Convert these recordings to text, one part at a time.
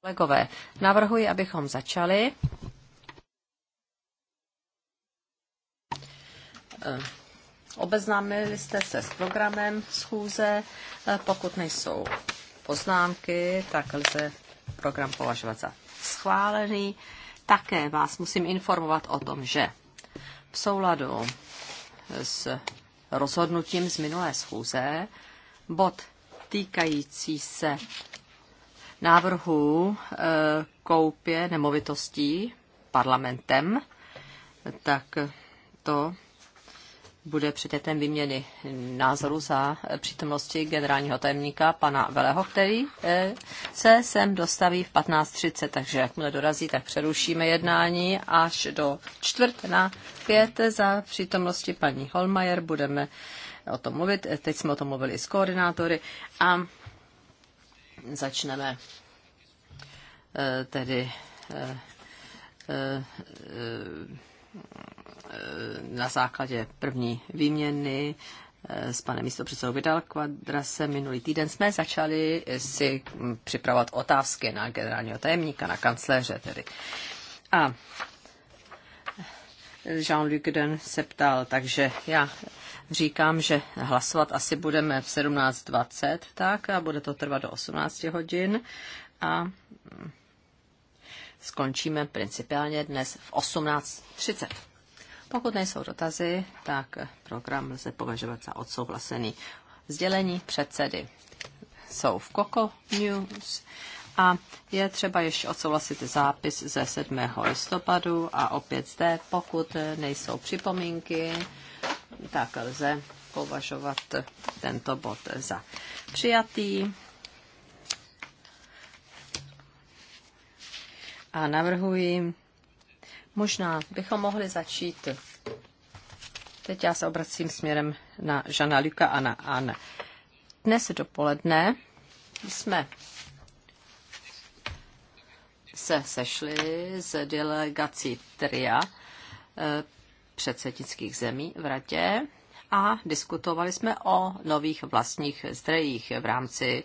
Kolegové, navrhuji, abychom začali. Eh, obeznámili jste se s programem schůze. Eh, pokud nejsou poznámky, tak lze program považovat za schválený. Také vás musím informovat o tom, že v souladu s rozhodnutím z minulé schůze bod týkající se návrhu eh, koupě nemovitostí parlamentem, tak to bude předmětem výměny názoru za přítomnosti generálního tajemníka pana Veleho, který eh, se sem dostaví v 15.30, takže jakmile dorazí, tak přerušíme jednání až do čtvrt na pět za přítomnosti paní Holmajer budeme o tom mluvit. Teď jsme o tom mluvili s koordinátory a začneme eh, tedy eh, eh, na základě první výměny s panem místopředsedou Vidal Kvadrase minulý týden jsme začali si připravovat otázky na generálního tajemníka, na kancléře tedy. A Jean-Luc Den se ptal, takže já říkám, že hlasovat asi budeme v 17.20, tak a bude to trvat do 18 hodin a mm, skončíme principiálně dnes v 18.30. Pokud nejsou dotazy, tak program lze považovat za odsouhlasený. Sdělení předsedy jsou v Coco News a je třeba ještě odsouhlasit zápis ze 7. listopadu a opět zde, pokud nejsou připomínky, tak lze považovat tento bod za přijatý. A navrhuji, možná bychom mohli začít. Teď já se obracím směrem na Žana Luka a na Anne. Dnes dopoledne jsme se sešli s delegací TRIA předsednických zemí v Radě a diskutovali jsme o nových vlastních zdrojích v rámci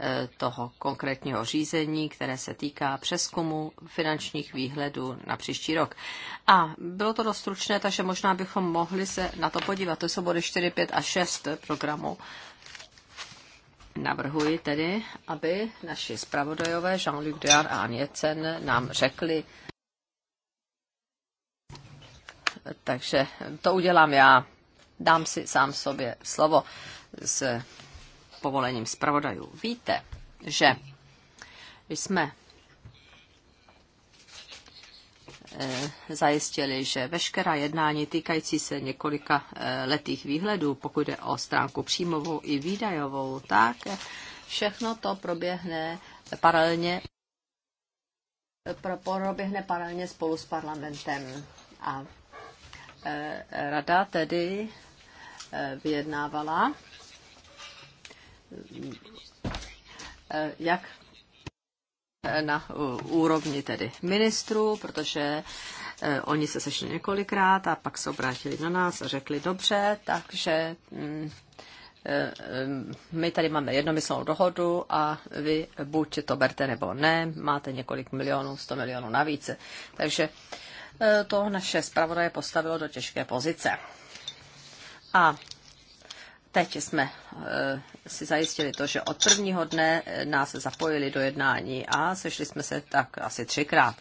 e, toho konkrétního řízení, které se týká přeskumu finančních výhledů na příští rok. A bylo to dost stručné, takže možná bychom mohli se na to podívat. To jsou body 4, 5 a 6 programu. Navrhuji tedy, aby naši zpravodajové Jean-Luc Dean a Aněcen nám řekli takže to udělám já. Dám si sám sobě slovo s povolením zpravodajů. Víte, že jsme eh, zajistili, že veškerá jednání týkající se několika eh, letých výhledů, pokud jde o stránku příjmovou i výdajovou, tak všechno to proběhne paralelně proběhne paralelně spolu s parlamentem. A Rada tedy eh, vyjednávala, eh, jak eh, na úrovni tedy ministrů, protože oni se sešli několikrát a pak se obrátili na nás a řekli dobře, takže mm, my tady máme jednomyslnou dohodu a vy buď to berte nebo ne, máte několik milionů, sto milionů navíc. Takže Eh, to naše zpravodaje postavilo do těžké pozice. A teď jsme eh, si zajistili to, že od prvního dne eh, nás zapojili do jednání a sešli jsme se tak asi třikrát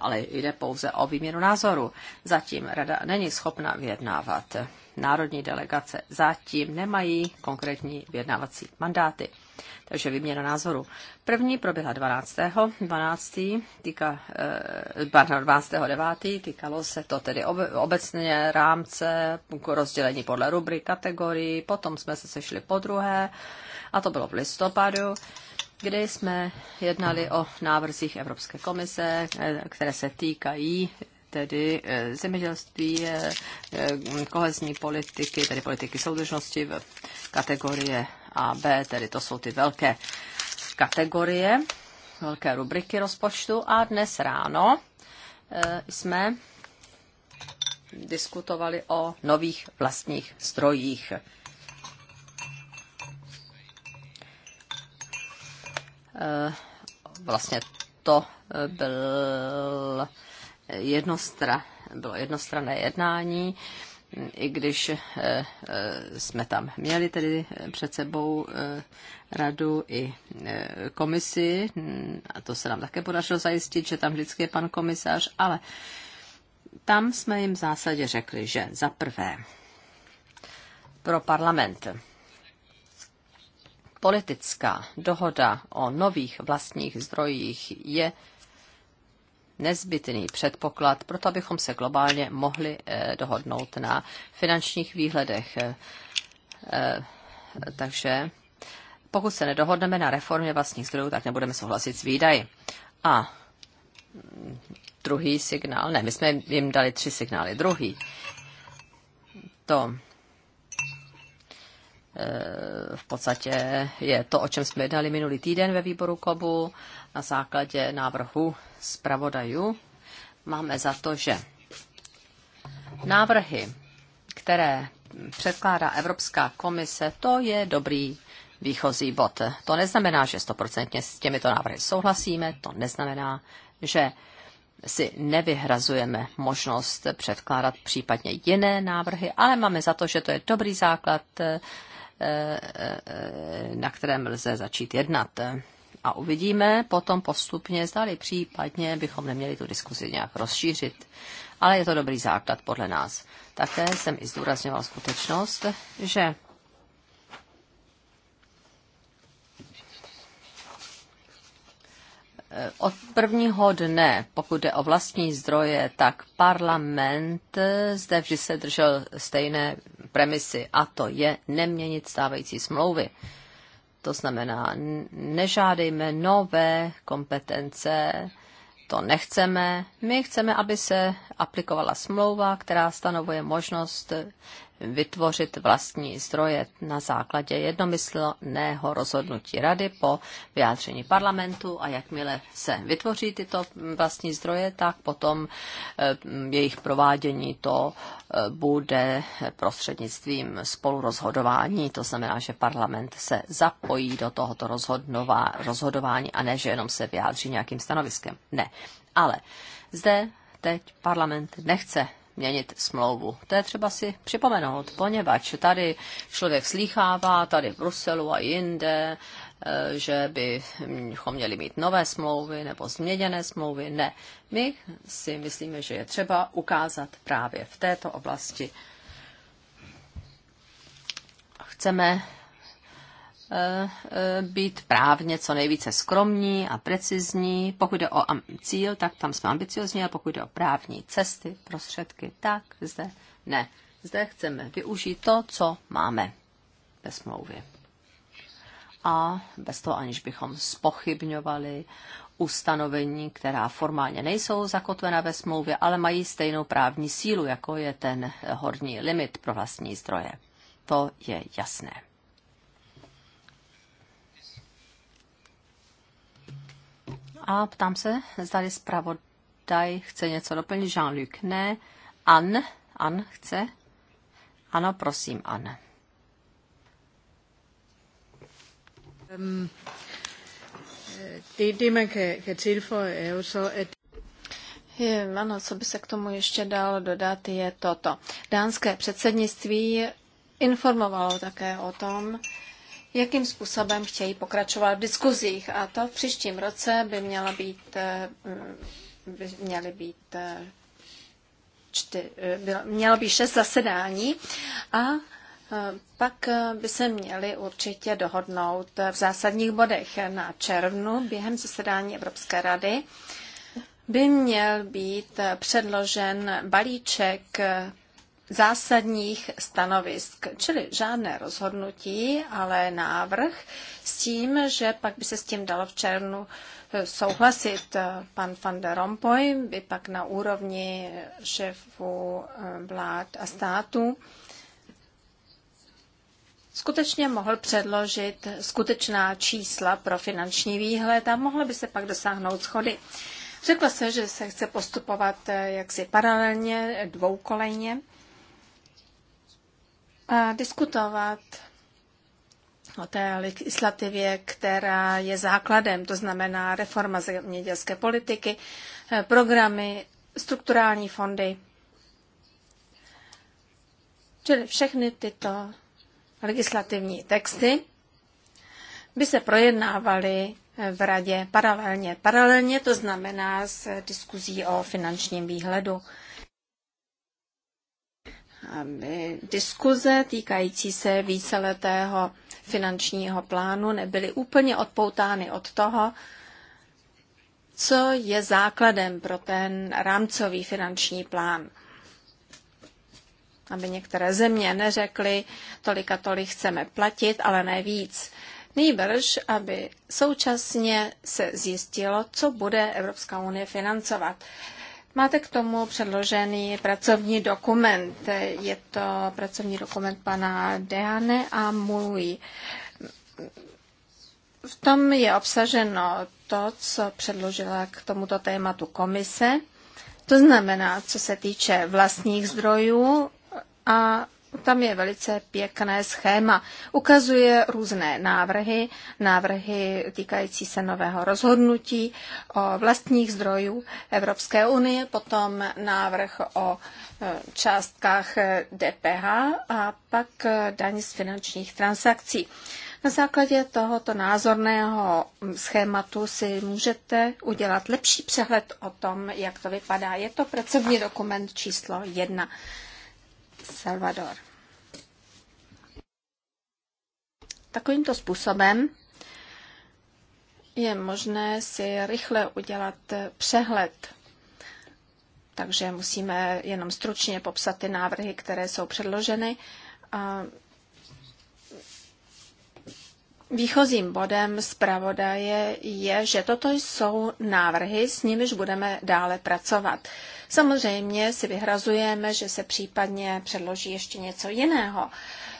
ale jde pouze o výměnu názoru. Zatím rada není schopna vyjednávat. Národní delegace zatím nemají konkrétní vyjednávací mandáty takže výměna názoru. První proběhla 12. 12. Týka, pardon, 12. 9. Týkalo se to tedy obecně rámce, rozdělení podle rubry, kategorii. Potom jsme se sešli po druhé a to bylo v listopadu kdy jsme jednali o návrzích Evropské komise, eh, které se týkají tedy eh, zemědělství, eh, kohezní politiky, tedy politiky soudržnosti v kategorie a B, tedy to jsou ty velké kategorie, velké rubriky rozpočtu. A dnes ráno e, jsme diskutovali o nových vlastních strojích. E, vlastně to e, byl jednostra, bylo jednostranné jednání i když eh, eh, jsme tam měli tedy eh, před sebou radu i komisi, hm, a to se nám také podařilo zajistit, že tam vždycky je pan komisař, ale tam jsme jim v zásadě řekli, že za prvé pro parlament politická dohoda o nových vlastních zdrojích je nezbytný předpoklad pro to, abychom se globálně mohli eh, dohodnout na finančních výhledech. Eh, eh, takže pokud se nedohodneme na reformě vlastních zdrojů, tak nebudeme souhlasit s výdaji. A mm, druhý signál, ne, my jsme jim dali tři signály. Druhý, to v podstatě je to, o čem jsme jednali minulý týden ve výboru KOBU na základě návrhu zpravodajů máme za to, že návrhy, které předkládá Evropská komise, to je dobrý výchozí bod. To neznamená, že stoprocentně s těmito návrhy souhlasíme, to neznamená, že si nevyhrazujeme možnost předkládat případně jiné návrhy, ale máme za to, že to je dobrý základ, eh, eh, eh, na kterém lze začít jednat a uvidíme potom postupně, zdali případně bychom neměli tu diskuzi nějak rozšířit. Ale je to dobrý základ podle nás. Také jsem i zdůrazňoval skutečnost, že od prvního dne, pokud jde o vlastní zdroje, tak parlament zde vždy se držel stejné premisy, a to je neměnit stávající smlouvy. To znamená, nežádejme nové kompetence, to nechceme. My chceme, aby se aplikovala smlouva, která stanovuje možnost vytvořit vlastní zdroje na základě jednomyslného rozhodnutí rady po vyjádření parlamentu a jakmile se vytvoří tyto vlastní zdroje, tak potom eh, jejich provádění to eh, bude prostřednictvím spolurozhodování, to znamená, že parlament se zapojí do tohoto rozhodování a ne, že jenom se vyjádří nějakým stanoviskem. Ne. Ale zde teď parlament nechce měnit smlouvu. To je třeba si připomenout, poněvadž tady člověk slýchává, tady v Bruselu a jinde, eh, že bychom měli mít nové smlouvy nebo změněné smlouvy. Ne. My si myslíme, že je třeba ukázat právě v této oblasti. Chceme Eh, být právně co nejvíce skromní a precizní. Pokud jde o cíl, tak tam jsme ambiciozní, a pokud jde o právní cesty, prostředky, tak zde ne. Zde chceme využít to, co máme ve smlouvě. A bez toho, aniž bychom spochybňovali ustanovení, která formálně nejsou zakotvena ve smlouvě, ale mají stejnou právní sílu, jako je ten horní limit pro vlastní zdroje. To je jasné. a ptám se, zdali zpravodaj chce něco doplnit. Jean-Luc ne. Anne? Anne chce? Ano, prosím, Anne. Um, øh, det, det man kan, kan tilføje er jo så, at je, ano, co by se k tomu ještě dalo dodat, je toto. Dánské předsednictví informovalo také o tom, jakým způsobem chtějí pokračovat v diskuzích. A to v příštím roce by, měla být, eh, by měly být eh, eh, bylo mělo být šest zasedání a pak by se měli určitě dohodnout v zásadních bodech na červnu během zasedání Evropské rady by měl být předložen balíček zásadních stanovisk, čili žádné rozhodnutí, ale návrh s tím, že pak by se s tím dalo v červnu eh, souhlasit. Eh, pan van der Rompuy by pak na úrovni šéfů eh, vlád a států skutečně mohl předložit skutečná čísla pro finanční výhled a mohla by se pak dosáhnout schody. Řekla se, že se chce postupovat jaksi paralelně, dvoukolejně diskutovat o té legislativě, která je základem, to znamená reforma zemědělské politiky, eh, programy, strukturální fondy. Čili všechny tyto legislativní texty by se projednávaly eh, v radě paralelně. Paralelně to znamená s diskuzí o finančním výhledu. Ehm, eh, diskuze týkající se víceletého finančního plánu nebyly úplně odpoutány od toho, co je základem pro ten rámcový finanční plán. Aby některé země neřekly, tolik a tolik chceme platit, ale ne víc. Nejbrž, aby současně se zjistilo, co bude Evropská unie financovat. Máte k tomu předložený pracovní dokument. Je to pracovní dokument pana Dehane a můj. V tom je obsaženo to, co předložila k tomuto tématu komise. To znamená, co se týče vlastních zdrojů a tam je velice pěkné schéma. Ukazuje různé návrhy, návrhy týkající se nového rozhodnutí o vlastních zdrojů Evropské unie, potom návrh o e, částkách e, DPH a pak e, daň z finančních transakcí. Na základě tohoto názorného schématu si můžete udělat lepší přehled o tom, jak to vypadá. Je to pracovní dokument číslo jedna. Salvador. Takovýmto způsobem je možné si rychle udělat přehled. Takže musíme jenom stručně popsat ty návrhy, které jsou předloženy. A Výchozím bodem zpravodaje je, že toto jsou návrhy, s nimiž budeme dále pracovat. Samozřejmě si vyhrazujeme, že se případně předloží ještě něco jiného.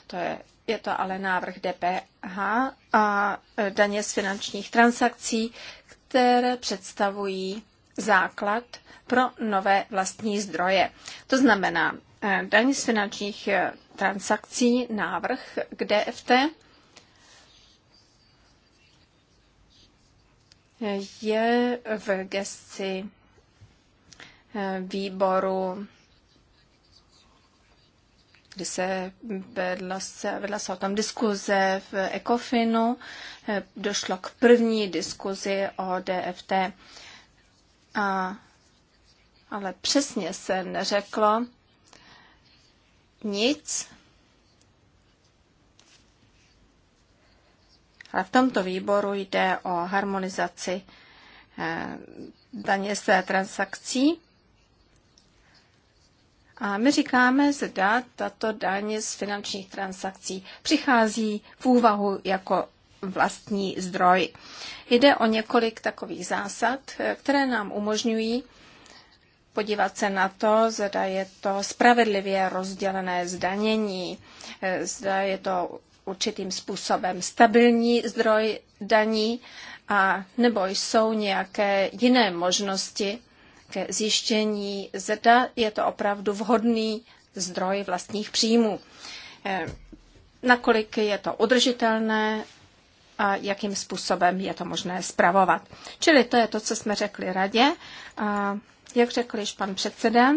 To je je to ale návrh DPH a e, daně z finančních transakcí, které představují základ pro nové vlastní zdroje. To znamená e, daň z finančních e, transakcí, návrh k DFT, je v gesci výboru kdy se vedla, se, vedla se o tom diskuze v Ecofinu, eh, došlo k první diskuzi o DFT, a, ale přesně se neřeklo nic. Ale v tomto výboru jde o harmonizaci eh, daně z transakcí a my říkáme, zda tato daň z finančních transakcí přichází v úvahu jako vlastní zdroj. Jde o několik takových zásad, které nám umožňují podívat se na to, zda je to spravedlivě rozdělené zdanění, zda je to určitým způsobem stabilní zdroj daní, a nebo jsou nějaké jiné možnosti, ke zjištění, zda je to opravdu vhodný zdroj vlastních příjmů. Eh, nakolik je to udržitelné a jakým způsobem je to možné spravovat. Čili to je to, co jsme řekli radě. A jak řekl již pan předseda,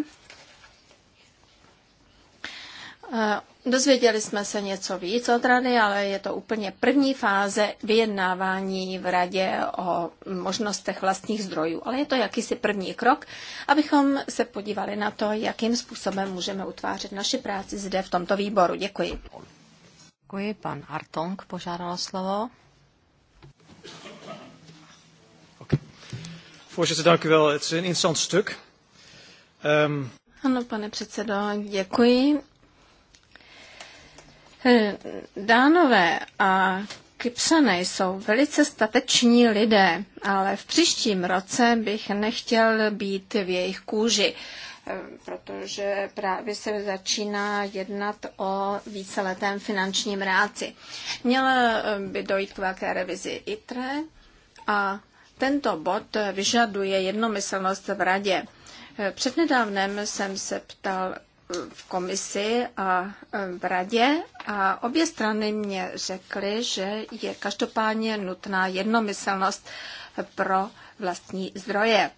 eh, Dozvěděli jsme se něco víc od rady, ale je to úplně první fáze vyjednávání v radě o možnostech vlastních zdrojů. Ale je to jakýsi první krok, abychom se podívali na to, jakým způsobem můžeme utvářet naši práci zde v tomto výboru. Děkuji. Děkuji. Pan Artong požádal slovo. Voorzitter, ehm, Ano, pane předsedo, děkuji. Eh, Dánové a Kypsané jsou velice stateční lidé, ale v příštím roce bych nechtěl být v jejich kůži, eh, protože právě se začíná jednat o víceletém finančním ráci. Měla eh, by dojít k velké revizi ITRE a tento bod vyžaduje jednomyslnost v radě. Přednedávnem jsem se ptal v komisi a e, v radě a obě strany mě řekly, že je každopádně nutná jednomyslnost pro vlastní zdroje.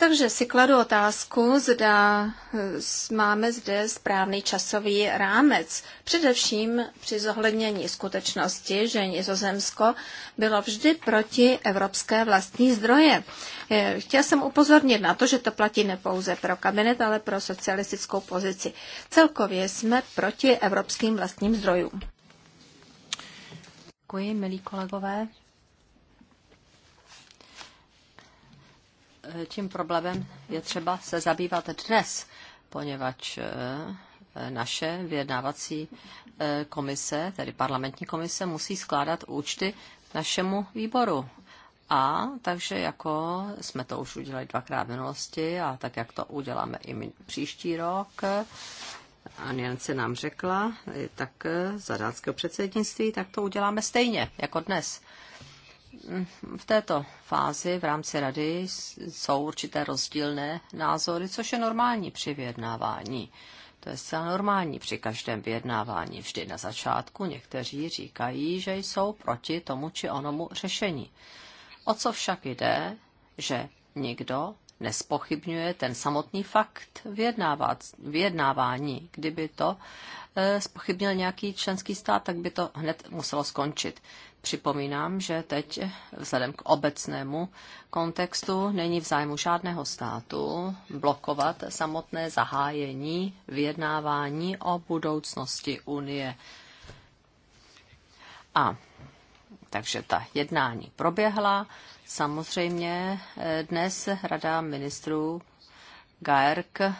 Takže si kladu otázku, zda eh, máme zde správný časový rámec. Především při zohlednění skutečnosti, že Nizozemsko bylo vždy proti evropské vlastní zdroje. Eh, chtěla jsem upozornit na to, že to platí nepouze pro kabinet, ale pro socialistickou pozici. Celkově jsme proti evropským vlastním zdrojům. Děkuji, milí kolegové. tím problémem je třeba se zabývat dnes, poněvadž eh, naše vyjednávací eh, komise, tedy parlamentní komise, musí skládat účty našemu výboru. A takže jako jsme to už udělali dvakrát v minulosti a tak, jak to uděláme i my příští rok, Aniance nám řekla, eh, tak za dánského předsednictví, tak to uděláme stejně jako dnes v této fázi v rámci rady jsou určité rozdílné názory, což je normální při vyjednávání. To je zcela normální při každém vyjednávání. Vždy na začátku někteří říkají, že jsou proti tomu či onomu řešení. O co však jde, že nikdo nespochybňuje ten samotný fakt vyjednávání. Kdyby to eh, spochybnil nějaký členský stát, tak by to hned muselo skončit. Připomínám, že teď vzhledem k obecnému kontextu není v zájmu žádného státu blokovat samotné zahájení vyjednávání o budoucnosti Unie. A takže ta jednání proběhla. Samozřejmě eh, dnes Rada ministrů GAERK, eh,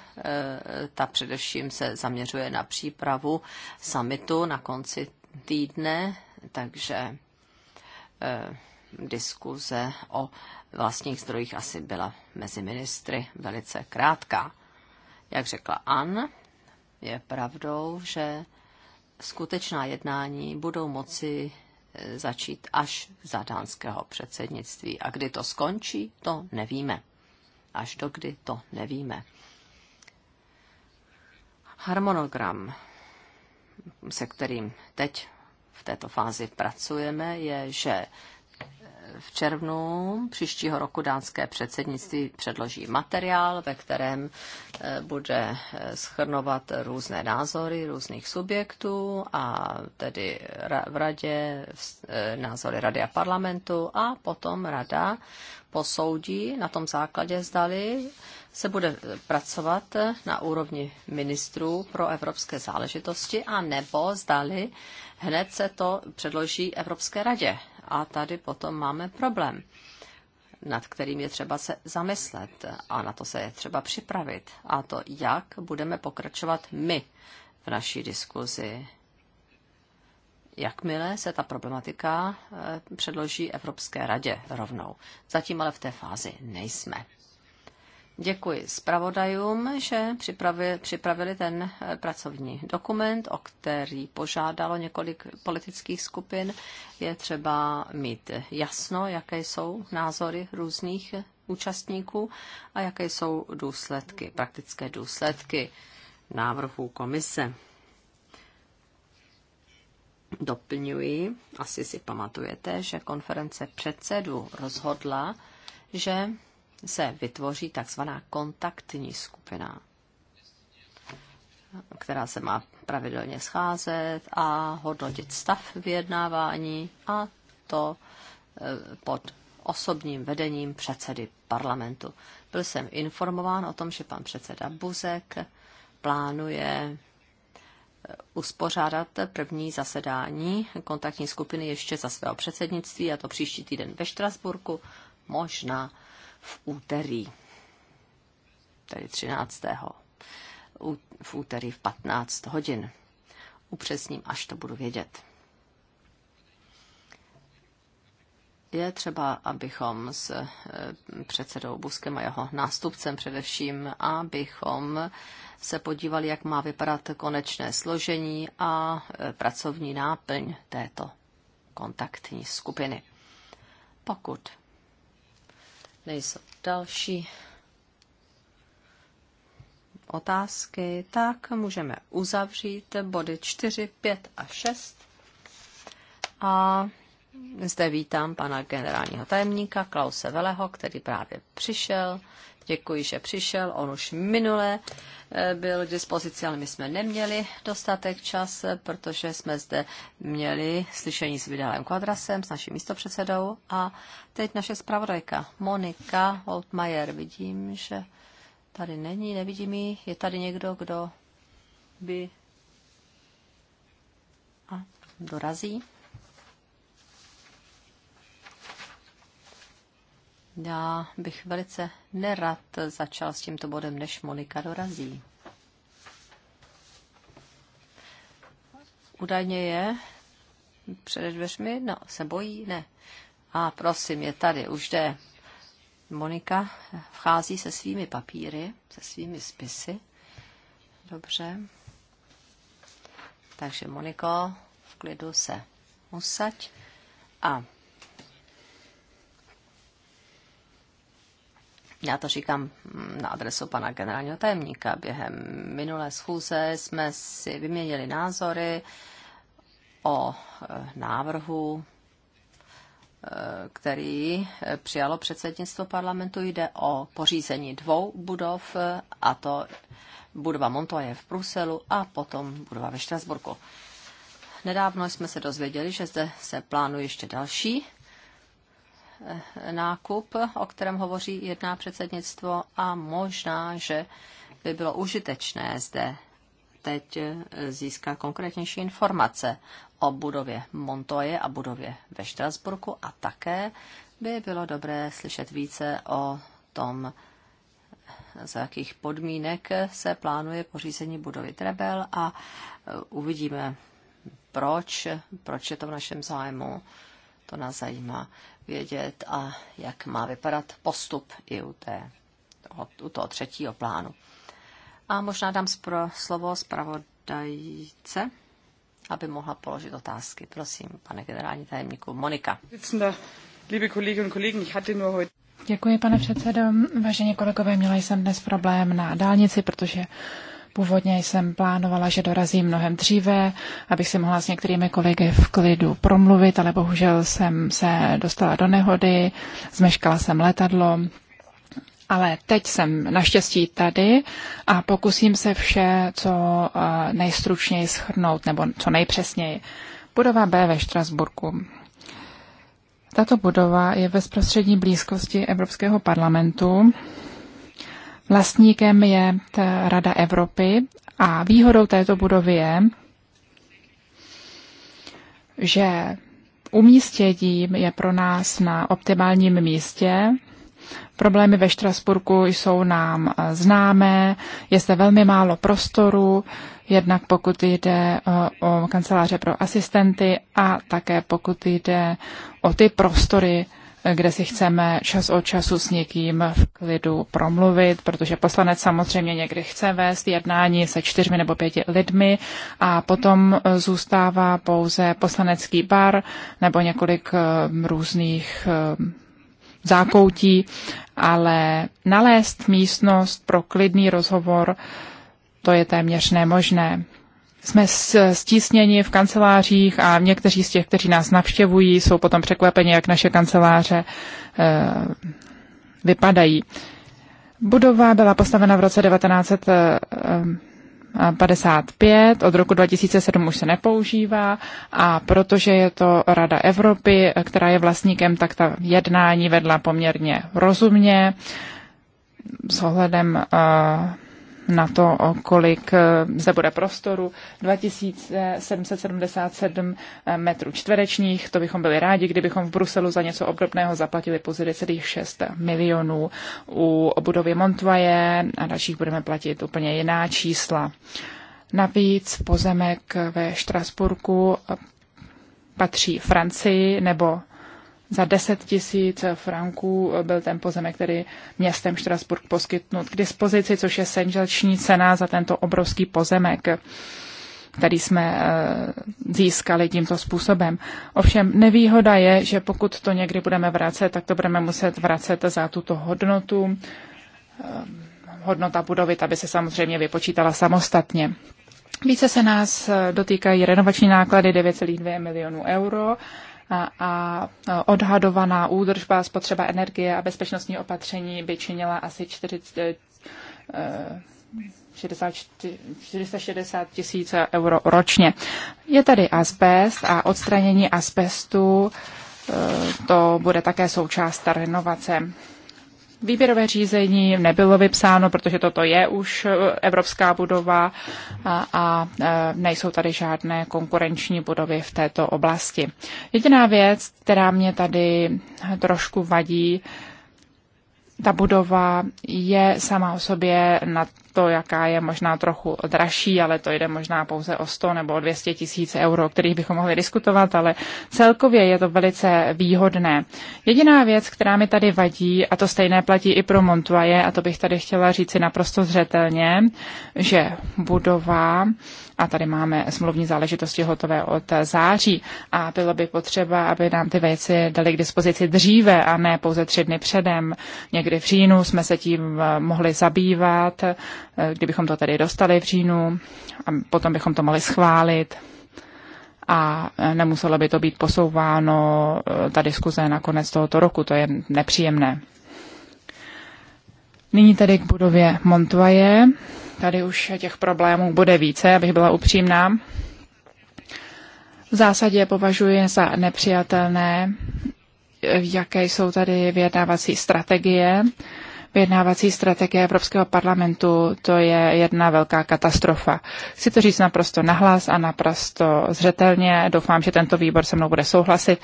ta především se zaměřuje na přípravu samitu na konci týdne, takže Eh, diskuze o vlastních zdrojích asi byla mezi ministry velice krátká. Jak řekla Ann, je pravdou, že skutečná jednání budou moci eh, začít až za dánského předsednictví. A kdy to skončí, to nevíme. Až do kdy to nevíme. Harmonogram, se kterým teď v této fázi pracujeme, je, že v červnu příštího roku dánské předsednictví předloží materiál, ve kterém eh, bude eh, schrnovat různé názory různých subjektů a tedy v radě eh, názory rady a parlamentu a potom rada posoudí na tom základě, zdali se bude pracovat na úrovni ministrů pro evropské záležitosti a nebo zdali hned se to předloží Evropské radě. A tady potom máme problém, nad kterým je třeba se zamyslet a na to se je třeba připravit. A to, jak budeme pokračovat my v naší diskuzi. Jakmile se ta problematika eh, předloží Evropské radě rovnou. Zatím ale v té fázi nejsme. Děkuji zpravodajům, že připravili, připravili ten eh, pracovní dokument, o který požádalo několik politických skupin. Je třeba mít jasno, jaké jsou názory různých účastníků a jaké jsou důsledky, praktické důsledky návrhů komise. Doplňuji, asi si pamatujete, že konference předsedů rozhodla, že se vytvoří takzvaná kontaktní skupina, která se má pravidelně scházet a hodnotit stav vyjednávání a to e, pod osobním vedením předsedy parlamentu. Byl jsem informován o tom, že pan předseda Buzek plánuje e, uspořádat první zasedání kontaktní skupiny ještě za svého předsednictví, a to příští týden ve Štrasburku, možná v úterý, tedy 13. v úterý v 15 hodin. Upřesním, až to budu vědět. je třeba, abychom s eh, předsedou Buskem a jeho nástupcem především, abychom se podívali, jak má vypadat konečné složení a eh, pracovní náplň této kontaktní skupiny. Pokud nejsou další otázky, tak můžeme uzavřít body 4, 5 a 6. A zde vítám pana generálního tajemníka Klause Veleho, který právě přišel Děkuji, že přišel. On už minule eh, byl k dispozici, ale my jsme neměli dostatek čas, protože jsme zde měli slyšení s Vidalem Kvadrasem, s naším místopředsedou a teď naše zpravodajka Monika Holtmajer. Vidím, že tady není, nevidím ji. Je tady někdo, kdo by a dorazí? Já bych velice nerad začal s tímto bodem, než Monika dorazí. Údajně je před dveřmi, no, se bojí, ne. A prosím, je tady, už jde. Monika vchází se svými papíry, se svými spisy. Dobře. Takže Moniko, v klidu se usaď a já to říkám mm, na adresu pana generálního tajemníka. Během minulé schůze jsme si vyměnili názory o e, návrhu, e, který e, přijalo předsednictvo parlamentu. Jde o pořízení dvou budov, a to budova Montoya v Bruselu a potom budova ve Štrasburku. Nedávno jsme se dozvěděli, že zde se plánuje ještě další Eh, nákup, o kterém hovoří jedná předsednictvo a možná, že by bylo užitečné zde teď eh, získat konkrétnější informace o budově Montoje a budově ve Štrasburku a také by bylo dobré slyšet více o tom, eh, za jakých podmínek se plánuje pořízení budovy Trebel a uvidíme, proč, proč je to v našem zájmu to nás zajímá vědět a jak má vypadat postup i u, té, toho, u toho třetího plánu. A možná dám spro, slovo zpravodajce, aby mohla položit otázky. Prosím, pane generální tajemníku. Monika. Děkuji, pane předsedo. Vážení kolegové, měla jsem dnes problém na dálnici, protože Původně jsem plánovala, že dorazím mnohem dříve, abych si mohla s některými kolegy v klidu promluvit, ale bohužel jsem se dostala do nehody, zmeškala jsem letadlo. Ale teď jsem naštěstí tady a pokusím se vše, co eh, nejstručněji schrnout, nebo co nejpřesněji. Budova B ve Štrasburku. Tato budova je ve bezprostřední blízkosti Evropského parlamentu Vlastníkem je Rada Evropy a výhodou této budovy je, že umístění je pro nás na optimálním místě. Problémy ve Štrasburku jsou nám známé, je zde velmi málo prostoru, jednak pokud jde eh, o kanceláře pro asistenty a také pokud jde o ty prostory, kde si chceme čas od času s někým v klidu promluvit, protože poslanec samozřejmě někdy chce vést jednání se čtyřmi nebo pěti lidmi a potom eh, zůstává pouze poslanecký bar nebo několik eh, různých eh, zákoutí, ale nalézt místnost pro klidný rozhovor, to je téměř nemožné jsme stísněni v kancelářích a někteří z těch, kteří nás navštěvují, jsou potom překvapeni, jak naše kanceláře eh, vypadají. Budova byla postavena v roce 1955, eh, eh, od roku 2007 už se nepoužívá a protože je to Rada Evropy, která je vlastníkem, tak ta jednání vedla poměrně rozumně s ohledem na to, kolik eh, zde bude prostoru. 2777 eh, metrů čtverečních, to bychom byli rádi, kdybychom v Bruselu za něco obdobného zaplatili pouze 10,6 milionů. U budovy Montvaje a dalších budeme platit úplně jiná čísla. Navíc pozemek ve Štrasburku eh, patří Francii nebo za 10 tisíc franků byl ten pozemek, který městem Štrasburg poskytnut k dispozici, což je senželční cena za tento obrovský pozemek který jsme eh, získali tímto způsobem. Ovšem nevýhoda je, že pokud to někdy budeme vracet, tak to budeme muset vracet za tuto hodnotu. Eh, hodnota budovy, aby se samozřejmě vypočítala samostatně. Více se nás eh, dotýkají renovační náklady 9,2 milionů euro a odhadovaná údržba, spotřeba energie a bezpečnostní opatření by činila asi 460 tisíc euro ročně. Je tady asbest a odstranění asbestu, to bude také součást renovace. Výběrové řízení nebylo vypsáno, protože toto je už e, evropská budova a, a e, nejsou tady žádné konkurenční budovy v této oblasti. Jediná věc, která mě tady trošku vadí, ta budova je sama o sobě na to, jaká je možná trochu dražší, ale to jde možná pouze o 100 nebo o 200 tisíc euro, o kterých bychom mohli diskutovat, ale celkově je to velice výhodné. Jediná věc, která mi tady vadí, a to stejné platí i pro Montuaje, a to bych tady chtěla říci naprosto zřetelně, že budova a tady máme smluvní záležitosti hotové od září a bylo by potřeba, aby nám ty věci dali k dispozici dříve a ne pouze tři dny předem. Někdy v říjnu jsme se tím eh, mohli zabývat, eh, kdybychom to tady dostali v říjnu a potom bychom to mohli schválit a eh, nemuselo by to být posouváno ta diskuze na konec tohoto roku. To je nepříjemné. Nyní tedy k budově Montoye. Tady už těch problémů bude více, abych byla upřímná. V zásadě považuji za nepřijatelné, jaké jsou tady vyjednávací strategie. Vyjednávací strategie Evropského parlamentu to je jedna velká katastrofa. Chci to říct naprosto nahlas a naprosto zřetelně. Doufám, že tento výbor se mnou bude souhlasit.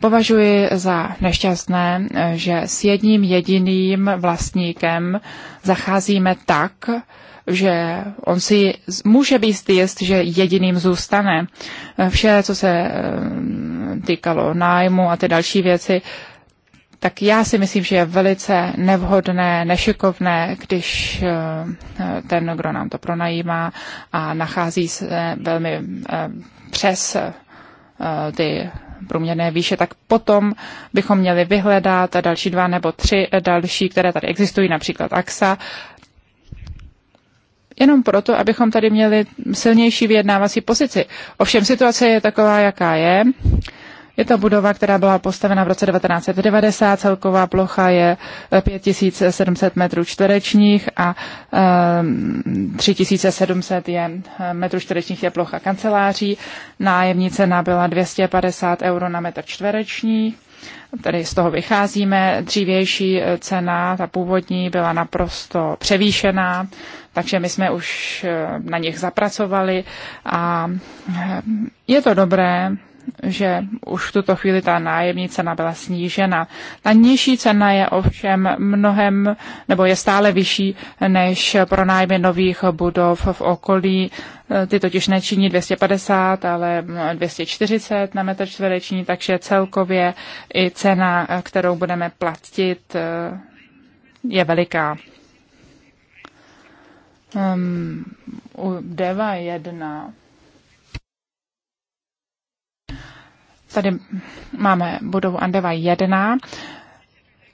Považuji za nešťastné, že s jedním jediným vlastníkem zacházíme tak, že on si může být jist, že jediným zůstane. Vše, co se eh, týkalo nájmu a ty další věci, tak já si myslím, že je velice nevhodné, nešikovné, když eh, ten, kdo nám to pronajímá a nachází se velmi eh, přes ty průměrné výše, tak potom bychom měli vyhledat další dva nebo tři další, které tady existují, například AXA, jenom proto, abychom tady měli silnější vyjednávací pozici. Ovšem situace je taková, jaká je. Je to budova, která byla postavena v roce 1990, celková plocha je 5700 eh, metrů čtverečních a 3700 ehm, je, eh, metrů čtverečních je plocha kanceláří. Nájemní cena byla 250 euro na metr čtvereční. Tady z toho vycházíme. Dřívější eh, cena, ta původní, byla naprosto převýšená takže my jsme už eh, na nich zapracovali a eh, je to dobré, že už v tuto chvíli ta nájemní cena byla snížena. Ta nižší cena je ovšem mnohem, nebo je stále vyšší než pro nájmy nových budov v okolí. Eh, ty totiž nečiní 250, ale 240 na metr čtvereční, takže celkově i cena, kterou budeme platit, je veliká um, u DEVA 1 tady máme budovu Andeva 1,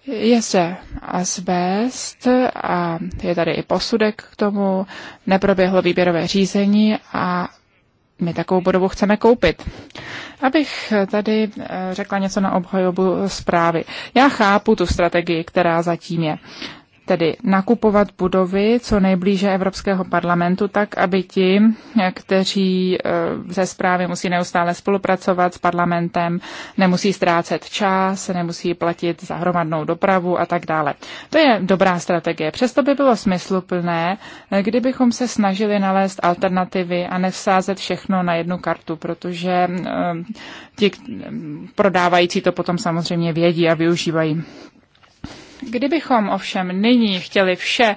je se asbest a je tady i posudek k tomu, neproběhlo výběrové řízení a my takovou budovu chceme koupit. Abych tady eh, řekla něco na obhajobu zprávy. Já chápu tu strategii, která zatím je tedy nakupovat budovy co nejblíže Evropského parlamentu, tak aby ti, kteří eh, ze zprávy musí neustále spolupracovat s parlamentem, nemusí ztrácet čas, nemusí platit za hromadnou dopravu a tak dále. To je dobrá strategie. Přesto by bylo smysluplné, eh, kdybychom se snažili nalézt alternativy a nevsázet všechno na jednu kartu, protože eh, ti prodávající to potom samozřejmě vědí a využívají. Kdybychom ovšem nyní chtěli vše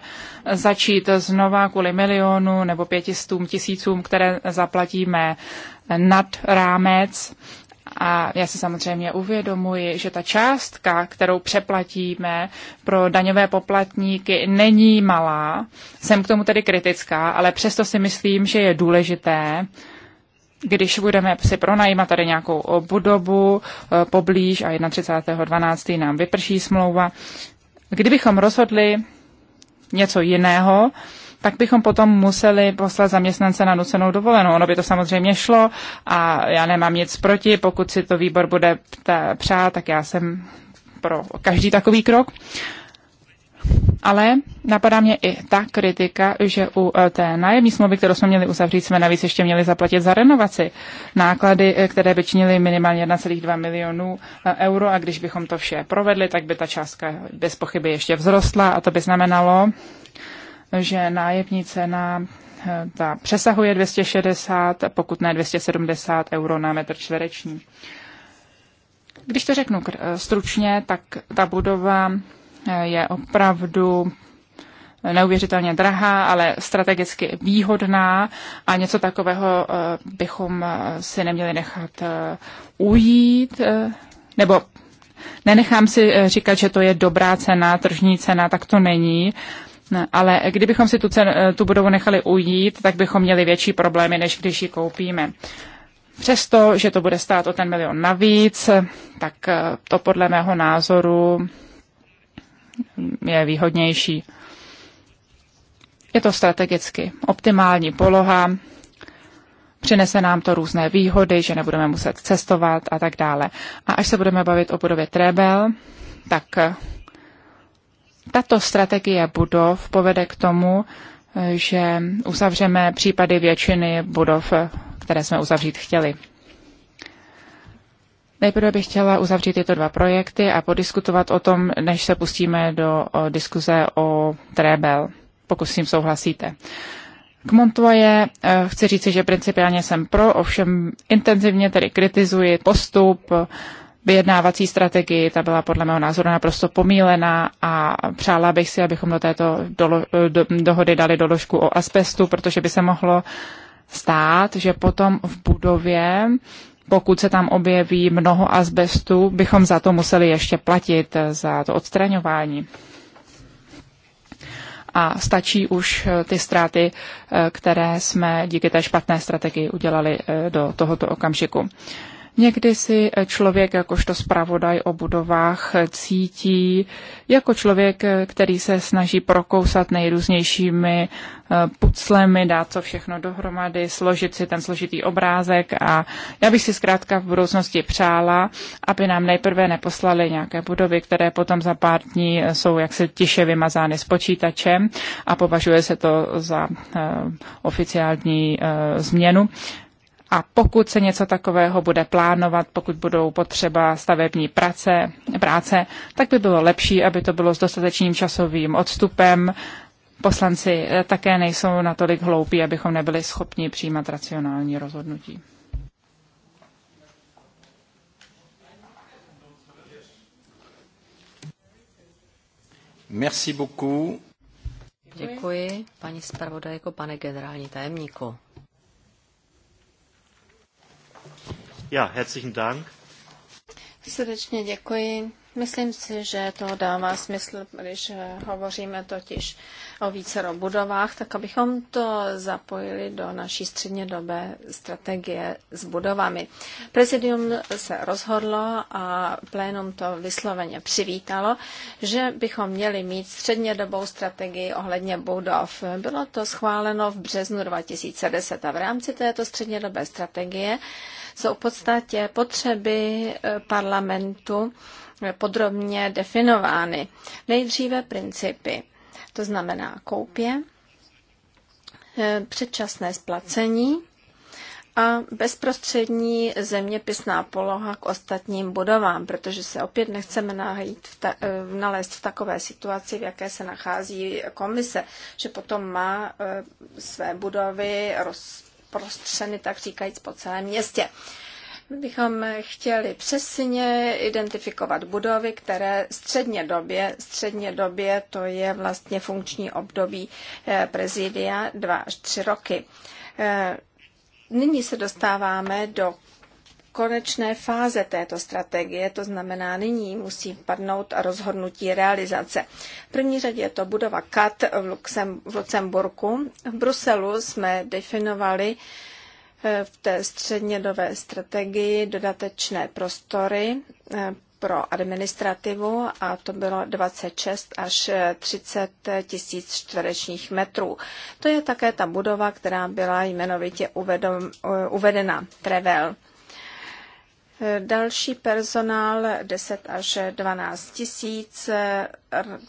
začít znova kvůli milionu nebo pětistům tisícům, které zaplatíme nad rámec, a já si samozřejmě uvědomuji, že ta částka, kterou přeplatíme pro daňové poplatníky, není malá. Jsem k tomu tedy kritická, ale přesto si myslím, že je důležité, když budeme si pronajímat tady nějakou budovu eh, poblíž a 31.12. nám vyprší smlouva, Kdybychom rozhodli něco jiného, tak bychom potom museli poslat zaměstnance na nucenou dovolenou. Ono by to samozřejmě šlo a já nemám nic proti, pokud si to výbor bude přát, tak já jsem pro každý takový krok. Uh, ale napadá mě i ta kritika, že u eh, té nájemní smlouvy, kterou jsme měli uzavřít, jsme navíc ještě měli zaplatit za renovaci. Náklady, eh, které by činily minimálně 1,2 milionů eh, euro a když bychom to vše provedli, tak by ta částka bez pochyby ještě vzrostla a to by znamenalo, že nájemní cena ta přesahuje 260, pokud ne 270 euro na metr čtvereční. Když to řeknu stručně, tak ta budova je opravdu neuvěřitelně drahá, ale strategicky výhodná a něco takového eh, bychom eh, si neměli nechat eh, ujít, nebo nenechám si říkat, že to je dobrá cena, tržní cena, tak to není. Ale kdybychom si tu, cen, tu budovu nechali ujít, tak bychom měli větší problémy, než když ji koupíme. Přesto, že to bude stát o ten milion navíc, tak to podle mého názoru je výhodnější. Je to strategicky optimální poloha, přinese nám to různé výhody, že nebudeme muset cestovat a tak dále. A až se budeme bavit o budově Trebel, tak tato strategie budov povede k tomu, že uzavřeme případy většiny budov, které jsme uzavřít chtěli. Nejprve bych chtěla uzavřít tyto dva projekty a podiskutovat o tom, než se pustíme do o, diskuze o Trébel, pokud s tím souhlasíte. K Montoje e, chci říci, že principiálně jsem pro, ovšem intenzivně tedy kritizuji postup, vyjednávací strategii, ta byla podle mého názoru naprosto pomílená a přála bych si, abychom do této dolo, do, dohody dali doložku o asbestu, protože by se mohlo stát, že potom v budově pokud se tam objeví mnoho azbestu, bychom za to museli ještě platit, eh, za to odstraňování. A stačí už eh, ty ztráty, eh, které jsme díky té špatné strategii udělali do tohoto okamžiku. Někdy si člověk jakožto zpravodaj o budovách cítí jako člověk, který se snaží prokousat nejrůznějšími eh, puclemi, dát to všechno dohromady, složit si ten složitý obrázek a já bych si zkrátka v budoucnosti přála, aby nám nejprve neposlali nějaké budovy, které potom za pár dní jsou jaksi tiše vymazány s počítačem a považuje se to za eh, oficiální eh, změnu. A pokud se něco takového bude plánovat, pokud budou potřeba stavební práce, práce, tak by bylo lepší, aby to bylo s dostatečným časovým odstupem. Poslanci eh, také nejsou natolik hloupí, abychom nebyli schopni přijímat racionální rozhodnutí. Merci beaucoup. Děkuji, paní zpravodajko, pane generální tajemníku. Ja, herzlichen Dank. Srdečně děkuji. Myslím si, že to dává smysl, když eh, hovoříme totiž o více budovách, tak abychom to zapojili do naší střednědobé strategie s budovami. Prezidium se rozhodlo a plénum to vysloveně přivítalo, že bychom měli mít střednědobou strategii ohledně budov. Bylo to schváleno v březnu 2010 a v rámci této střednědobé strategie jsou v podstatě potřeby eh, parlamentu eh, podrobně definovány. Nejdříve principy, to znamená koupě, eh, předčasné splacení a bezprostřední zeměpisná poloha k ostatním budovám, protože se opět nechceme najít v ta, nalézt v takové situaci, v jaké se nachází komise, že potom má své budovy roz rozprostřeny, tak říkajíc, po celém městě. My bychom chtěli přesně identifikovat budovy, které středně době, středně době to je vlastně funkční období eh, prezidia 2 až 3 roky. Eh, nyní se dostáváme do konečné fáze této strategie, to znamená nyní musí padnout rozhodnutí realizace. V první řadě je to budova KAT v, Luxem, v Lucemburku. V Bruselu jsme definovali eh, v té střednědové strategii dodatečné prostory eh, pro administrativu a to bylo 26 až 30 eh, tisíc čtverečních metrů. To je také ta budova, která byla jmenovitě uvedom, uvedena Prevel. Další personál 10 až 12 tisíc,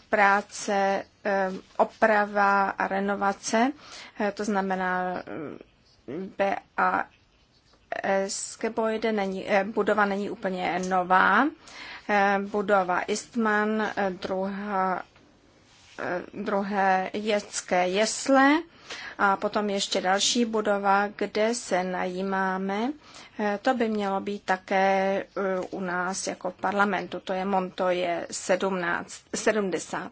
práce, eh, oprava a renovace, eh, to znamená eh, BAS, Skebojde není, budova není úplně nová. Budova Istman, druhá, druhé jezdské jesle a potom ještě další budova, kde se najímáme. Eh, to by mělo být také eh, u nás jako v parlamentu. To je Montoje 17, 70.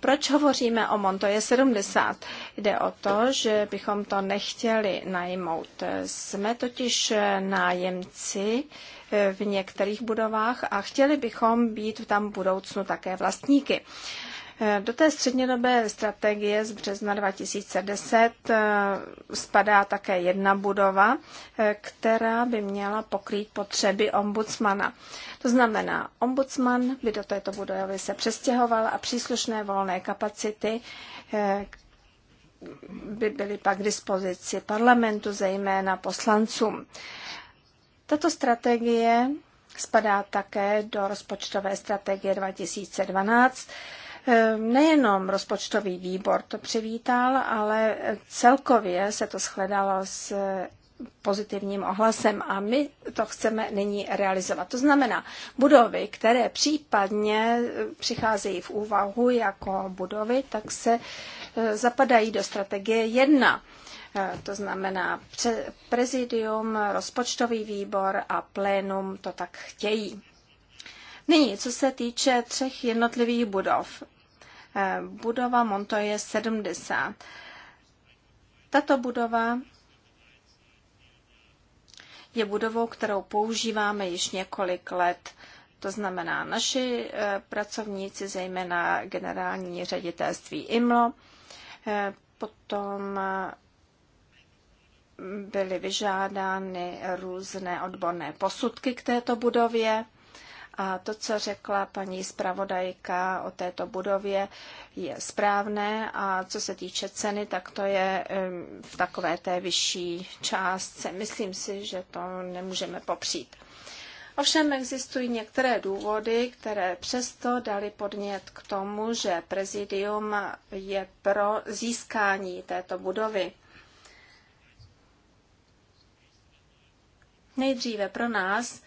Proč hovoříme o Montoje 70? Jde o to, že bychom to nechtěli najmout. Jsme totiž nájemci eh, v některých budovách a chtěli bychom být tam v budoucnu také vlastníky. Do té střednědobé strategie z března 2010 eh, spadá také jedna budova, eh, která by měla pokrýt potřeby ombudsmana. To znamená, ombudsman by do této budovy se přestěhoval a příslušné volné kapacity eh, by byly pak k dispozici parlamentu, zejména poslancům. Tato strategie spadá také do rozpočtové strategie 2012, Eh, nejenom rozpočtový výbor to přivítal, ale celkově se to shledalo s eh, pozitivním ohlasem a my to chceme nyní realizovat. To znamená, budovy, které případně eh, přicházejí v úvahu jako budovy, tak se zapadají do strategie 1. To znamená, prezidium, rozpočtový výbor a plénum to tak chtějí. Nyní, co se týče třech jednotlivých budov. Eh, budova Montoje 70. Tato budova je budovou, kterou používáme již několik let. To znamená, naši eh, pracovníci, zejména generální ředitelství IMLO, eh, potom byly vyžádány různé odborné posudky k této budově a to, co řekla paní zpravodajka o této budově, je správné. A co se týče ceny, tak to je v takové té vyšší částce. Myslím si, že to nemůžeme popřít. Ovšem existují některé důvody, které přesto dali podnět k tomu, že prezidium je pro získání této budovy. Nejdříve pro nás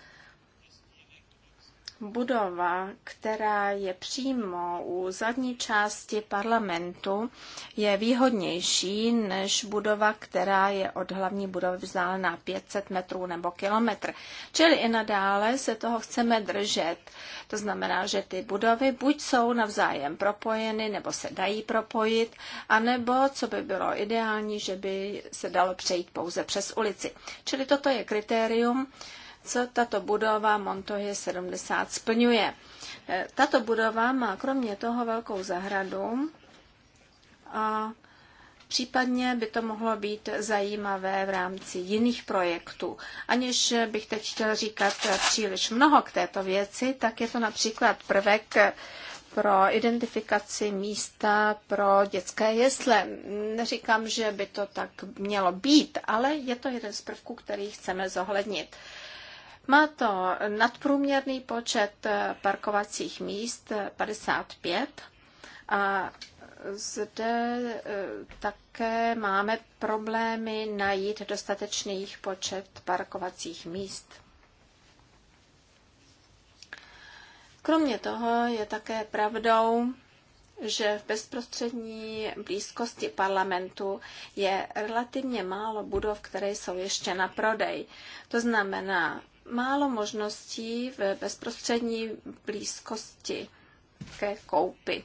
Budova, která je přímo u zadní části parlamentu, je výhodnější než budova, která je od hlavní budovy vzdálená 500 metrů nebo kilometr. Čili i nadále se toho chceme držet. To znamená, že ty budovy buď jsou navzájem propojeny, nebo se dají propojit, anebo, co by bylo ideální, že by se dalo přejít pouze přes ulici. Čili toto je kritérium, co tato budova Montoje 70 splňuje. E, tato budova má kromě toho velkou zahradu a Případně by to mohlo být zajímavé v rámci jiných projektů. Aniž bych teď chtěl říkat příliš mnoho k této věci, tak je to například prvek pro identifikaci místa pro dětské jesle. Neříkám, že by to tak mělo být, ale je to jeden z prvků, který chceme zohlednit. Má to nadprůměrný počet eh, parkovacích míst 55 eh, a zde eh, také máme problémy najít dostatečných počet parkovacích míst. Kromě toho je také pravdou, že v bezprostřední blízkosti parlamentu je relativně málo budov, které jsou ještě na prodej. To znamená, málo možností v bezprostřední blízkosti ke koupi.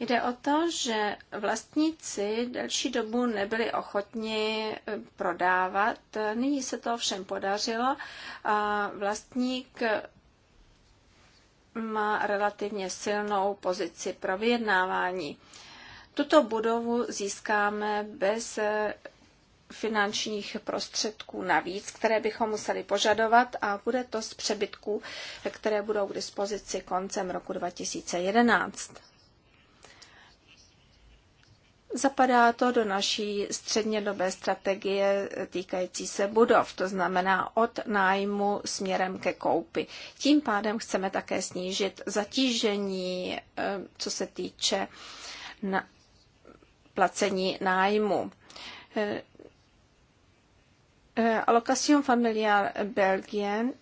Jde o to, že vlastníci delší dobu nebyli ochotni eh, prodávat. Nyní se to všem podařilo. A vlastník má relativně silnou pozici pro vyjednávání. Tuto budovu získáme bez eh, finančních prostředků navíc, které bychom museli požadovat a bude to z přebytků, které budou k dispozici koncem roku 2011. Zapadá to do naší střednědobé strategie týkající se budov, to znamená od nájmu směrem ke koupi. Tím pádem chceme také snížit zatížení, eh, co se týče na placení nájmu. Eh, Eh, alokacion Familiar Belgien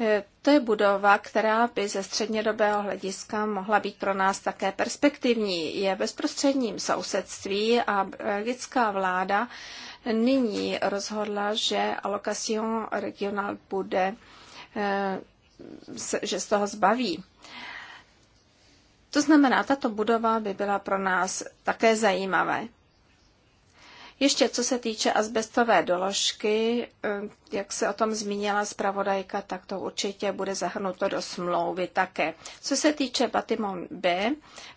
eh, to je budova, která by ze střednědobého hlediska mohla být pro nás také perspektivní. Je bezprostředním sousedství a belgická vláda nyní rozhodla, že Allocation Regional bude, eh, že z toho zbaví. To znamená, tato budova by byla pro nás také zajímavé. Ještě co se týče asbestové doložky, eh, jak se o tom zmínila zpravodajka, tak to určitě bude zahrnuto do smlouvy také. Co se týče Batimon B,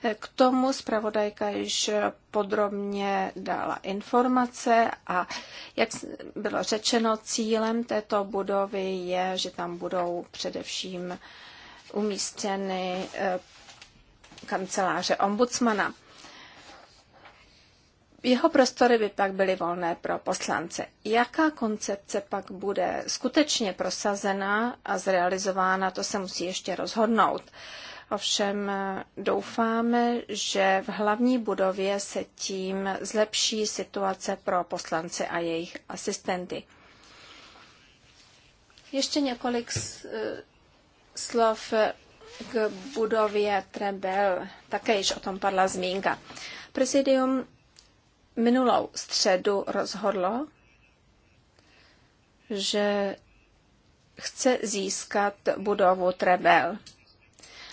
eh, k tomu zpravodajka již podrobně dala informace a jak bylo řečeno, cílem této budovy je, že tam budou především umístěny eh, kanceláře ombudsmana. Jeho prostory by pak byly volné pro poslance. Jaká koncepce pak bude skutečně prosazena a zrealizována, to se musí ještě rozhodnout. Ovšem eh, doufáme, že v hlavní budově se tím zlepší situace pro poslance a jejich asistenty. Ještě několik eh, slov k budově Trebel. Také již o tom padla zmínka. Prezidium minulou středu rozhodlo, že chce získat budovu Trebel.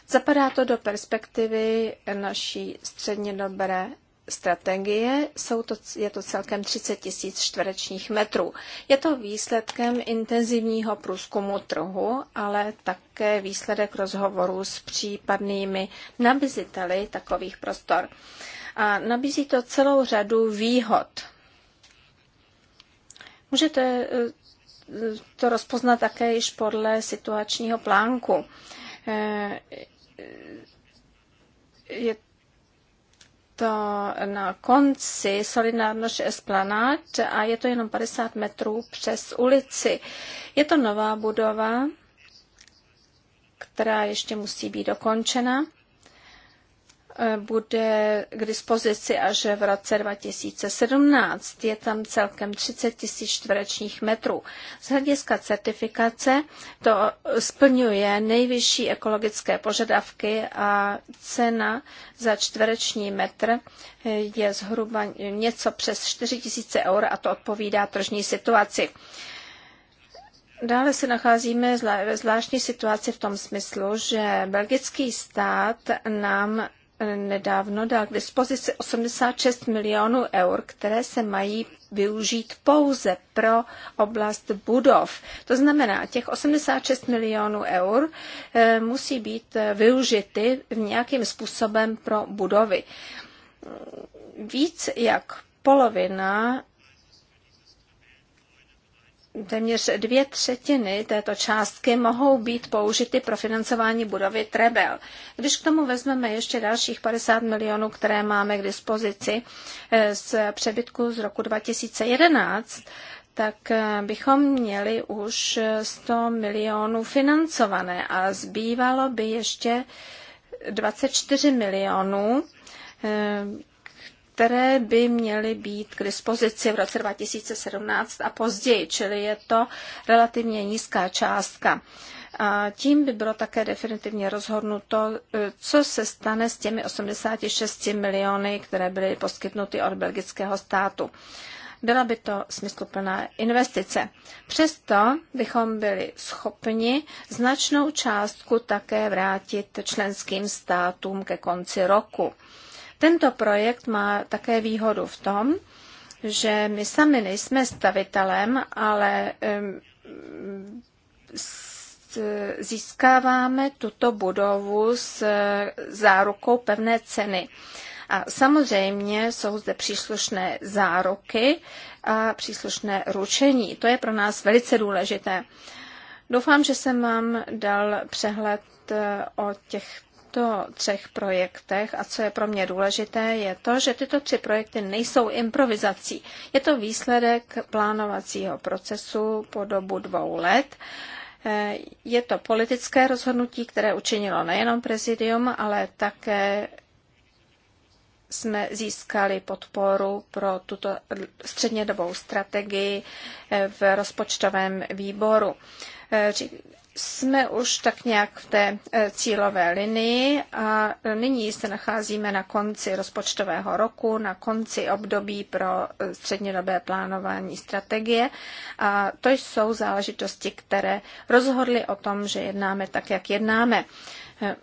Zapadá to do perspektivy naší střednědobré strategie. Jsou to, je to celkem 30 tisíc čtverečních metrů. Je to výsledkem intenzivního průzkumu trhu, ale také výsledek rozhovorů s případnými nabiziteli takových prostor a nabízí to celou řadu výhod. Můžete eh, to rozpoznat také již podle situačního plánku. Eh, je to na konci Solidarność Esplanat a je to jenom 50 metrů přes ulici. Je to nová budova, která ještě musí být dokončena bude k dispozici až v roce 2017. Je tam celkem 30 tisíc čtverečních metrů. Z hlediska certifikace to splňuje nejvyšší ekologické požadavky a cena za čtvereční metr je zhruba něco přes 4 tisíce eur a to odpovídá tržní situaci. Dále se nacházíme ve zvláštní situaci v tom smyslu, že belgický stát nám nedávno dal k dispozici 86 milionů eur, které se mají využít pouze pro oblast budov. To znamená, těch 86 milionů eur eh, musí být eh, využity nějakým způsobem pro budovy. Víc jak polovina téměř dvě třetiny této částky mohou být použity pro financování budovy Trebel. Když k tomu vezmeme ještě dalších 50 milionů, které máme k dispozici eh, z přebytku z roku 2011, tak eh, bychom měli už 100 milionů financované a zbývalo by ještě 24 milionů eh, které by měly být k dispozici v roce 2017 a později, čili je to relativně nízká částka. A tím by bylo také definitivně rozhodnuto, e, co se stane s těmi 86 miliony, které byly poskytnuty od belgického státu. Byla by to smysluplná investice. Přesto bychom byli schopni značnou částku také vrátit členským státům ke konci roku. Tento projekt má také výhodu v tom, že my sami nejsme stavitelem, ale získáváme tuto budovu s e, zárukou pevné ceny. A samozřejmě jsou zde příslušné záruky a příslušné ručení. To je pro nás velice důležité. Doufám, že jsem vám dal přehled e, o těch těchto třech projektech a co je pro mě důležité, je to, že tyto tři projekty nejsou improvizací. Je to výsledek plánovacího procesu po dobu dvou let. Eh, je to politické rozhodnutí, které učinilo nejenom prezidium, ale také jsme získali podporu pro tuto střednědobou strategii eh, v rozpočtovém výboru. Eh, jsme už tak nějak v té eh, cílové linii a nyní se nacházíme na konci rozpočtového roku, na konci období pro eh, střednědobé plánování strategie. A to jsou záležitosti, které rozhodly o tom, že jednáme tak, jak jednáme. Eh,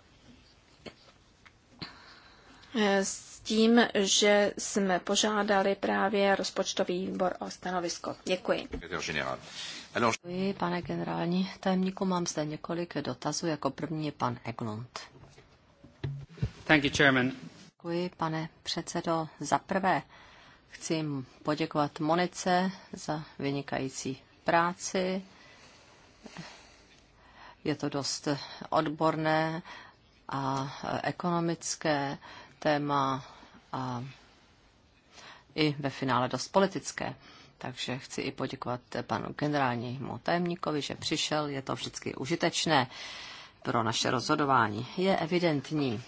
s tím, že jsme požádali právě rozpočtový výbor o stanovisko. Děkuji. Děkuji, pane generální tajemníku. Mám zde několik dotazů. Jako první je pan Eglund. Děkuji, pane předsedo. Za prvé chci poděkovat Monice za vynikající práci. Je to dost odborné a ekonomické téma a i ve finále dost politické. Takže chci i poděkovat panu generálnímu tajemníkovi, že přišel. Je to vždycky užitečné pro naše rozhodování. Je evidentní,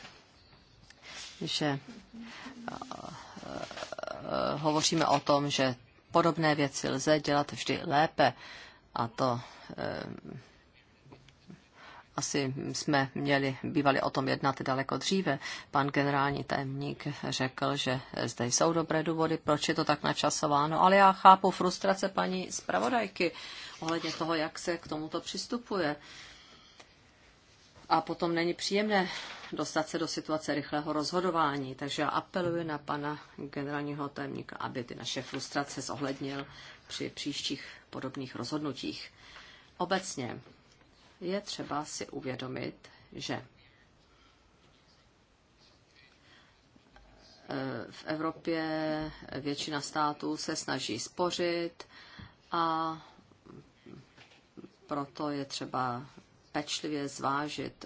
že eh, eh, hovoříme o tom, že podobné věci lze dělat vždy lépe. A to eh, asi jsme měli bývali o tom jednat daleko dříve. Pan generální tajemník řekl, že zde jsou dobré důvody, proč je to tak načasováno, ale já chápu frustrace paní zpravodajky ohledně toho, jak se k tomuto přistupuje. A potom není příjemné dostat se do situace rychlého rozhodování. Takže já apeluji na pana generálního tajemníka, aby ty naše frustrace zohlednil při příštích podobných rozhodnutích. Obecně je třeba si uvědomit, že eh, v Evropě většina států se snaží spořit a proto je třeba pečlivě zvážit,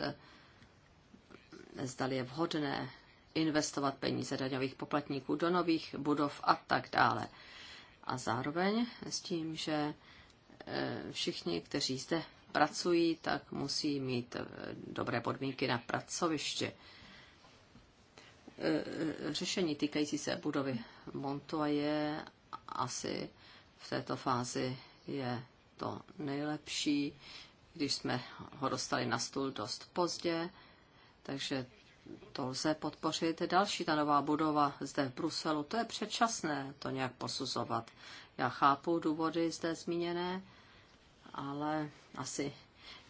zdali je vhodné investovat peníze daňových poplatníků do nových budov a tak dále. A zároveň s tím, že eh, všichni, kteří zde pracují, tak musí mít eh, dobré podmínky na pracoviště. Eh, eh, řešení týkající se budovy Montoye asi v této fázi je to nejlepší, když jsme ho dostali na stůl dost pozdě, takže to lze podpořit. Další ta nová budova zde v Bruselu, to je předčasné to nějak posuzovat. Já chápu důvody zde zmíněné, ale asi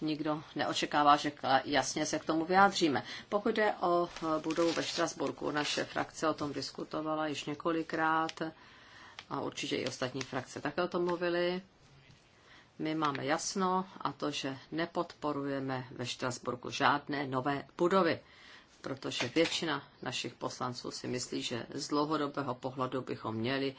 nikdo neočekává, že jasně se k tomu vyjádříme. Pokud jde o e, budovu ve Štrasburku, naše frakce o tom diskutovala již několikrát a určitě i ostatní frakce také o tom mluvili. My máme jasno a to, že nepodporujeme ve Štrasburku žádné nové budovy, protože většina našich poslanců si myslí, že z dlouhodobého pohledu bychom měli uh,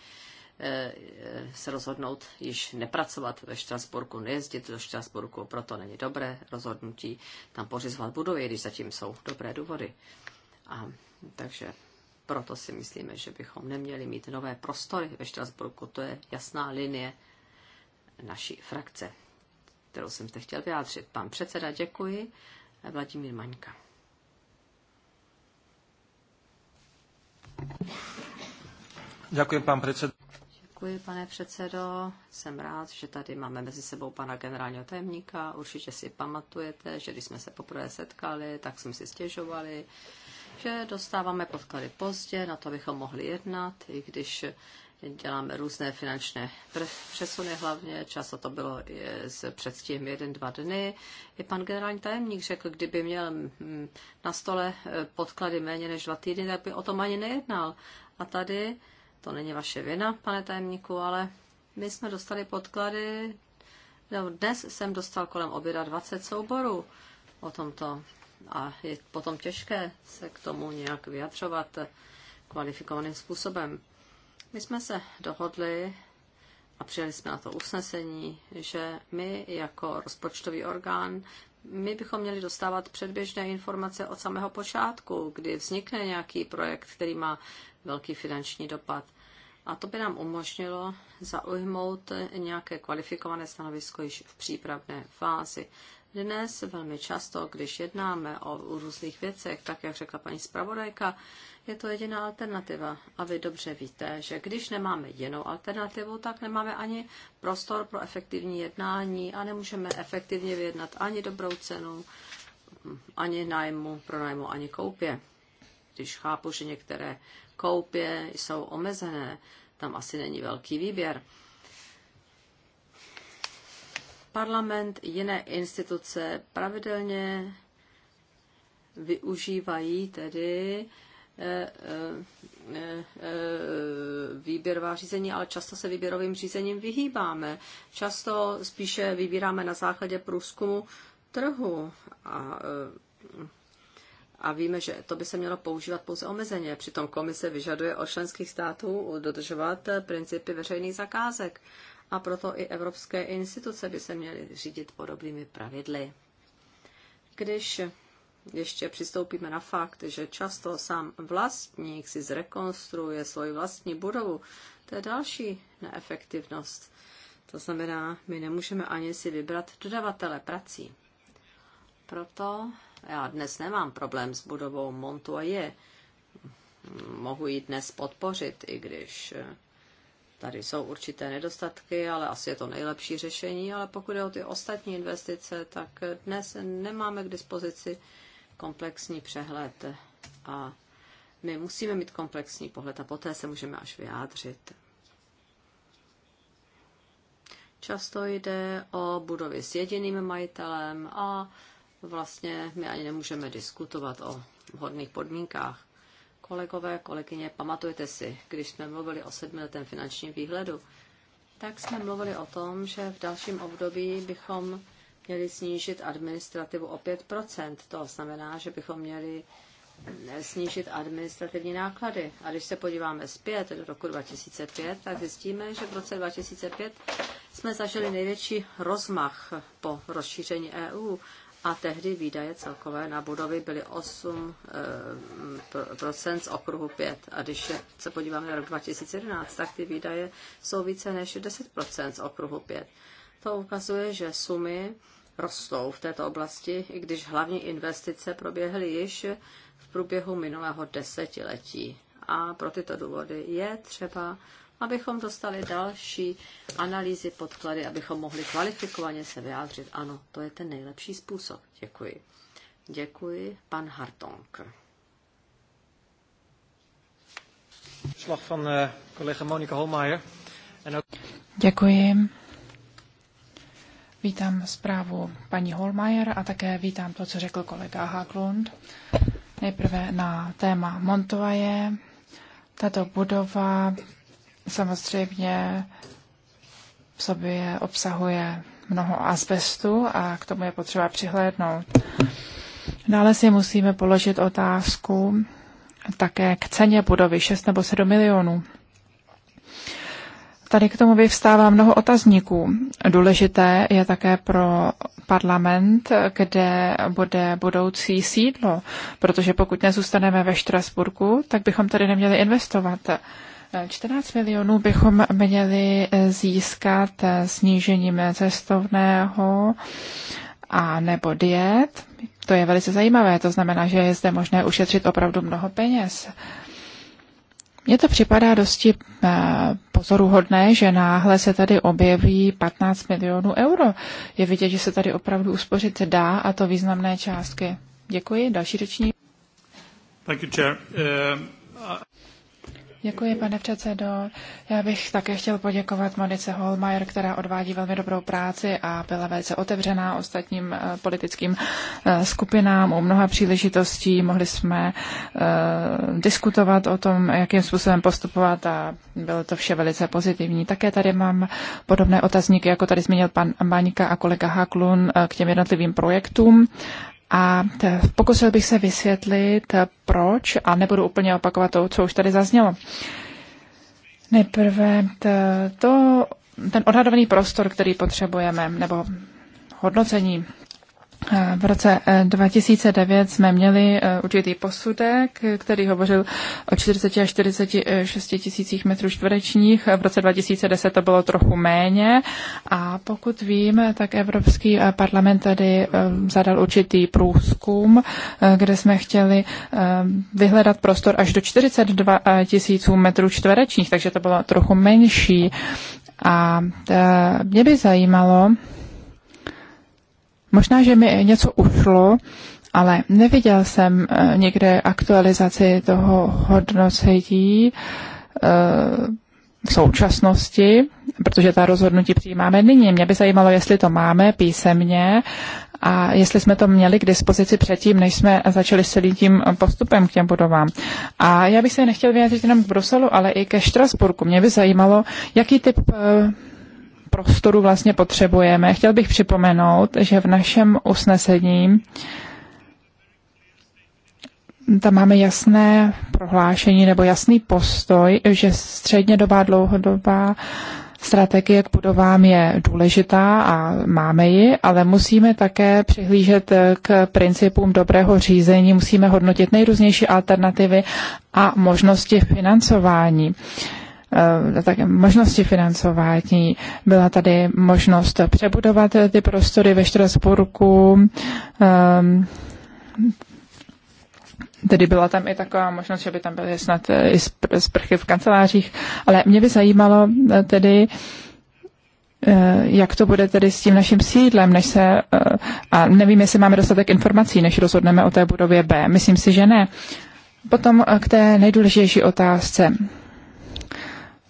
se rozhodnout již nepracovat ve Štrasburku, nejezdit do Štrasburku, proto není dobré rozhodnutí tam pořizovat budovy, když zatím jsou dobré důvody. A takže proto si myslíme, že bychom neměli mít nové prostory ve Štrasburku. To je jasná linie naší frakce, kterou jsem se chtěl vyjádřit. Pan předseda, děkuji. Vladimír Maňka. Děkuji. pan předseda. Děkuji, pane předsedo. Jsem rád, že tady máme mezi sebou pana generálního tajemníka. Určitě si pamatujete, že když jsme se poprvé setkali, tak jsme si stěžovali, že dostáváme podklady pozdě, na to bychom mohli jednat, i když děláme různé finančné přesuny hlavně, často to bylo s předstihem jeden, dva dny. I pan generální tajemník řekl, kdyby měl hm, na stole eh, podklady méně než dva týdny, tak by o tom ani nejednal. A tady to není vaše vina, pane tajemníku, ale my jsme dostali podklady, no, dnes jsem dostal kolem oběda 20 souborů o tomto a je potom těžké se k tomu nějak vyjadřovat kvalifikovaným způsobem. My jsme se dohodli a přijeli jsme na to usnesení, že my jako rozpočtový orgán my bychom měli dostávat předběžné informace od samého počátku, kdy vznikne nějaký projekt, který má velký finanční dopad. A to by nám umožnilo zaujmout nějaké kvalifikované stanovisko již v přípravné fázi. Dnes velmi často, když jednáme o různých věcech, tak jak řekla paní zpravodajka, je to jediná alternativa. A vy dobře víte, že když nemáme jinou alternativu, tak nemáme ani prostor pro efektivní jednání a nemůžeme efektivně vyjednat ani dobrou cenu, ani nájmu, pro nájmu, ani koupě. Když chápu, že některé koupě jsou omezené, tam asi není velký výběr. Parlament, jiné instituce pravidelně využívají tedy eh, eh, eh, výběrová řízení, ale často se výběrovým řízením vyhýbáme. Často spíše vybíráme na základě průzkumu trhu a a víme, že to by se mělo používat pouze omezeně. Přitom komise vyžaduje od členských států dodržovat principy veřejných zakázek a proto i evropské instituce by se měly řídit podobnými pravidly. Když ještě přistoupíme na fakt, že často sám vlastník si zrekonstruuje svoji vlastní budovu, to je další neefektivnost. To znamená, my nemůžeme ani si vybrat dodavatele prací proto já dnes nemám problém s budovou je Mohu ji dnes podpořit, i když eh, tady jsou určité nedostatky, ale asi je to nejlepší řešení. Ale pokud je o ty ostatní investice, tak eh, dnes nemáme k dispozici komplexní přehled a my musíme mít komplexní pohled a poté se můžeme až vyjádřit. Často jde o budovy s jediným majitelem a vlastně my ani nemůžeme diskutovat o vhodných podmínkách. Kolegové, kolegyně, pamatujte si, když jsme mluvili o sedmiletém finančním výhledu, tak jsme mluvili o tom, že v dalším období bychom měli snížit administrativu o 5 To znamená, že bychom měli eh, snížit administrativní náklady. A když se podíváme zpět do roku 2005, tak zjistíme, že v roce 2005 jsme zažili největší rozmach po rozšíření EU a tehdy výdaje celkové na budovy byly 8 eh, z okruhu 5. A když se podíváme na rok 2011, tak ty výdaje jsou více než 10 z okruhu 5. To ukazuje, že sumy rostou v této oblasti, i když hlavní investice proběhly již v průběhu minulého desetiletí. A pro tyto důvody je třeba abychom dostali další analýzy, podklady, abychom mohli kvalifikovaně se vyjádřit. Ano, to je ten nejlepší způsob. Děkuji. Děkuji, pan Hartong. Slag van eh, Monika Holmeijer. Děkuji. Vítám zprávu paní Holmeier a také vítám to, co řekl kolega Haglund. Nejprve na téma Montovaje. Tato budova samozřejmě v sobě obsahuje mnoho asbestu a k tomu je potřeba přihlédnout. Dále si musíme položit otázku také k ceně budovy 6 nebo 7 milionů. Tady k tomu vyvstává mnoho otazníků. Důležité je také pro parlament, kde bude budoucí sídlo, protože pokud nezůstaneme ve Štrasburku, tak bychom tady neměli investovat. 14 milionů bychom měli eh, získat eh, snížením cestovného a nebo diet. To je velice zajímavé, to znamená, že je zde možné ušetřit opravdu mnoho peněz. Mně to připadá dosti eh, pozoruhodné, že náhle se tady objeví 15 milionů euro. Je vidět, že se tady opravdu uspořit dá a to významné částky. Děkuji. Další řečník. Thank you, chair. Uh... Děkuji, pane předsedo. Já bych také chtěl poděkovat Monice Holmajer, která odvádí velmi dobrou práci a byla velice otevřená ostatním eh, politickým eh, skupinám u mnoha příležitostí. Mohli jsme eh, diskutovat o tom, jakým způsobem postupovat a bylo to vše velice pozitivní. Také tady mám podobné otazníky, jako tady zmínil pan Maňka a kolega Haklun k těm jednotlivým projektům. A pokusil bych se vysvětlit, e, proč, a nebudu úplně opakovat to, co už tady zaznělo. Nejprve to, ten odhadovaný prostor, který potřebujeme, nebo hodnocení v roce 2009 eh, jsme měli eh, určitý posudek, který hovořil o 40 až 46 tisících metrů čtverečních. V roce 2010 to bylo trochu méně a pokud vím, tak Evropský eh, parlament tady zadal určitý průzkum, kde jsme chtěli vyhledat prostor až do 42 tisíců metrů čtverečních, takže to bylo trochu menší. A mě by zajímalo, Možná, že mi něco ušlo, ale neviděl jsem eh, někde aktualizaci toho hodnocení eh, v současnosti, protože ta rozhodnutí přijímáme nyní. Mě by zajímalo, jestli to máme písemně a jestli jsme to měli k dispozici předtím, než jsme začali s celým tím postupem k těm budovám. A já bych se nechtěl vyjádřit jenom k Bruselu, ale i ke Štrasburku. Mě by zajímalo, jaký typ eh, prostoru vlastně potřebujeme. Chtěl bych připomenout, že v našem usnesení tam máme jasné prohlášení nebo jasný postoj, že střednědobá, dlouhodobá strategie k budovám je důležitá a máme ji, ale musíme také přihlížet k principům dobrého řízení, musíme hodnotit nejrůznější alternativy a možnosti financování. Uh, Eh, také možnosti financování. Byla tady možnost přebudovat ty prostory ve Štrasburku. Ehm, tedy byla tam i taková možnost, že by tam byly snad eh, i sprchy v kancelářích, ale mě by zajímalo eh, tedy, jak to bude tedy s tím naším sídlem, než se, a nevím, jestli máme dostatek informací, než rozhodneme o té budově B. Myslím si, že ne. Potom k té nejdůležitější otázce.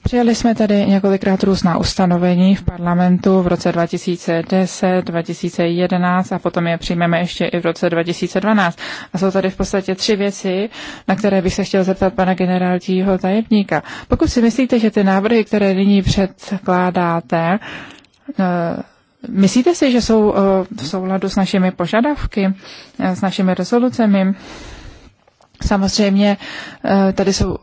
Přijali jsme tady několikrát různá ustanovení v parlamentu v roce 2010, 2011 a potom je přijmeme ještě i v roce 2012. A jsou tady v podstatě tři věci, na které bych se chtěl zeptat pana generálního tajemníka. Pokud si myslíte, že ty návrhy, které nyní předkládáte, eh, myslíte si, že jsou eh, v souladu s našimi požadavky, eh, s našimi rezolucemi? Samozřejmě tady jsou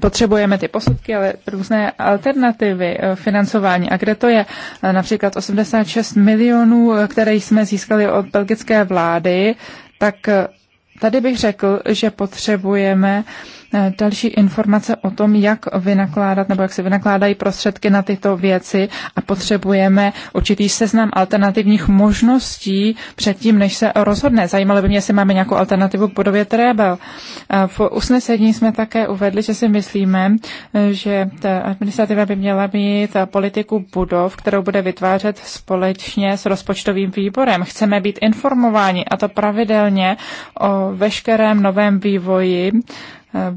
potřebujeme ty posudky, ale různé alternativy eh, financování. A kde to je? Eh, například 86 milionů, eh, které jsme získali od belgické vlády, tak tady bych řekl, že potřebujeme uh, Eh, další informace o tom, jak vynakládat nebo jak se vynakládají prostředky na tyto věci a potřebujeme určitý seznam alternativních možností předtím, než se rozhodne. Zajímalo by mě, jestli máme nějakou alternativu k budově Trébel. Eh, v usnesení jsme také uvedli, že si myslíme, eh, že ta administrativa by měla mít politiku budov, kterou bude vytvářet společně s rozpočtovým výborem. Chceme být informováni a to pravidelně o veškerém novém vývoji Eh,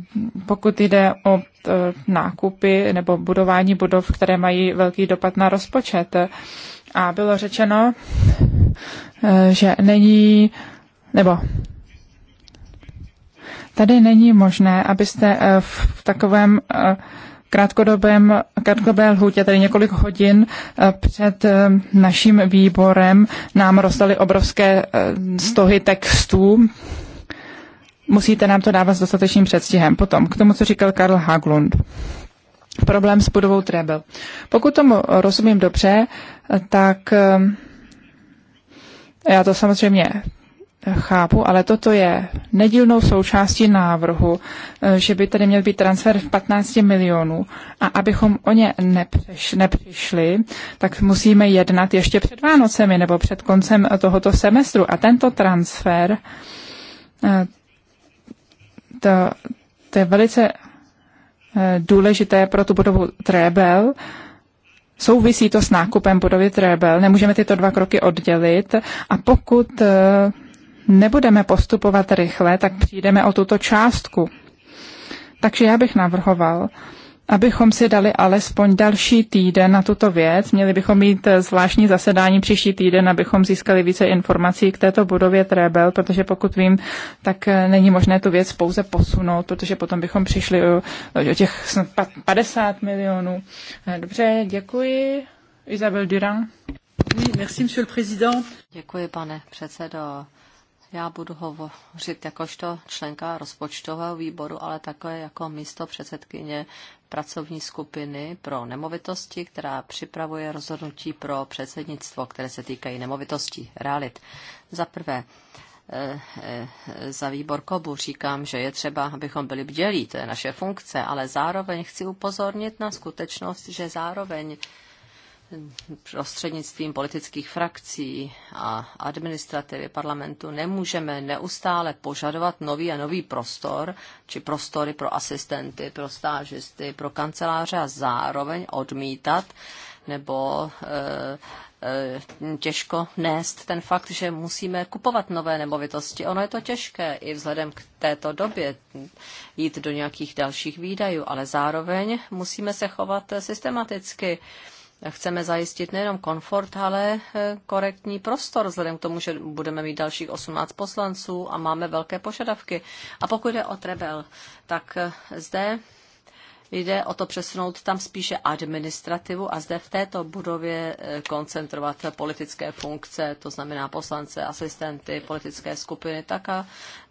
pokud jde o eh, nákupy nebo budování budov, které mají velký dopad na rozpočet. A bylo řečeno, eh, že není, nebo tady není možné, abyste v takovém krátkodobém, krátkodobé lhůtě, tedy několik hodin před naším výborem, nám rozdali obrovské stohy textů musíte nám to dávat s dostatečným předstihem. Potom k tomu, co říkal Karl Haglund. Problém s budovou Treble. Pokud tomu rozumím dobře, tak eh, já to samozřejmě chápu, ale toto je nedílnou součástí návrhu, eh, že by tady měl být transfer v 15 milionů a abychom o ně nepřiš, nepřišli, tak musíme jednat ještě před Vánocemi nebo před koncem tohoto semestru a tento transfer eh, to, to je velice eh, důležité pro tu budovu Trébel. Souvisí to s nákupem budovy Trébel. Nemůžeme tyto dva kroky oddělit. A pokud eh, nebudeme postupovat rychle, tak přijdeme o tuto částku. Takže já bych navrhoval, abychom si dali alespoň další týden na tuto věc. Měli bychom mít eh, zvláštní zasedání příští týden, abychom získali více informací k této budově Trebel, protože pokud vím, tak eh, není možné tu věc pouze posunout, protože potom bychom přišli o, o těch 50 milionů. Eh, dobře, děkuji. Isabel Durand. Oui, merci, monsieur le président. Děkuji, pane předsedo. Já budu hovořit jakožto členka rozpočtového výboru, ale také jako místo předsedkyně pracovní skupiny pro nemovitosti, která připravuje rozhodnutí pro předsednictvo, které se týkají nemovitostí, realit. Za prvé, eh, eh, za výbor KOBU říkám, že je třeba, abychom byli bdělí, to je naše funkce, ale zároveň chci upozornit na skutečnost, že zároveň prostřednictvím politických frakcí a administrativy parlamentu nemůžeme neustále požadovat nový a nový prostor, či prostory pro asistenty, pro stážisty, pro kanceláře a zároveň odmítat nebo e, těžko nést ten fakt, že musíme kupovat nové nemovitosti. Ono je to těžké i vzhledem k této době jít do nějakých dalších výdajů, ale zároveň musíme se chovat systematicky chceme zajistit nejenom komfort, ale eh, korektní prostor, vzhledem k tomu, že budeme mít dalších 18 poslanců a máme velké požadavky. A pokud je o Trebel, tak eh, zde Jde o to přesunout tam spíše administrativu a zde v této budově eh, koncentrovat politické funkce, to znamená poslance, asistenty, politické skupiny, tak,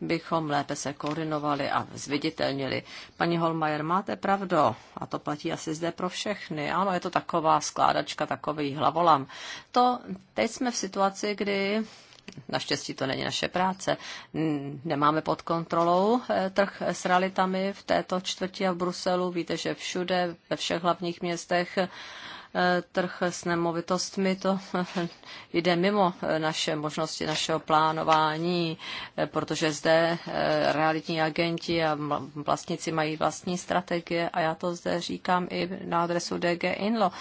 abychom lépe se koordinovali a zviditelnili. Paní Holmajer, máte pravdu a to platí asi zde pro všechny. Ano, je to taková skládačka, takový hlavolam. To teď jsme v situaci, kdy Naštěstí to není naše práce. Nemáme pod kontrolou eh, trh s realitami v této čtvrti a v Bruselu. Víte, že všude, ve všech hlavních městech eh, trh s nemovitostmi, to eh, jde mimo naše možnosti, našeho plánování, protože zde realitní agenti a vlastníci mají vlastní strategie a já to zde říkám i na adresu DG Inlo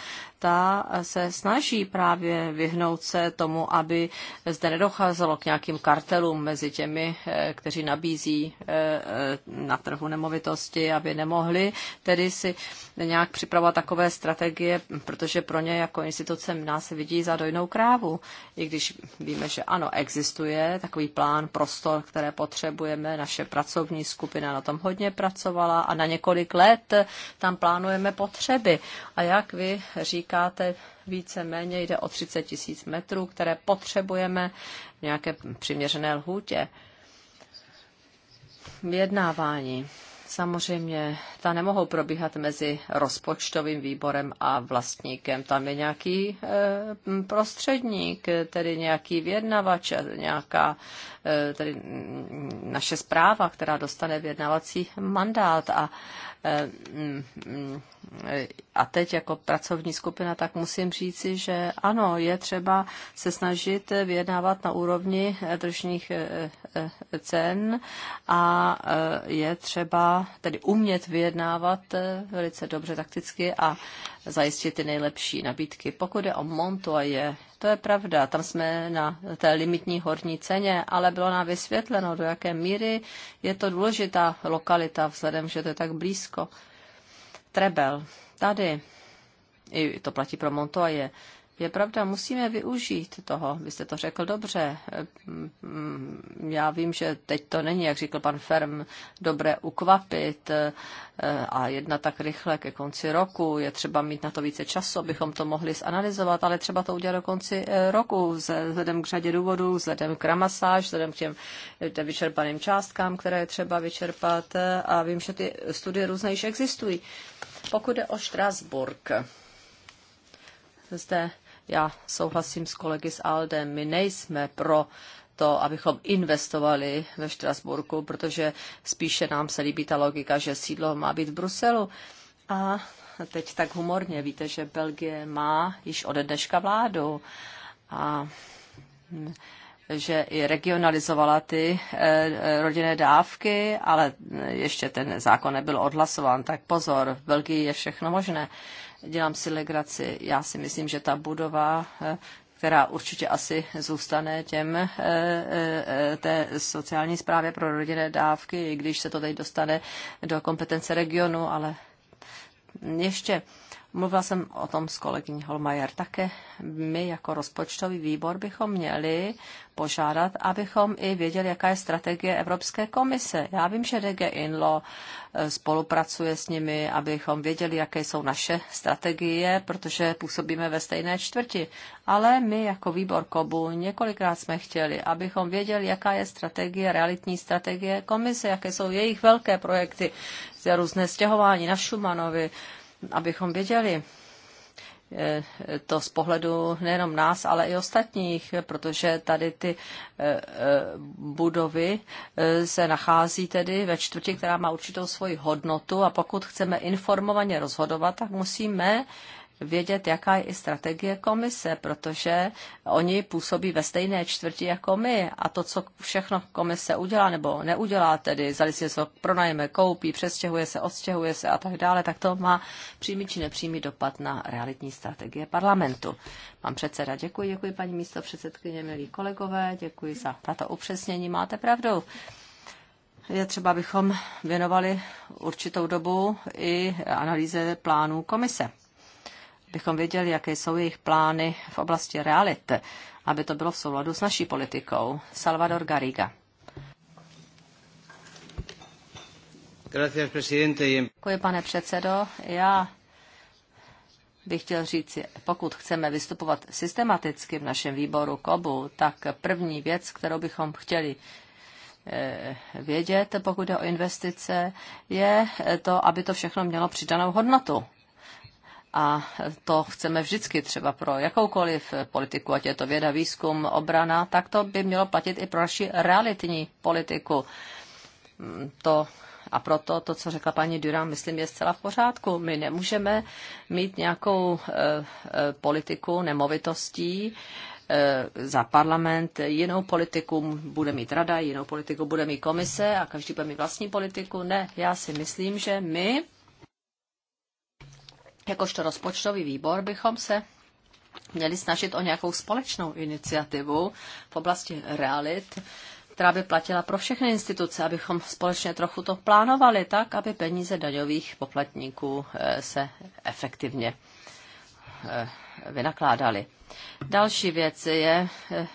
ta se snaží právě vyhnout se tomu, aby zde nedocházelo k nějakým kartelům mezi těmi, eh, kteří nabízí eh, eh, na trhu nemovitosti, aby nemohli tedy si nějak připravovat takové strategie, protože pro ně jako instituce nás se vidí za dojnou krávu. I když víme, že ano, existuje takový plán, prostor, které potřebujeme, naše pracovní skupina na tom hodně pracovala a na několik let tam plánujeme potřeby. A jak vy říkáte, říkáte, více méně jde o 30 tisíc metrů, které potřebujeme v nějaké přiměřené lhůtě. Vyjednávání. Samozřejmě ta nemohou probíhat mezi rozpočtovým výborem a vlastníkem. Tam je nějaký e, prostředník, tedy nějaký vyjednavač, nějaká e, tedy naše zpráva, která dostane vyjednavací mandát a e, Eh, mm, mm, eh, a teď jako pracovní skupina, tak musím říci, že ano, je třeba se snažit vyjednávat na úrovni eh, tržních cen a je třeba tedy umět vyjednávat velice dobře takticky a zajistit ty nejlepší nabídky. Pokud je o je to je pravda, tam jsme na té limitní horní ceně, ale bylo nám vysvětleno, do jaké míry je to důležitá lokalita, vzhledem, že to je tak blízko. Trebel, tady, i to platí pro Montoje, je pravda, musíme využít toho. Vy jste to řekl dobře. Já vím, že teď to není, jak říkal pan Ferm, dobré ukvapit eh, a jedna tak rychle ke konci roku. Je třeba mít na to více času, abychom to mohli zanalizovat, ale třeba to udělat do konci eh, roku, vzhledem k řadě důvodů, vzhledem k ramasáž, vzhledem k těm eh, vyčerpaným částkám, které je třeba vyčerpat. A vím, že ty studie různé již existují. Pokud jde o Štrasburg, zde já souhlasím s kolegy z Aldem, my nejsme pro to, abychom investovali ve Štrasburku, protože spíše nám se líbí ta logika, že sídlo má být v Bruselu. A teď tak humorně, víte, že Belgie má již ode dneška vládu a mm, že i regionalizovala ty eh, eh, rodinné dávky, ale eh, ještě ten zákon nebyl odhlasován, tak pozor, v Belgii je všechno možné dělám si legraci. Já si myslím, že ta budova eh, která určitě asi zůstane těm eh, eh, té sociální zprávě pro rodinné dávky, i když se to teď dostane do kompetence regionu, ale ještě Mluvila jsem o tom s kolegyní Holmajer. Také my jako rozpočtový výbor bychom měli požádat, abychom i věděli, jaká je strategie Evropské komise. Já vím, že DG Inlo eh, spolupracuje s nimi, abychom věděli, jaké jsou naše strategie, protože působíme ve stejné čtvrti. Ale my jako výbor KOBU několikrát jsme chtěli, abychom věděli, jaká je strategie, realitní strategie komise, jaké jsou jejich velké projekty, různé stěhování na Šumanovi, abychom věděli eh, to z pohledu nejenom nás, ale i ostatních, protože tady ty eh, eh, budovy se nachází tedy ve čtvrti, která má určitou svoji hodnotu a pokud chceme informovaně rozhodovat, tak musíme vědět, jaká je i strategie komise, protože oni působí ve stejné čtvrti jako my a to, co všechno komise udělá nebo neudělá, tedy zali si něco pronajme, koupí, přestěhuje se, odstěhuje se a tak dále, tak to má přímý či nepřímý dopad na realitní strategie parlamentu. Pan předseda, děkuji, děkuji paní místo předsedkyně, milí kolegové, děkuji za tato upřesnění, máte pravdu je třeba, abychom věnovali určitou dobu i analýze plánů komise bychom věděli, jaké jsou jejich plány v oblasti realit, aby to bylo v souladu s naší politikou. Salvador Garriga. Děkuji, pane předsedo. Já bych chtěl říct, pokud chceme vystupovat systematicky v našem výboru KOBU, tak první věc, kterou bychom chtěli eh, vědět, pokud jde o investice, je to, aby to všechno mělo přidanou hodnotu a to chceme vždycky třeba pro jakoukoliv politiku, ať je to věda, výzkum, obrana, tak to by mělo platit i pro naši realitní politiku. Mm, to a proto to, co řekla paní Durán, myslím, je zcela v pořádku. My nemůžeme mít nějakou e, e, politiku nemovitostí e, za parlament, jinou politiku bude mít rada, jinou politiku bude mít komise a každý bude mít vlastní politiku. Ne, já si myslím, že my jakožto rozpočtový výbor bychom se měli snažit o nějakou společnou iniciativu v oblasti realit, která by platila pro všechny instituce, abychom společně trochu to plánovali tak, aby peníze daňových poplatníků eh, se efektivně eh, vynakládali. Další věc je, eh,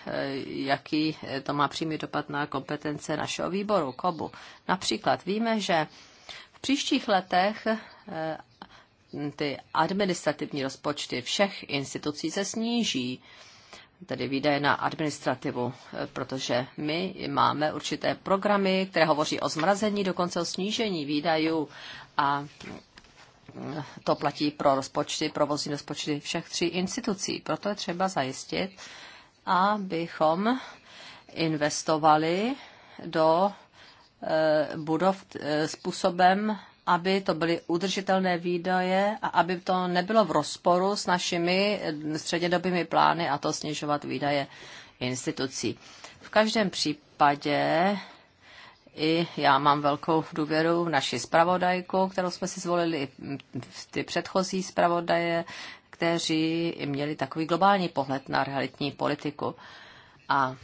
jaký to má přímý dopad na kompetence našeho výboru, KOBu. Například víme, že v příštích letech ty administrativní rozpočty všech institucí se sníží, tedy výdaje na administrativu, eh, protože my máme určité programy, které hovoří o zmrazení, dokonce o snížení výdajů a eh, to platí pro rozpočty, provozní rozpočty všech tří institucí. Proto je třeba zajistit, abychom investovali do eh, budov způsobem, aby to byly udržitelné výdaje a aby to nebylo v rozporu s našimi eh, střednědobými plány a to snižovat výdaje institucí. V každém případě i já mám velkou důvěru v naši zpravodajku, kterou jsme si zvolili v ty předchozí zpravodaje, kteří měli takový globální pohled na realitní politiku. A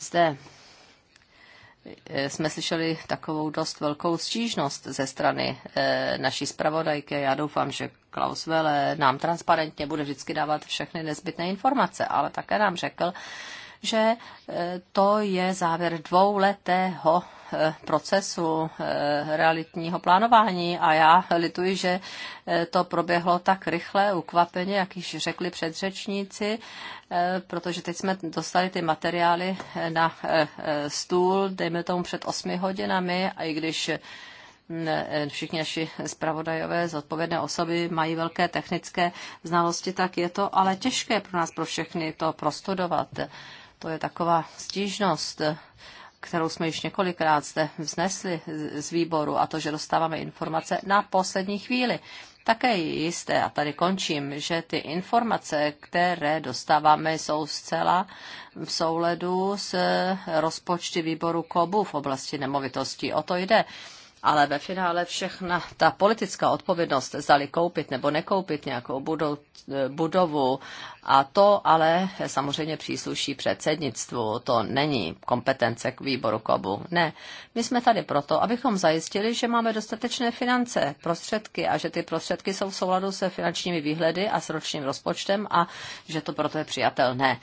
zde Eh, jsme slyšeli takovou dost velkou stížnost ze strany eh, naší zpravodajky. Já doufám, že Klaus Welle nám transparentně bude vždycky dávat všechny nezbytné informace, ale také nám řekl, že e, to je závěr dvouletého e, procesu e, realitního plánování a já lituji, že to proběhlo tak rychle, ukvapeně, jak již řekli předřečníci, protože teď jsme dostali ty materiály na stůl, dejme tomu před osmi hodinami a i když všichni naši zpravodajové zodpovědné osoby mají velké technické znalosti, tak je to ale těžké pro nás, pro všechny to prostudovat. To je taková stížnost, kterou jsme již několikrát zde vznesli z výboru a to, že dostáváme informace na poslední chvíli. Také je jisté, a tady končím, že ty informace, které dostáváme, jsou zcela v souledu s rozpočty výboru KOBU v oblasti nemovitostí. O to jde ale ve finále všechna ta politická odpovědnost, zdali koupit nebo nekoupit nějakou budou, budovu, a to ale samozřejmě přísluší předsednictvu, to není kompetence k výboru KOBu. Ne, my jsme tady proto, abychom zajistili, že máme dostatečné finance, prostředky a že ty prostředky jsou v souladu se finančními výhledy a s ročním rozpočtem a že to proto je přijatelné.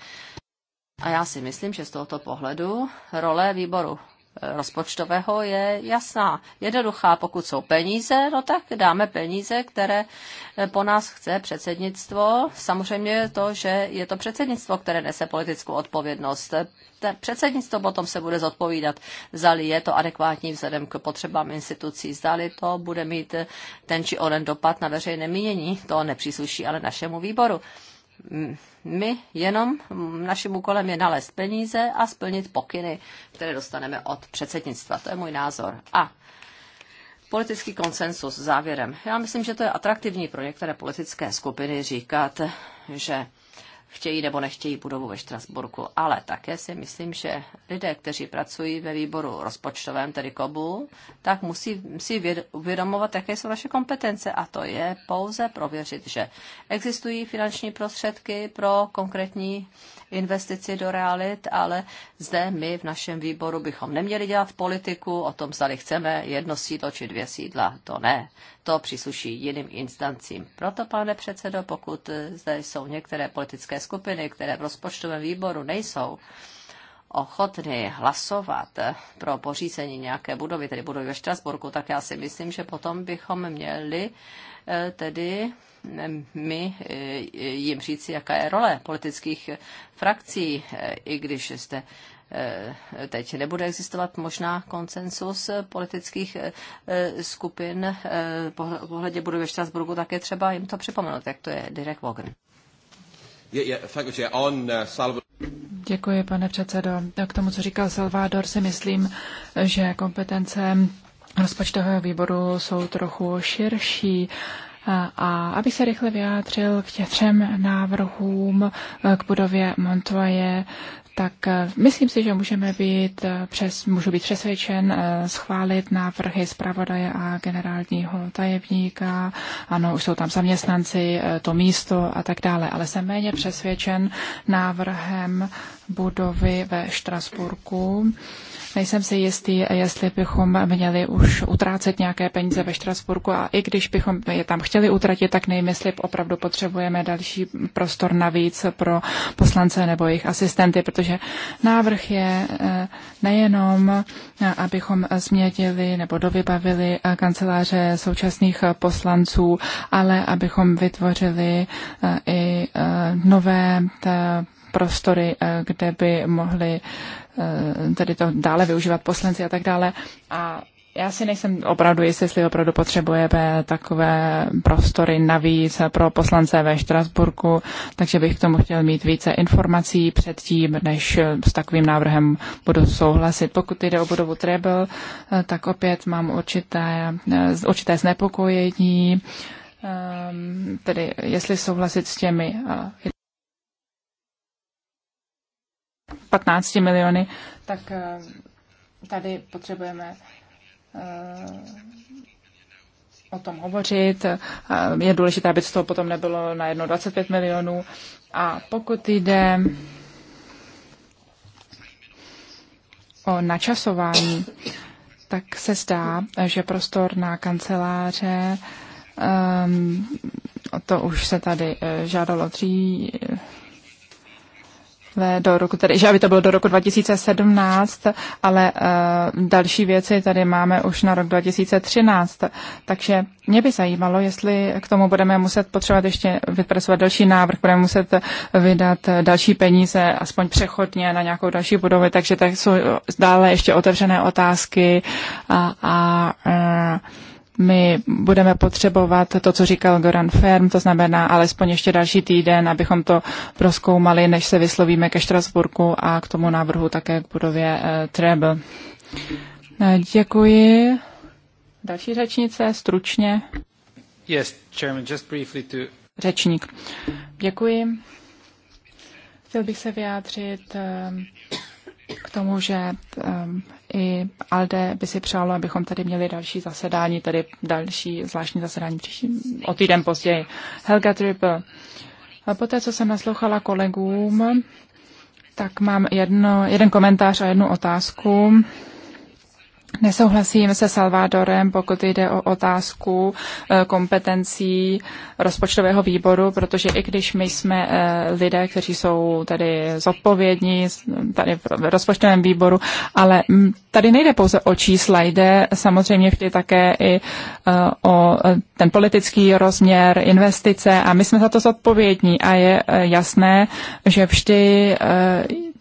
A já si myslím, že z tohoto pohledu role výboru rozpočtového je jasná, jednoduchá. Pokud jsou peníze, no tak dáme peníze, které eh, po nás chce předsednictvo. Samozřejmě je to, že je to předsednictvo, které nese politickou odpovědnost. Ten předsednictvo potom se bude zodpovídat, zdali je to adekvátní vzhledem k potřebám institucí, zdali to bude mít eh, ten či onen dopad na veřejné mínění. To nepřísluší ale našemu výboru my jenom naším úkolem je nalézt peníze a splnit pokyny, které dostaneme od předsednictva. To je můj názor. A politický konsensus závěrem. Já myslím, že to je atraktivní pro některé politické skupiny říkat, že chtějí nebo nechtějí budovu ve Štrasburku. Ale také si myslím, že lidé, kteří pracují ve výboru rozpočtovém, tedy KOBu, tak musí si uvědomovat, jaké jsou naše kompetence. A to je pouze prověřit, že existují finanční prostředky pro konkrétní investici do realit, ale zde my v našem výboru bychom neměli dělat politiku o tom, zda chceme jedno sídlo či dvě sídla. To ne. To přísluší jiným instancím. Proto, pane předsedo, pokud zde jsou některé politické skupiny, které v rozpočtovém výboru nejsou, ochotny hlasovat pro pořízení nějaké budovy, tedy budovy ve Štrasburku, tak já si myslím, že potom bychom měli eh, tedy my eh, jim říci, jaká je role politických eh, frakcí, eh, i když jste teď nebude existovat možná konsensus politických skupin. Pohledě budu ve Štrasburgu také třeba jim to připomenout, jak to je Direk Wogen. Děkuji, pane předsedo. K tomu, co říkal Salvador, si myslím, že kompetence rozpočtového výboru jsou trochu širší. A aby se rychle vyjádřil k těm třem návrhům eh, k budově Montoje, tak eh, myslím si, že můžeme být eh, přes, můžu být přesvědčen schválit návrhy zpravodaje a generálního tajemníka. Ano, už jsou tam zaměstnanci, to místo a tak dále, ale jsem méně přesvědčen návrhem budovy ve Štrasburku. Nejsem si jistý, jestli bychom měli už utrácet nějaké peníze ve Štrasburku a i když bychom je tam chtěli utratit, tak nevím, jestli opravdu potřebujeme další prostor navíc pro poslance nebo jejich asistenty, protože návrh je eh, nejenom, eh, abychom změnili nebo dovybavili eh, kanceláře současných poslanců, ale abychom vytvořili i nové prostory, eh, kde by mohli eh, tady to dále využívat poslanci a tak dále. A já si nejsem opravdu jistý, jestli opravdu potřebujeme takové prostory navíc pro poslance ve Štrasburku, takže bych k tomu chtěl mít více informací předtím, než s takovým návrhem budu souhlasit. Pokud jde o budovu Treble, eh, tak opět mám určité, určité znepokojení, ehm, tedy jestli souhlasit s těmi 15 miliony, tak eh, tady potřebujeme eh, o tom hovořit. Eh, je důležité, aby z toho potom nebylo na jedno 25 milionů. A pokud jde o načasování, tak se zdá, že prostor na kanceláře, ehm, to už se tady žádalo dřív, své do roku, tedy, že aby to bylo do roku 2017, ale uh, další věci tady máme už na rok 2013. Takže mě by zajímalo, jestli k tomu budeme muset potřebovat ještě vypracovat další návrh, budeme muset vydat další peníze, aspoň přechodně na nějakou další budovu, takže tak jsou dále ještě otevřené otázky a, a uh, my budeme potřebovat to, co říkal Goran Ferm, to znamená alespoň ještě další týden, abychom to proskoumali, než se vyslovíme ke Štrasburku a k tomu návrhu také k budově uh, Treble. Eh, děkuji. Další řečnice, stručně. Yes, chairman, just briefly to... Řečník. Děkuji. Chtěl bych se vyjádřit eh, k tomu, že um, i ALDE by si přálo, abychom tady měli další zasedání, tady další zvláštní zasedání příští, o týden později. Helga Triple. A poté, co jsem naslouchala kolegům, tak mám jedno, jeden komentář a jednu otázku. Nesouhlasím se Salvadorem, pokud jde o otázku eh, kompetencí rozpočtového výboru, protože i když my jsme eh, lidé, kteří jsou tady zodpovědní tady v rozpočtovém výboru, ale tady nejde pouze o čísla, jde samozřejmě vždy také i eh, o ten politický rozměr, investice a my jsme za to zodpovědní a je jasné, že vždy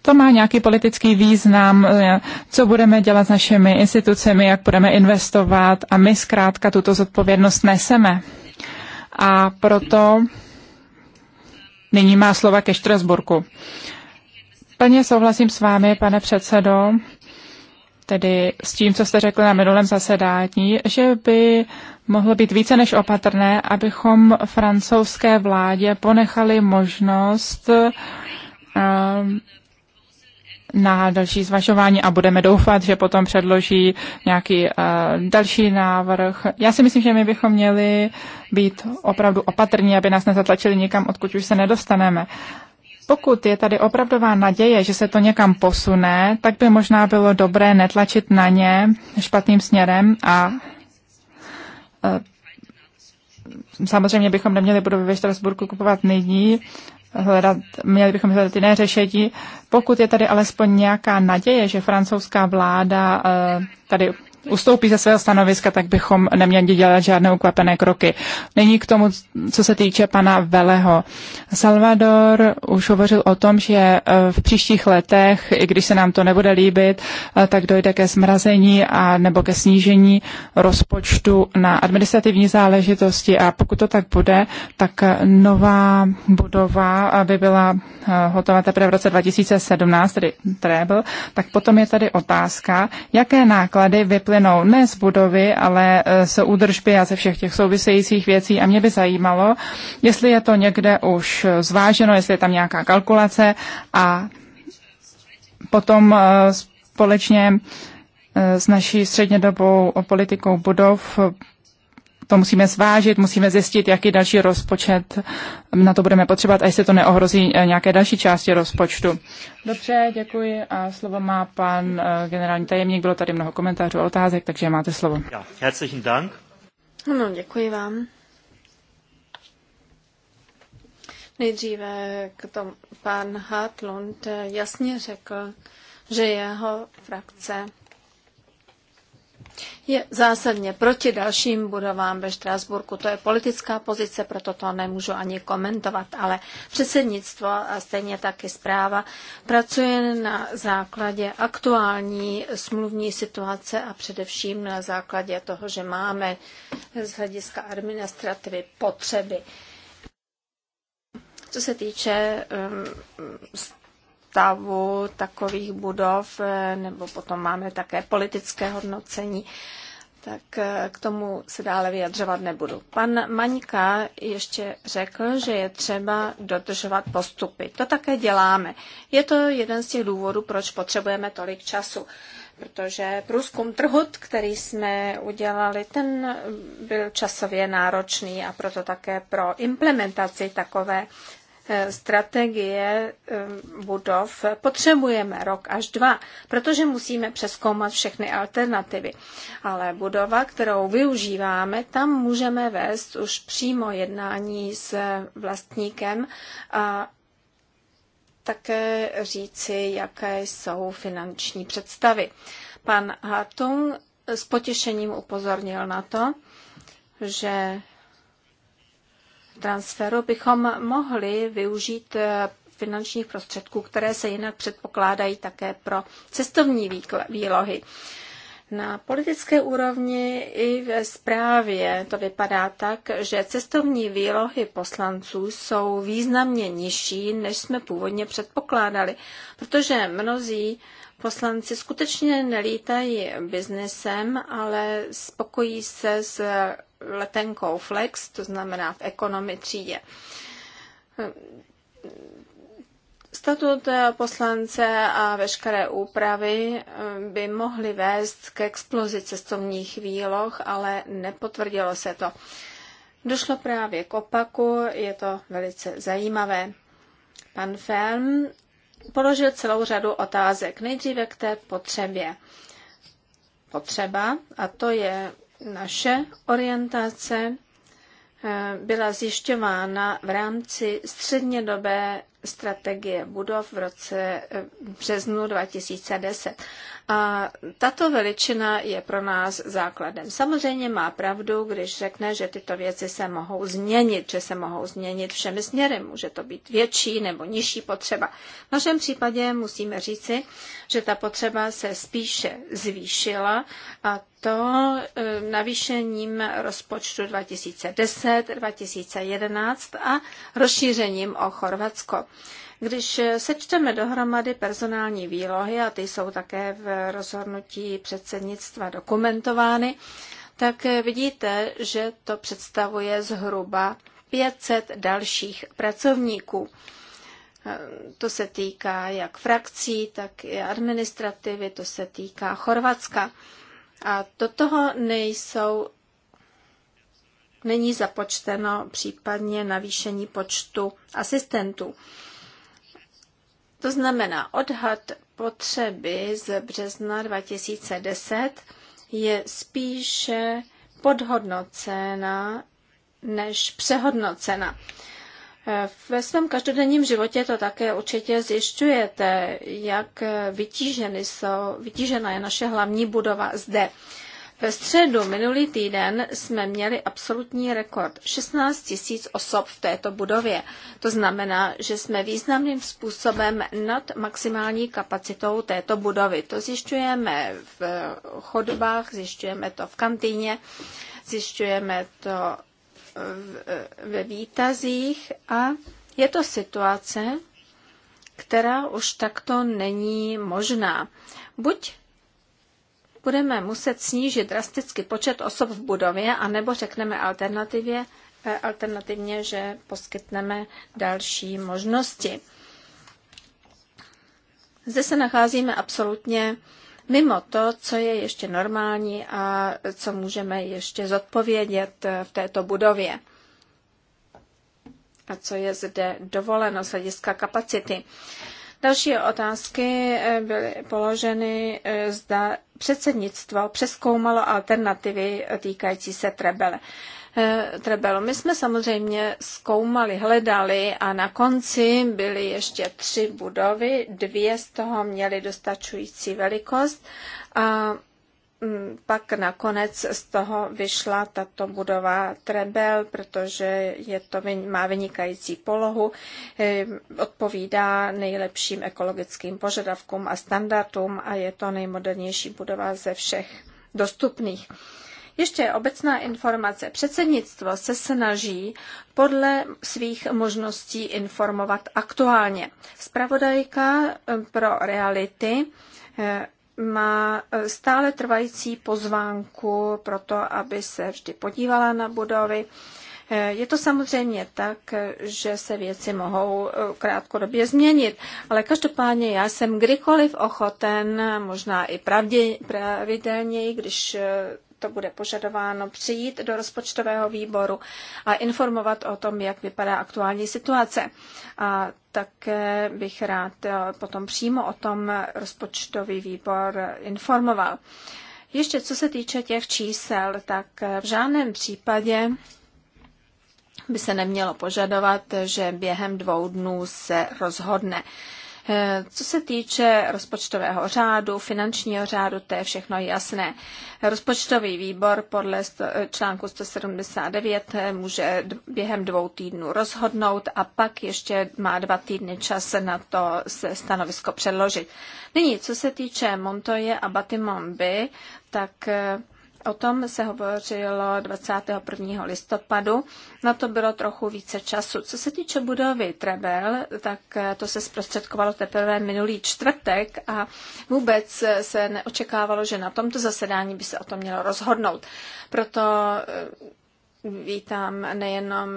to má nějaký politický význam, eh, co budeme dělat s našimi institucemi, jak budeme investovat a my zkrátka tuto zodpovědnost neseme. A proto nyní má slova ke Štrasburku. Plně souhlasím s vámi, pane předsedo, tedy s tím, co jste řekli na minulém zasedání, že by mohlo být více než opatrné, abychom francouzské vládě ponechali možnost eh, na další zvažování a budeme doufat, že potom předloží nějaký uh, další návrh. Já si myslím, že my bychom měli být opravdu opatrní, aby nás nezatlačili někam, odkud už se nedostaneme. Pokud je tady opravdová naděje, že se to někam posune, tak by možná bylo dobré netlačit na ně špatným směrem a uh, samozřejmě bychom neměli budovy ve Štrasburku kupovat nyní, hledat, měli bychom hledat jiné řešení. Pokud je tady alespoň nějaká naděje, že francouzská vláda eh, tady ustoupí ze svého stanoviska, tak bychom neměli dělat žádné ukvapené kroky. Není k tomu, co se týče pana Veleho. Salvador už hovořil o tom, že eh, v příštích letech, i když se nám to nebude líbit, eh, tak dojde ke zmrazení a nebo ke snížení rozpočtu na administrativní záležitosti a pokud to tak bude, tak eh, nová budova by byla hotová teprve v roce 2017, tedy treble, tak potom je tady otázka, jaké náklady vy plynou ne z budovy, ale e, z údržby a ze všech těch souvisejících věcí. A mě by zajímalo, jestli je to někde už zváženo, jestli je tam nějaká kalkulace a potom e, společně e, s naší střednědobou politikou budov to musíme zvážit, musíme zjistit, jaký další rozpočet na to budeme potřebovat, až se to neohrozí eh, nějaké další části rozpočtu. Dobře, děkuji. A slovo má pan eh, generální tajemník. Bylo tady mnoho komentářů a otázek, takže máte slovo. herzlichen Dank. No, děkuji vám. Nejdříve k tomu pan Hartlund eh, jasně řekl, že jeho frakce je zásadně proti dalším budovám ve Štrásburku. To je politická pozice, proto to nemůžu ani komentovat, ale předsednictvo a stejně taky zpráva pracuje na základě aktuální smluvní situace a především na základě toho, že máme z hlediska administrativy potřeby. Co se týče um, stavu takových budov, eh, nebo potom máme také politické hodnocení, tak eh, k tomu se dále vyjadřovat nebudu. Pan Maňka ještě řekl, že je třeba dodržovat postupy. To také děláme. Je to jeden z těch důvodů, proč potřebujeme tolik času protože průzkum trhu, který jsme udělali, ten byl časově náročný a proto také pro implementaci takové Eh, strategie eh, budov potřebujeme rok až dva, protože musíme přeskoumat všechny alternativy. Ale budova, kterou využíváme, tam můžeme vést už přímo jednání s vlastníkem a také říci, jaké jsou finanční představy. Pan Hartung s potěšením upozornil na to, že transferu bychom mohli využít eh, finančních prostředků, které se jinak předpokládají také pro cestovní výlohy. Na politické úrovni i ve zprávě to vypadá tak, že cestovní výlohy poslanců jsou významně nižší, než jsme původně předpokládali, protože mnozí poslanci skutečně nelítají biznesem, ale spokojí se s letenkou Flex, to znamená v ekonomi třídě. Statut poslance a veškeré úpravy eh, by mohly vést k explozi cestovních výloh, ale nepotvrdilo se to. Došlo právě k opaku, je to velice zajímavé. Pan Ferm položil celou řadu otázek. Nejdříve k té potřebě. Potřeba, a to je naše orientace eh, byla zjišťována v rámci střednědobé strategie budov v roce eh, březnu 2010. A tato veličina je pro nás základem. Samozřejmě má pravdu, když řekne, že tyto věci se mohou změnit, že se mohou změnit všemi směry. Může to být větší nebo nižší potřeba. V našem případě musíme říci, že ta potřeba se spíše zvýšila a to e, navýšením rozpočtu 2010, 2011 a rozšířením o Chorvatsko. Když sečteme dohromady personální výlohy, a ty jsou také v rozhodnutí předsednictva dokumentovány, tak vidíte, že to představuje zhruba 500 dalších pracovníků. To se týká jak frakcí, tak i administrativy, to se týká Chorvatska. A do toho nejsou, není započteno případně navýšení počtu asistentů. To znamená, odhad potřeby z března 2010 je spíše podhodnocena než přehodnocena. Ve svém každodenním životě to také určitě zjišťujete, jak vytížený jsou, vytížena je naše hlavní budova zde. Ve středu minulý týden jsme měli absolutní rekord 16 tisíc osob v této budově. To znamená, že jsme významným způsobem nad maximální kapacitou této budovy. To zjišťujeme v chodbách, zjišťujeme to v kantýně, zjišťujeme to ve výtazích a je to situace, která už takto není možná. Buď budeme muset snížit drasticky počet osob v budově, a nebo řekneme alternativě, eh, alternativně, že poskytneme další možnosti. Zde se nacházíme absolutně mimo to, co je ještě normální a co můžeme ještě zodpovědět eh, v této budově a co je zde dovoleno z hlediska kapacity. Další otázky eh, byly položeny, eh, zda předsednictvo přeskoumalo alternativy týkající se Trebele. Eh, Trebelo. My jsme samozřejmě zkoumali, hledali a na konci byly ještě tři budovy, dvě z toho měly dostačující velikost a Mm, pak nakonec z toho vyšla tato budova Trebel, protože je to, má vynikající polohu, eh, odpovídá nejlepším ekologickým požadavkům a standardům a je to nejmodernější budova ze všech dostupných. Ještě obecná informace. Předsednictvo se snaží podle svých možností informovat aktuálně. Spravodajka eh, pro reality eh, má e, stále trvající pozvánku pro to, aby se vždy podívala na budovy. E, je to samozřejmě tak, že se věci mohou e, krátkodobě změnit, ale každopádně já jsem kdykoliv ochoten, možná i pravdě, pravidelněji, když to bude požadováno, přijít do rozpočtového výboru a informovat o tom, jak vypadá aktuální situace. A také bych rád eh, potom přímo o tom rozpočtový výbor informoval. Ještě co se týče těch čísel, tak eh, v žádném případě by se nemělo požadovat, že během dvou dnů se rozhodne. Eh, co se týče rozpočtového řádu, finančního řádu, to je všechno jasné. Rozpočtový výbor podle eh, článku 179 eh, může během dvou týdnů rozhodnout a pak ještě má dva týdny čas na to se stanovisko předložit. Nyní, co se týče Montoje a Batimomby, tak O tom se hovořilo 21. listopadu. Na to bylo trochu více času. Co se týče budovy Trebel, tak eh, to se zprostředkovalo teprve minulý čtvrtek a vůbec eh, se neočekávalo, že na tomto zasedání by se o tom mělo rozhodnout. Proto eh, vítám nejenom,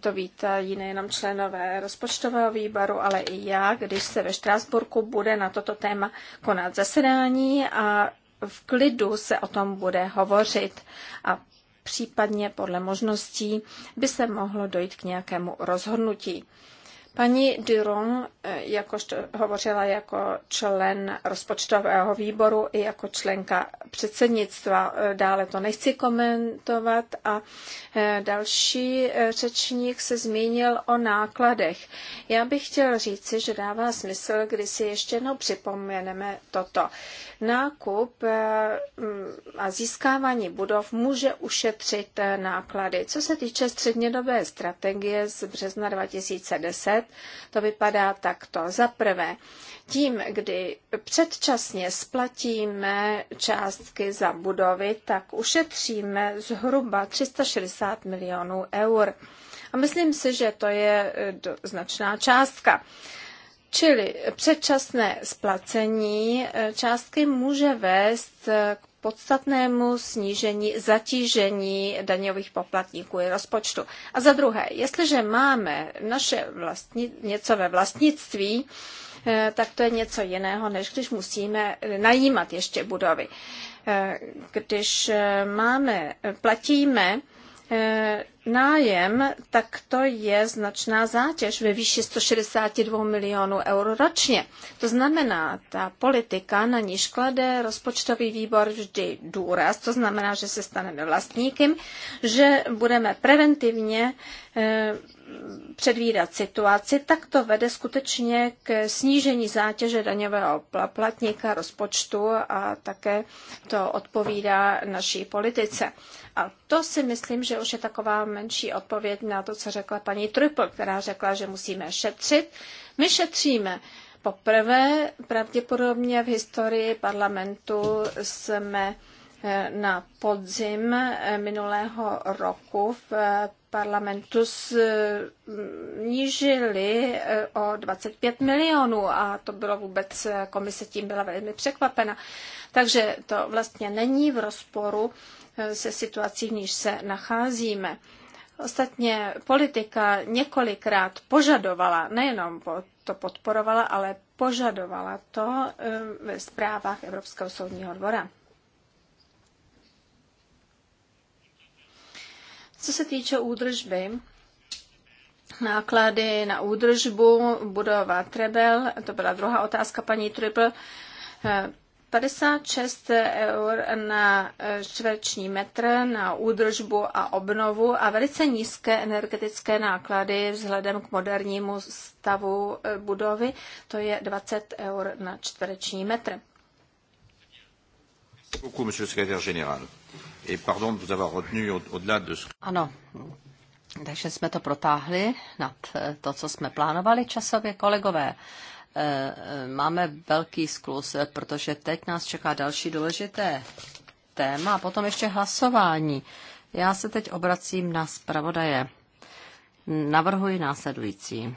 to vítají nejenom členové rozpočtového výboru, ale i já, když se ve Štrásburku bude na toto téma konat zasedání a v klidu se o tom bude hovořit a případně podle možností by se mohlo dojít k nějakému rozhodnutí. Paní Duron eh, jakož hovořila jako člen rozpočtového výboru i jako členka předsednictva. Eh, dále to nechci komentovat a eh, další řečník se zmínil o nákladech. Já bych chtěl říci, že dává smysl, když si ještě jednou připomeneme toto. Nákup mm, a získávání budov může ušetřit náklady. Co se týče střednědobé strategie z března 2010, let, to vypadá takto. Za prvé, tím, kdy předčasně splatíme částky za budovy, tak ušetříme zhruba 360 milionů eur. A myslím si, že to je eh, značná částka. Čili předčasné splacení eh, částky může vést eh, k podstatnému snížení zatížení daňových poplatníků i rozpočtu. A za druhé, jestliže máme naše vlastní, něco ve vlastnictví, eh, tak to je něco jiného, než když musíme najímat ještě budovy. Eh, když eh, máme, platíme E, nájem, tak to je značná zátěž ve výši 162 milionů eur ročně. To znamená, ta politika na níž klade rozpočtový výbor vždy důraz, to znamená, že se staneme vlastníkem, že budeme preventivně e, předvídat situaci, tak to vede skutečně k snížení zátěže daňového platníka, rozpočtu a také to odpovídá naší politice. A to si myslím, že už je taková menší odpověď na to, co řekla paní Trupl, která řekla, že musíme šetřit. My šetříme. Poprvé pravděpodobně v historii parlamentu jsme eh, na podzim eh, minulého roku v parlamentu snížili eh, o 25 milionů a to bylo vůbec, eh, komise tím byla velmi překvapena. Takže to vlastně není v rozporu eh, se situací, v níž se nacházíme. Ostatně politika několikrát požadovala, nejenom to podporovala, ale požadovala to ve zprávách Evropského soudního dvora. Co se týče údržby, náklady na údržbu budova Trebel, to byla druhá otázka paní Triple, 56 eur na čtvereční metr na údržbu a obnovu a velice nízké energetické náklady vzhledem k modernímu stavu budovy, to je 20 eur na čtvereční metr. Děkuji, Et pardon de vous avoir retenu au-delà de ce... Ano, takže jsme to protáhli nad eh, to, co jsme plánovali časově, kolegové. Eh, eh, máme velký sklus, protože teď nás čeká další důležité téma a potom ještě hlasování. Já se teď obracím na zpravodaje. Navrhuji následující.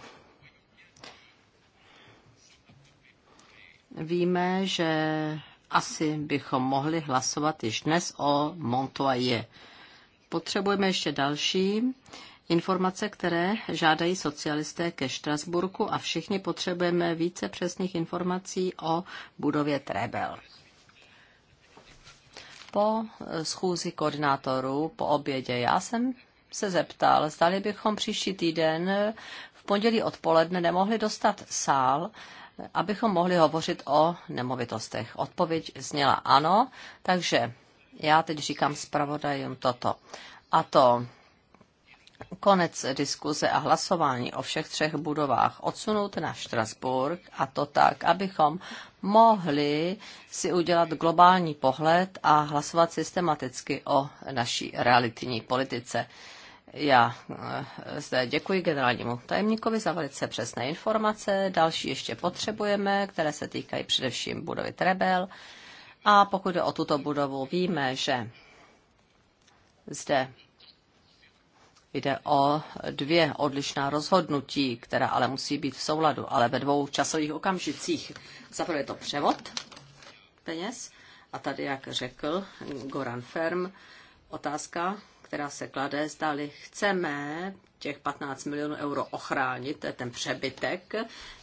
Víme, že asi bychom mohli hlasovat již dnes o Montoyer. Potřebujeme ještě další informace, které žádají socialisté ke Štrasburku a všichni potřebujeme více přesných informací o budově Trebel. Po schůzi koordinátorů, po obědě, já jsem se zeptal, zdali bychom příští týden v pondělí odpoledne nemohli dostat sál abychom mohli hovořit o nemovitostech. Odpověď zněla ano, takže já teď říkám zpravodajům toto. A to konec diskuze a hlasování o všech třech budovách odsunout na Štrasburg a to tak, abychom mohli si udělat globální pohled a hlasovat systematicky o naší realitní politice. Já eh, zde děkuji generálnímu tajemníkovi za velice přesné informace. Další ještě potřebujeme, které se týkají především budovy Trebel. A pokud jde o tuto budovu, víme, že zde Jde o dvě odlišná rozhodnutí, která ale musí být v souladu, ale ve dvou časových okamžicích. Zaprvé to převod peněz a tady, jak řekl Goran Ferm, otázka která se klade, zdali chceme těch 15 milionů euro ochránit, to je ten přebytek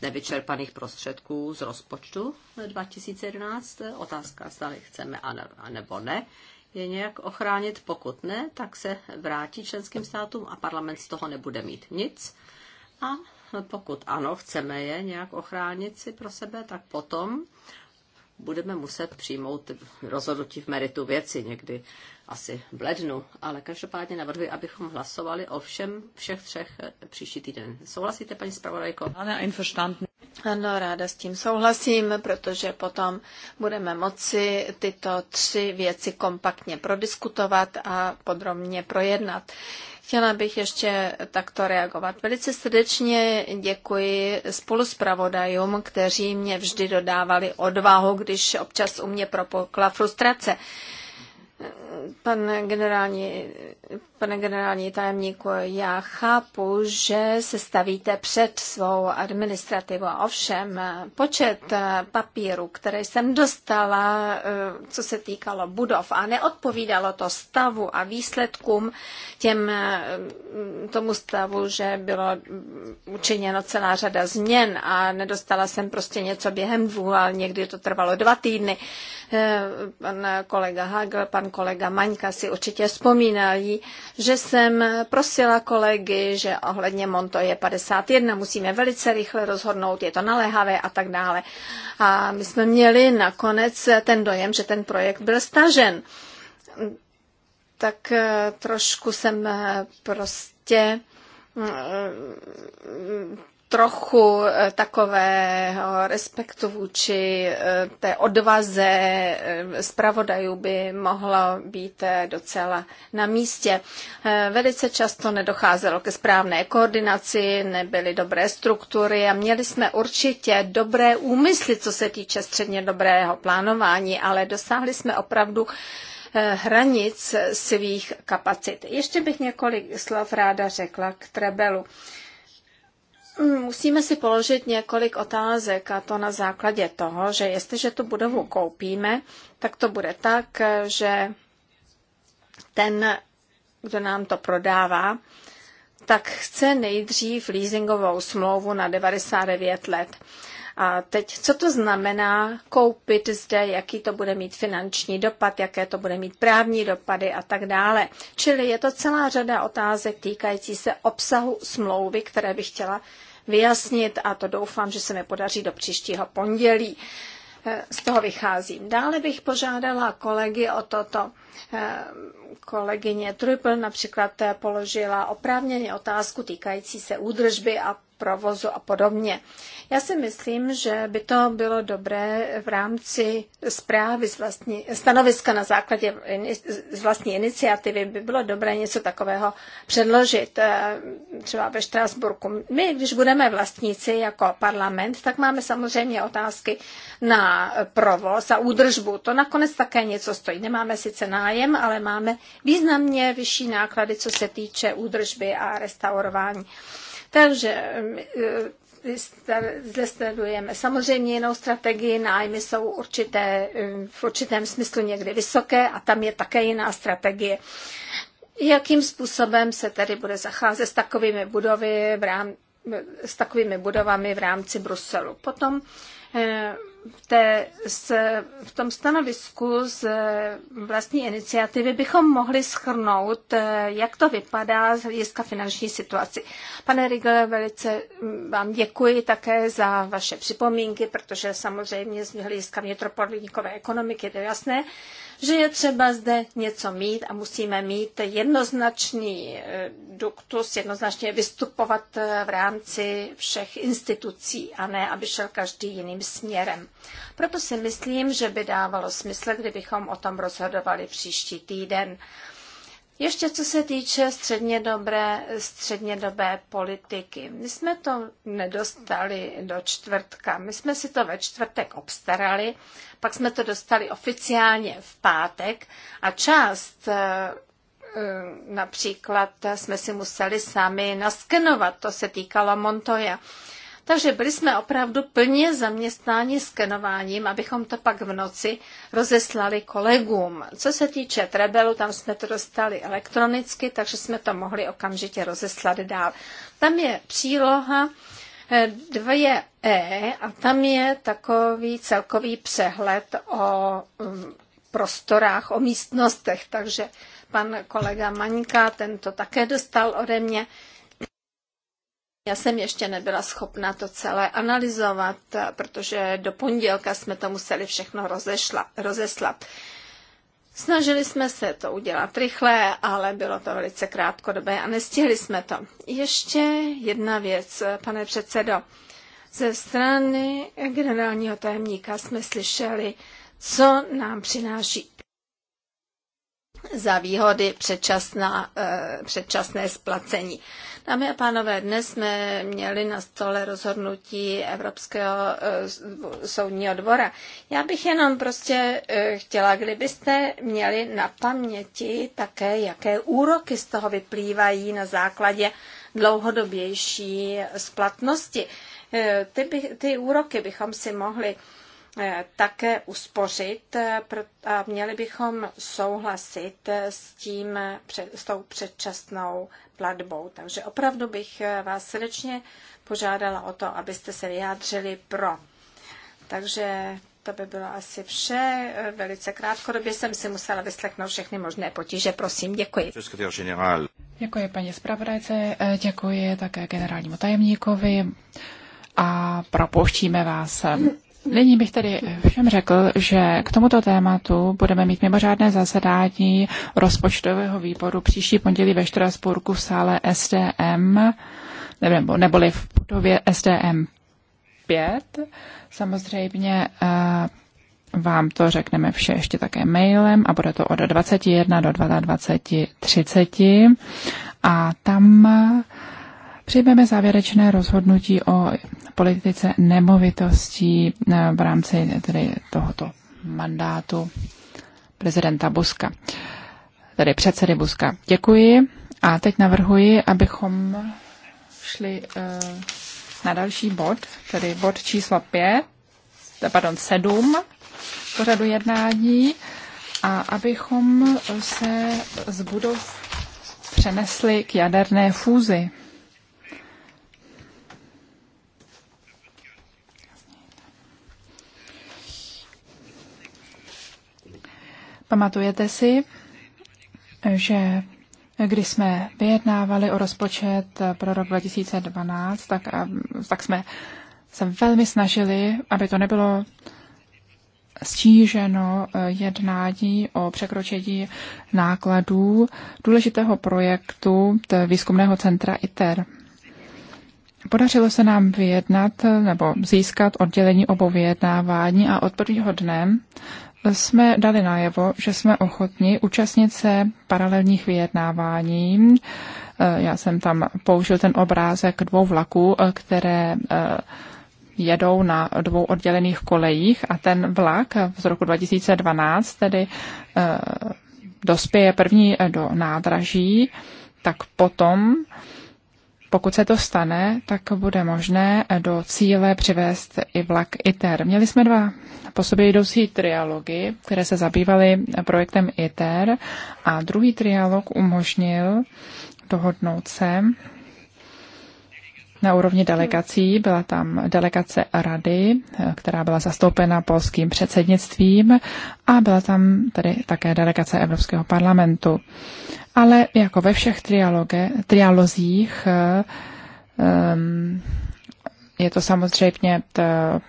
nevyčerpaných prostředků z rozpočtu 2011. Otázka, zdali chceme a nebo ne, je nějak ochránit. Pokud ne, tak se vrátí členským státům a parlament z toho nebude mít nic. A pokud ano, chceme je nějak ochránit si pro sebe, tak potom budeme muset přijmout rozhodnutí v meritu věci někdy asi v lednu, ale každopádně navrhuji, abychom hlasovali o všem, všech třech eh, příští týden. Souhlasíte, paní zpravodajko? Ano, Ano, ráda s tím souhlasím, protože potom budeme moci tyto tři věci kompaktně prodiskutovat a podrobně projednat. Chtěla bych ještě takto reagovat. Velice srdečně děkuji spoluspravodajům, kteří mě vždy dodávali odvahu, když občas u mě propukla frustrace. Pan generální, pane generální tajemníku, já chápu, že se stavíte před svou administrativu. Ovšem, počet papíru, který jsem dostala, eh, co se týkalo budov a neodpovídalo to stavu a výsledkům těm, eh, tomu stavu, že bylo učiněno celá řada změn a nedostala jsem prostě něco během dvou, ale někdy to trvalo dva týdny. Eh, pan kolega Hagel, pan kolega Maňka si určitě vzpomínají, že jsem prosila kolegy, že ohledně Monto je 51, musíme velice rychle rozhodnout, je to naléhavé a tak dále. A my jsme měli nakonec ten dojem, že ten projekt byl stažen. Tak eh, trošku jsem eh, prostě mm, trochu eh, takového respektu vůči eh, té odvaze eh, zpravodajů by mohlo být docela na místě. Velice často nedocházelo ke správné koordinaci, nebyly dobré struktury a měli jsme určitě dobré úmysly, co se týče středně dobrého plánování, ale dosáhli jsme opravdu hranic svých kapacit. Ještě bych několik slov ráda řekla k Trebelu. Mm, musíme si položit několik otázek a to na základě toho, že jestliže tu budovu koupíme, tak to bude tak, že ten, kdo nám to prodává, tak chce nejdřív leasingovou smlouvu na 99 let. A teď, co to znamená koupit zde, jaký to bude mít finanční dopad, jaké to bude mít právní dopady a tak dále. Čili je to celá řada otázek týkající se obsahu smlouvy, které bych chtěla vyjasnit a to doufám, že se mi podaří do příštího pondělí eh, z toho vycházím. Dále bych požádala kolegy o toto. Eh, kolegyně Trupl například eh, položila oprávněně otázku týkající se údržby a provozu a podobně. Já si myslím, že by to bylo dobré v rámci zprávy z vlastní, stanoviska na základě z vlastní iniciativy by bylo dobré něco takového předložit eh, třeba ve Štrásburku. My, když budeme vlastníci jako parlament, tak máme samozřejmě otázky na provoz a údržbu. To nakonec také něco stojí. Nemáme sice nájem, ale máme významně vyšší náklady, co se týče údržby a restaurování. Takže eh, zde sledujeme samozřejmě jinou strategii, nájmy jsou určité, eh, v určitém smyslu někdy vysoké a tam je také jiná strategie. Jakým způsobem se tedy bude zacházet s takovými budovy v rám, s takovými budovami v rámci Bruselu? Potom v, té, s, v tom stanovisku z vlastní iniciativy bychom mohli schrnout, eh, jak to vypadá z hlediska finanční situaci. Pane Rigele, velice mm, vám děkuji také za vaše připomínky, protože samozřejmě z hlediska vnitropolitikové ekonomiky je to jasné, že je třeba zde něco mít a musíme mít jednoznačný eh, duktus, jednoznačně vystupovat eh, v rámci všech institucí a ne, aby šel každý jiným směrem. Proto si myslím, že by dávalo smysl, kdybychom o tom rozhodovali příští týden. Ještě co se týče střednědobé, střednědobé politiky. My jsme to nedostali do čtvrtka. My jsme si to ve čtvrtek obstarali, pak jsme to dostali oficiálně v pátek a část eh, eh, například eh, jsme si museli sami naskenovat, to se týkalo Montoya. Takže byli jsme opravdu plně zaměstnáni skenováním, abychom to pak v noci rozeslali kolegům. Co se týče Trebelu, tam jsme to dostali elektronicky, takže jsme to mohli okamžitě rozeslat dál. Tam je příloha 2E eh, a tam je takový celkový přehled o mm, prostorách, o místnostech, takže pan kolega Maňka, ten to také dostal ode mě. Já jsem ještě nebyla schopna to celé analyzovat, protože do pondělka jsme to museli všechno rozešla, rozeslat. Snažili jsme se to udělat rychle, ale bylo to velice krátkodobé a nestihli jsme to. Ještě jedna věc, pane předsedo. Ze strany generálního tajemníka jsme slyšeli, co nám přináší za výhody předčasná, eh, předčasné splacení. Dámy a pánové, dnes jsme měli na stole rozhodnutí Evropského eh, soudního dvora. Já bych jenom prostě eh, chtěla, kdybyste měli na paměti také, jaké úroky z toho vyplývají na základě dlouhodobější splatnosti. Ty, by, ty úroky bychom si mohli Eh, také uspořit eh, a měli bychom souhlasit s, tím, s tou předčasnou platbou. Takže opravdu bych eh, vás srdečně požádala o to, abyste se vyjádřili pro. Takže to by bylo asi vše. Velice krátkodobě jsem si musela vyslechnout všechny možné potíže. Prosím, děkuji. Děkuji paní zpravodajce, děkuji také generálnímu tajemníkovi a propouštíme vás. Nyní bych tedy všem řekl, že k tomuto tématu budeme mít mimořádné zasedání rozpočtového výboru příští pondělí ve Štrasburku v sále SDM, nebo, neboli v budově SDM 5. Samozřejmě eh, vám to řekneme vše ještě také mailem a bude to od 21 do 22.30 a tam Přijmeme závěrečné rozhodnutí o politice nemovitostí eh, v rámci tedy tohoto mandátu prezidenta Buska, tedy předsedy Buska. Děkuji a teď navrhuji, abychom šli eh, na další bod, tedy bod číslo 5, eh, pardon, 7 pořadu jednání a abychom se z budov přenesli k jaderné fúzi. Pamatujete si, že když jsme vyjednávali o rozpočet pro rok 2012, tak, tak jsme se velmi snažili, aby to nebylo stíženo eh, jednání o překročení nákladů důležitého projektu výzkumného centra ITER. Podařilo se nám vyjednat nebo získat oddělení obou vyjednávání a od prvního dne jsme dali najevo, že jsme ochotni účastnit se paralelních vyjednávání. Eh, já jsem tam použil ten obrázek dvou vlaků, eh, které eh, jedou na dvou oddělených kolejích a ten vlak z roku 2012 tedy dospěje první do nádraží, tak potom pokud se to stane, tak bude možné do cíle přivést i vlak ITER. Měli jsme dva po sobě jdoucí trialogy, které se zabývaly projektem ITER a druhý trialog umožnil dohodnout se na úrovni delegací. Byla tam delegace rady, která byla zastoupena polským předsednictvím a byla tam tedy také delegace Evropského parlamentu. Ale jako ve všech trialozích eh, ehm, je to samozřejmě ta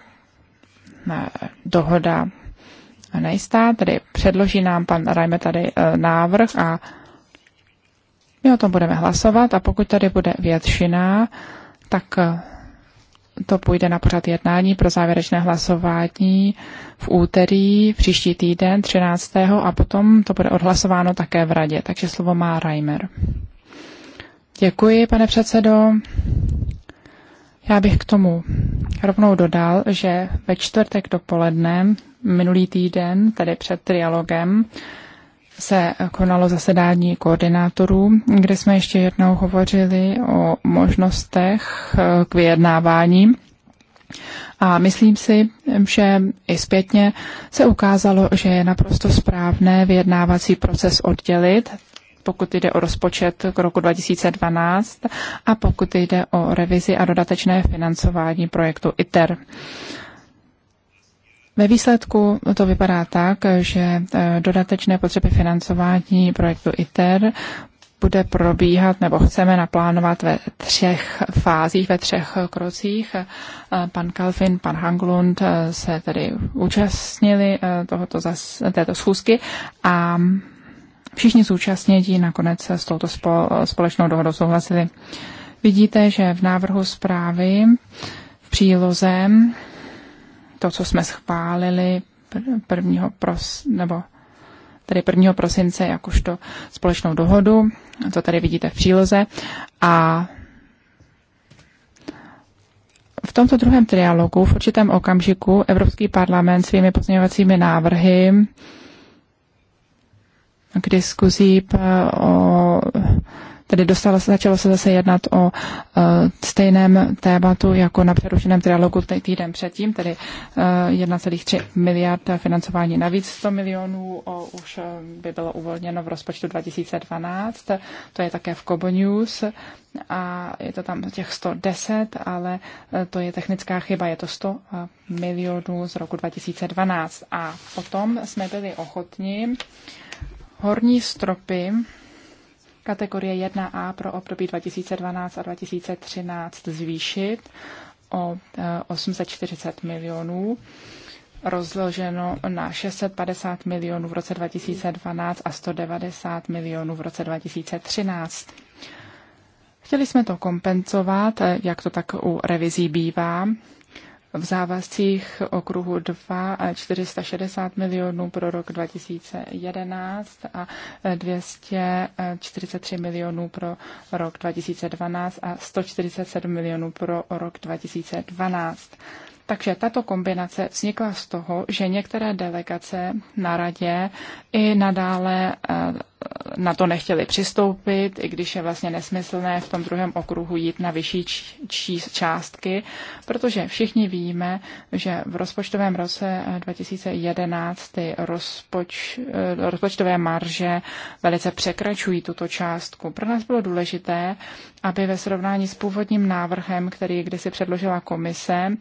eh, dohoda nejistá, tedy předloží nám pan Rajme tady eh, návrh a my o tom budeme hlasovat a pokud tady bude většina, tak to půjde na pořad jednání pro závěrečné hlasování v úterý příští týden 13. a potom to bude odhlasováno také v radě. Takže slovo má Reimer. Děkuji, pane předsedo. Já bych k tomu rovnou dodal, že ve čtvrtek dopoledne minulý týden, tedy před trialogem, se konalo zasedání koordinátorů, kde jsme ještě jednou hovořili o možnostech eh, k vyjednávání. A myslím si, že i zpětně se ukázalo, že je naprosto správné vyjednávací proces oddělit, pokud jde o rozpočet k roku 2012 a pokud jde o revizi a dodatečné financování projektu ITER. Ve výsledku to vypadá tak, že e, dodatečné potřeby financování projektu ITER bude probíhat, nebo chceme naplánovat ve třech fázích, ve třech krocích. E, pan Kalfin, pan Hanglund e, se tedy účastnili tohoto zas, této schůzky a všichni zúčastnění nakonec s touto společnou dohodou souhlasili. Vidíte, že v návrhu zprávy v příloze to, co jsme schválili prvního pros, nebo tedy 1. prosince jakožto společnou dohodu, to tady vidíte v příloze. A v tomto druhém trialogu v určitém okamžiku Evropský parlament svými pozměňovacími návrhy k diskuzí o Tedy dostalo, začalo se zase jednat o uh, stejném tématu jako na přerušeném trialogu týden předtím, tedy uh, eh, 1,3 miliard financování navíc 100 milionů o, už eh, by bylo uvolněno v rozpočtu 2012. To je také v Kobo News a je to tam těch 110, ale to je technická chyba, je to 100 milionů z roku 2012. A potom jsme byli ochotni horní stropy kategorie 1A pro období 2012 a 2013 zvýšit o 840 eh, milionů, rozloženo na 650 milionů v roce 2012 a 190 milionů v roce 2013. Chtěli jsme to kompenzovat, eh, jak to tak u revizí bývá, v závazcích okruhu 2 460 milionů pro rok 2011 a 243 milionů pro rok 2012 a 147 milionů pro rok 2012. Takže tato kombinace vznikla z toho, že některé delegace na radě i nadále eh, na to nechtěli přistoupit, i když je vlastně nesmyslné v tom druhém okruhu jít na vyšší částky, protože všichni víme, že v rozpočtovém roce 2011 eh, ty rozpoč, eh, rozpočtové marže velice překračují tuto částku. Pro nás bylo důležité, aby ve srovnání s původním návrhem, který kdysi předložila komise,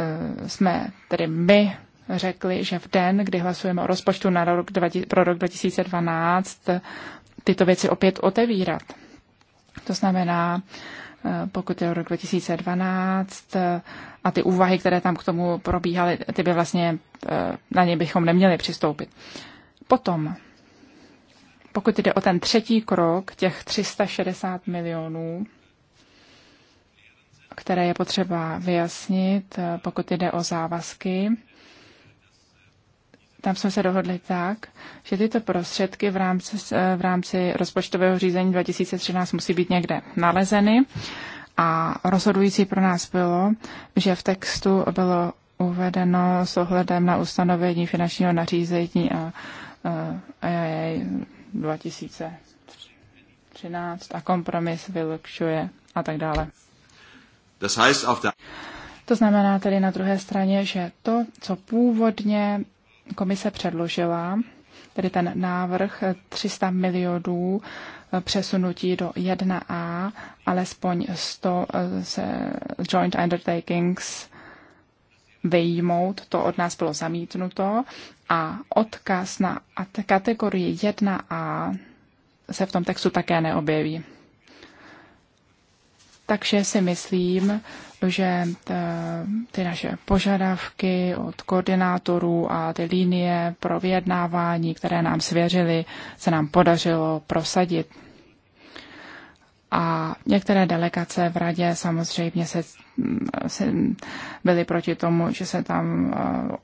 Eh, jsme tedy my řekli, že v den, kdy hlasujeme o rozpočtu na rok, pro rok 2012, tyto věci opět otevírat. To znamená, eh, pokud je rok 2012 eh, a ty úvahy, které tam k tomu probíhaly, ty by vlastně, na ně bychom neměli přistoupit. Potom, pokud jde o ten třetí krok, těch 360 milionů, které je potřeba vyjasnit, eh, pokud jde o závazky. Tam jsme se dohodli tak, že tyto prostředky v rámci, eh, v rámci rozpočtového řízení 2013 musí být někde nalezeny. A rozhodující pro nás bylo, že v textu bylo uvedeno s ohledem na ustanovení finančního nařízení a, eh, a, a 2013 a kompromis vylepšuje a tak dále. To znamená tedy na druhé straně, že to, co původně komise předložila, tedy ten návrh 300 milionů eh, přesunutí do 1A, alespoň 100 eh, se joint undertakings vyjmout, to od nás bylo zamítnuto a odkaz na kategorii 1A se v tom textu také neobjeví. Takže si myslím, že ty naše požadavky od koordinátorů a ty linie pro vyjednávání, které nám svěřili, se nám podařilo prosadit. A některé delegace v radě samozřejmě se, se byly proti tomu, že se tam eh,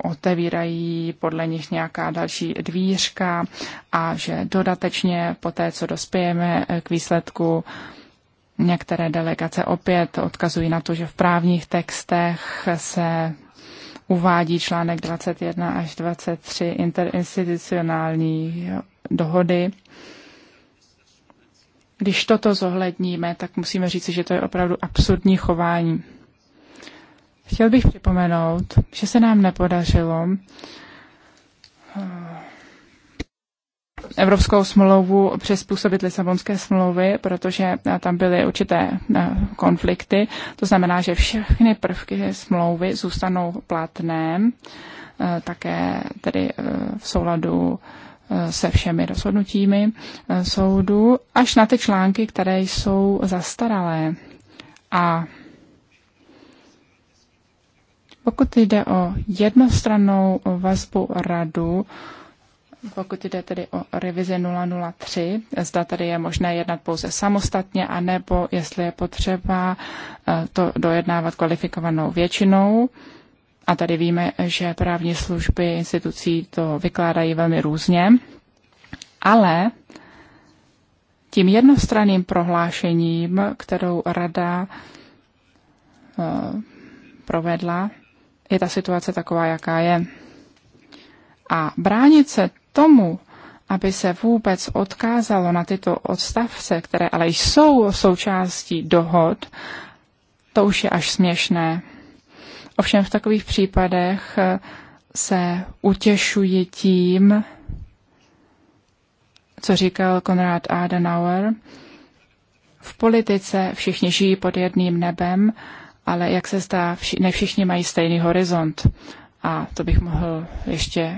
otevírají podle nich nějaká další dvířka a že dodatečně po té, co dospějeme k výsledku, Některé delegace opět odkazují na to, že v právních textech se uvádí článek 21 až 23 interinstitucionální dohody. Když toto zohledníme, tak musíme říci, že to je opravdu absurdní chování. Chtěl bych připomenout, že se nám nepodařilo eh, Evropskou smlouvu přizpůsobit Lisabonské smlouvy, protože tam byly určité eh, konflikty. To znamená, že všechny prvky smlouvy zůstanou platné, eh, také tedy eh, v souladu se všemi rozhodnutími soudu, až na ty články, které jsou zastaralé. A pokud jde o jednostrannou vazbu radu, pokud jde tedy o revizi 003, zda tady je možné jednat pouze samostatně, anebo jestli je potřeba eh, to dojednávat kvalifikovanou většinou. A tady víme, že právní služby institucí to vykládají velmi různě. Ale tím jednostranným prohlášením, kterou rada eh, provedla, je ta situace taková, jaká je. A bránit se tomu, aby se vůbec odkázalo na tyto odstavce, které ale jsou součástí dohod, to už je až směšné. Ovšem v takových případech eh, se utěšuji tím, co říkal Konrad Adenauer. V politice všichni žijí pod jedným nebem, ale jak se zdá, ne všichni mají stejný horizont. A to bych mohl ještě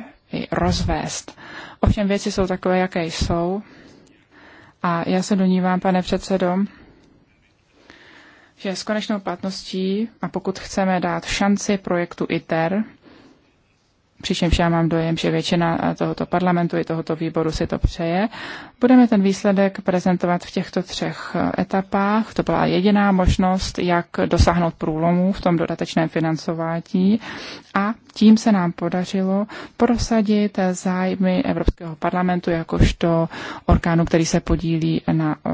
rozvést. Ovšem věci jsou takové, jaké jsou. A já se donívám, pane předsedo, že s konečnou platností a pokud chceme dát šanci projektu ITER, přičemž já mám dojem, že většina eh, tohoto parlamentu i tohoto výboru si to přeje. Budeme ten výsledek prezentovat v těchto třech eh, etapách. To byla jediná možnost, jak dosáhnout průlomu v tom dodatečném financování a tím se nám podařilo prosadit zájmy Evropského parlamentu jakožto orgánu, který se podílí na eh,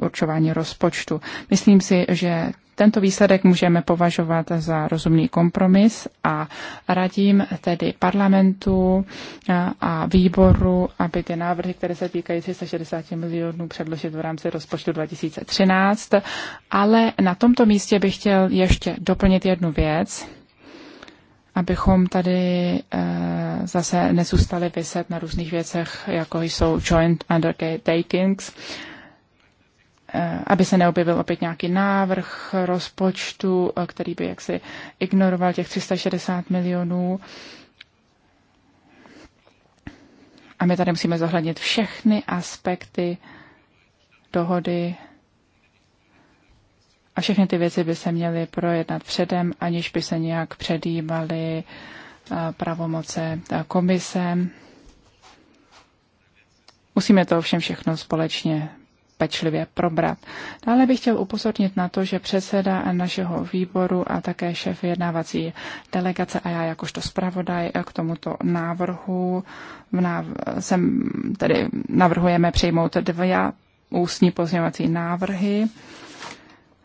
určování rozpočtu. Myslím si, že tento výsledek můžeme považovat za rozumný kompromis a radím tedy parlamentu a výboru, aby ty návrhy, které se týkají 360 milionů, předložit v rámci rozpočtu 2013. Ale na tomto místě bych chtěl ještě doplnit jednu věc, abychom tady e, zase nezůstali vyset na různých věcech, jako jsou joint undertakings Eh, aby se neobjevil opět nějaký návrh rozpočtu, eh, který by jaksi ignoroval těch 360 milionů. A my tady musíme zohlednit všechny aspekty dohody a všechny ty věci by se měly projednat předem, aniž by se nějak předjímaly eh, pravomoce komise. Musíme to ovšem všechno společně pečlivě probrat. Dále bych chtěl upozornit na to, že předseda našeho výboru a také šéf vyjednávací delegace a já jakožto zpravodaj k tomuto návrhu nav- sem, tedy navrhujeme přijmout dva ústní pozměňovací návrhy,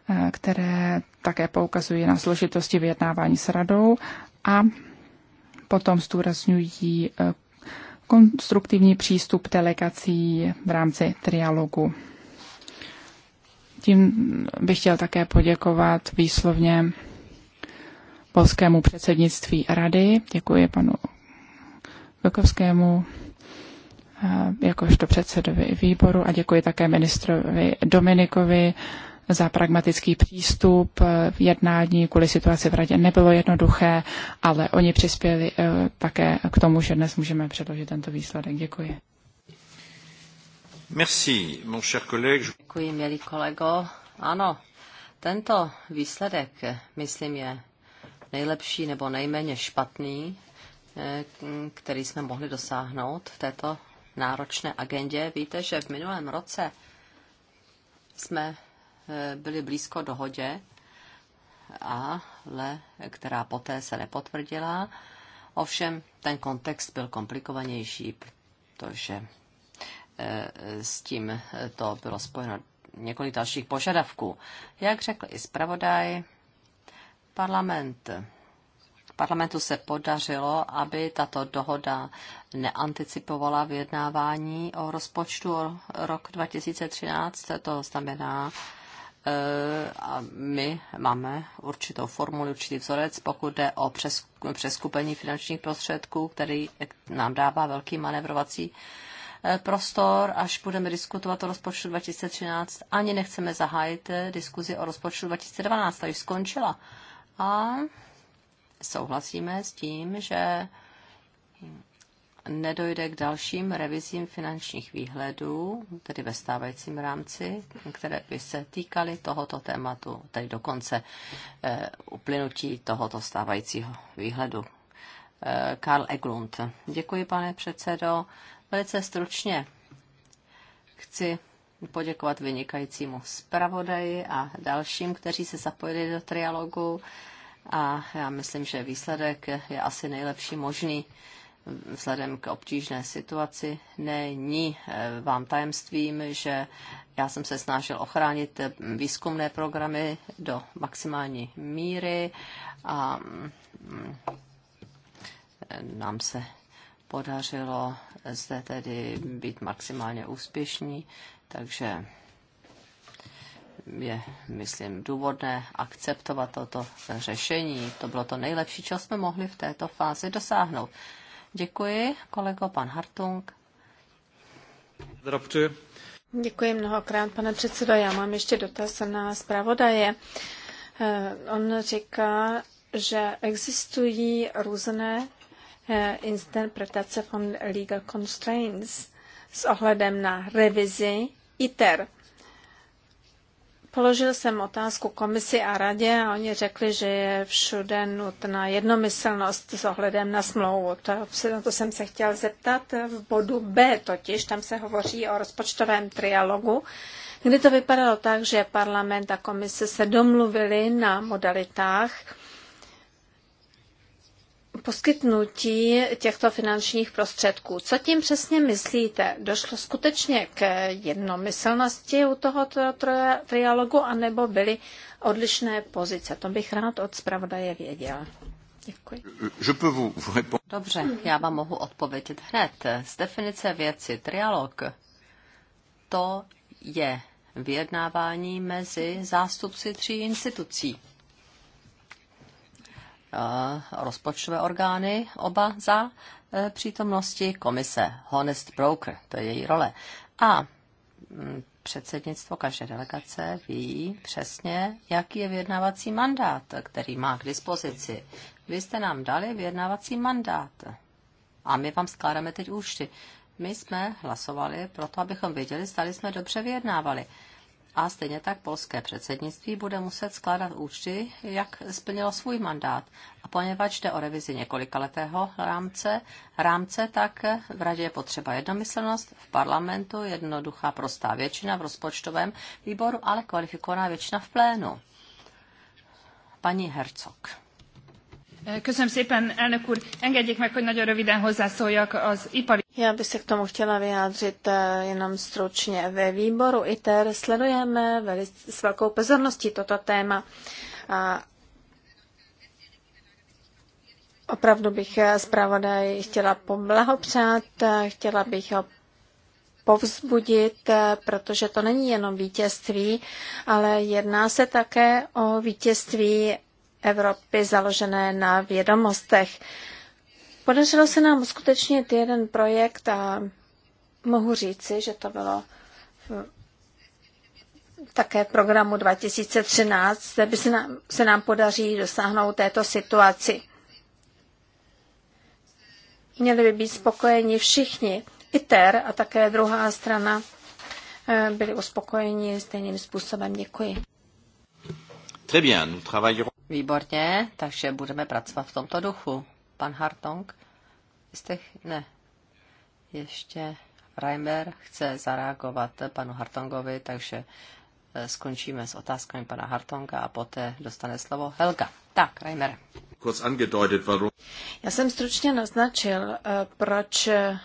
eh, které také poukazují na složitosti vyjednávání s radou a potom zdůrazňují eh, konstruktivní přístup delegací v rámci trialogu. Tím bych chtěl také poděkovat výslovně polskému předsednictví rady. Děkuji panu Vlkovskému eh, jakožto předsedovi výboru a děkuji také ministrovi Dominikovi za pragmatický přístup. Jednání kvůli situaci v radě nebylo jednoduché, ale oni přispěli eh, také k tomu, že dnes můžeme předložit tento výsledek. Děkuji. Merci, mon cher collègue. Děkuji, kolego. Ano, tento výsledek, myslím, je nejlepší nebo nejméně špatný, eh, který jsme mohli dosáhnout v této náročné agendě. Víte, že v minulém roce jsme eh, byli blízko dohodě, ale která poté se nepotvrdila. Ovšem ten kontext byl komplikovanější, protože s tím to bylo spojeno několik dalších požadavků. Jak řekl i zpravodaj, parlament parlamentu se podařilo, aby tato dohoda neanticipovala vyjednávání o rozpočtu o rok 2013. To znamená, eh, a my máme určitou formuli, určitý vzorec, pokud jde o přeskupení finančních prostředků, který nám dává velký manevrovací Eh, prostor, až budeme diskutovat o rozpočtu 2013. Ani nechceme zahájit eh, diskuzi o rozpočtu 2012, ta už skončila. A souhlasíme s tím, že nedojde k dalším revizím finančních výhledů, tedy ve stávajícím rámci, které by se týkaly tohoto tématu, tedy dokonce e, uplynutí tohoto stávajícího výhledu. E, Karl Eglund. Děkuji, pane předsedo. Velice stručně chci poděkovat vynikajícímu zpravodaji a dalším, kteří se zapojili do trialogu a já myslím, že výsledek je asi nejlepší možný vzhledem k obtížné situaci. Není eh, vám tajemstvím, že já jsem se snažil ochránit eh, výzkumné programy do maximální míry a mm, eh, nám se podařilo zde tedy být maximálně úspěšní, takže je, myslím, důvodné akceptovat toto řešení. To bylo to nejlepší, co jsme mohli v této fázi dosáhnout. Děkuji, kolego pan Hartung. Drobče. Děkuji mnohokrát, pane předsedo. Já mám ještě dotaz na zpravodaje. Eh, on říká, že existují různé Eh, interpretace von legal constraints s ohledem na revizi ITER. Položil jsem otázku komisi a radě a oni řekli, že je všude nutná jednomyslnost s ohledem na smlouvu. To, na to jsem se chtěl zeptat v bodu B totiž, tam se hovoří o rozpočtovém trialogu, kdy to vypadalo tak, že parlament a komise se domluvili na modalitách, poskytnutí těchto finančních prostředků. Co tím přesně myslíte? Došlo skutečně k jednomyslnosti u tohoto trialogu, anebo byly odlišné pozice? To bych rád od zpravodaje věděl. Děkuji. Dobře, já vám mohu odpovědět hned. Z definice věci trialog to je vyjednávání mezi zástupci tří institucí. Eh, rozpočtové orgány, oba za eh, přítomnosti komise Honest Broker, to je její role. A mm, předsednictvo každé delegace ví přesně, jaký je vyjednávací mandát, který má k dispozici. Vy jste nám dali vyjednávací mandát a my vám skládáme teď účty. My jsme hlasovali proto, abychom věděli, stali jsme dobře vyjednávali. A stejně tak polské předsednictví bude muset skládat účty, jak splnilo svůj mandát. A poněvadž jde o revizi několikaletého rámce, rámce, tak v radě je potřeba jednomyslnost, v parlamentu jednoduchá prostá většina v rozpočtovém výboru, ale kvalifikovaná většina v plénu. Paní Hercog. Köszönöm szépen, elnök úr. Engedjék meg, hogy nagyon röviden hozzászóljak az ipari... Já bych se k tomu chtěla vyjádřit eh, jenom stručně. Ve výboru ITER sledujeme velice, s velkou pozorností toto téma. A opravdu bych eh, zpravodaj chtěla poblahopřát, eh, chtěla bych ho povzbudit, protože to není jenom vítězství, ale jedná se také o vítězství Evropy založené na vědomostech. Podařilo se nám skutečně jeden projekt a mohu říci, že to bylo také v programu 2013, kde by se nám, se nám podaří dosáhnout této situaci. Měli by být spokojeni všichni. i ter a také druhá strana eh, byli uspokojeni stejným způsobem. Děkuji. Výborně, takže budeme pracovat v tomto duchu pan Hartong. Jste, ne, ještě Reimer chce zareagovat panu Hartongovi, takže eh, skončíme s otázkami pana Hartonga a poté dostane slovo Helga. Tak, Reimer. Já jsem stručně naznačil, eh, proč eh,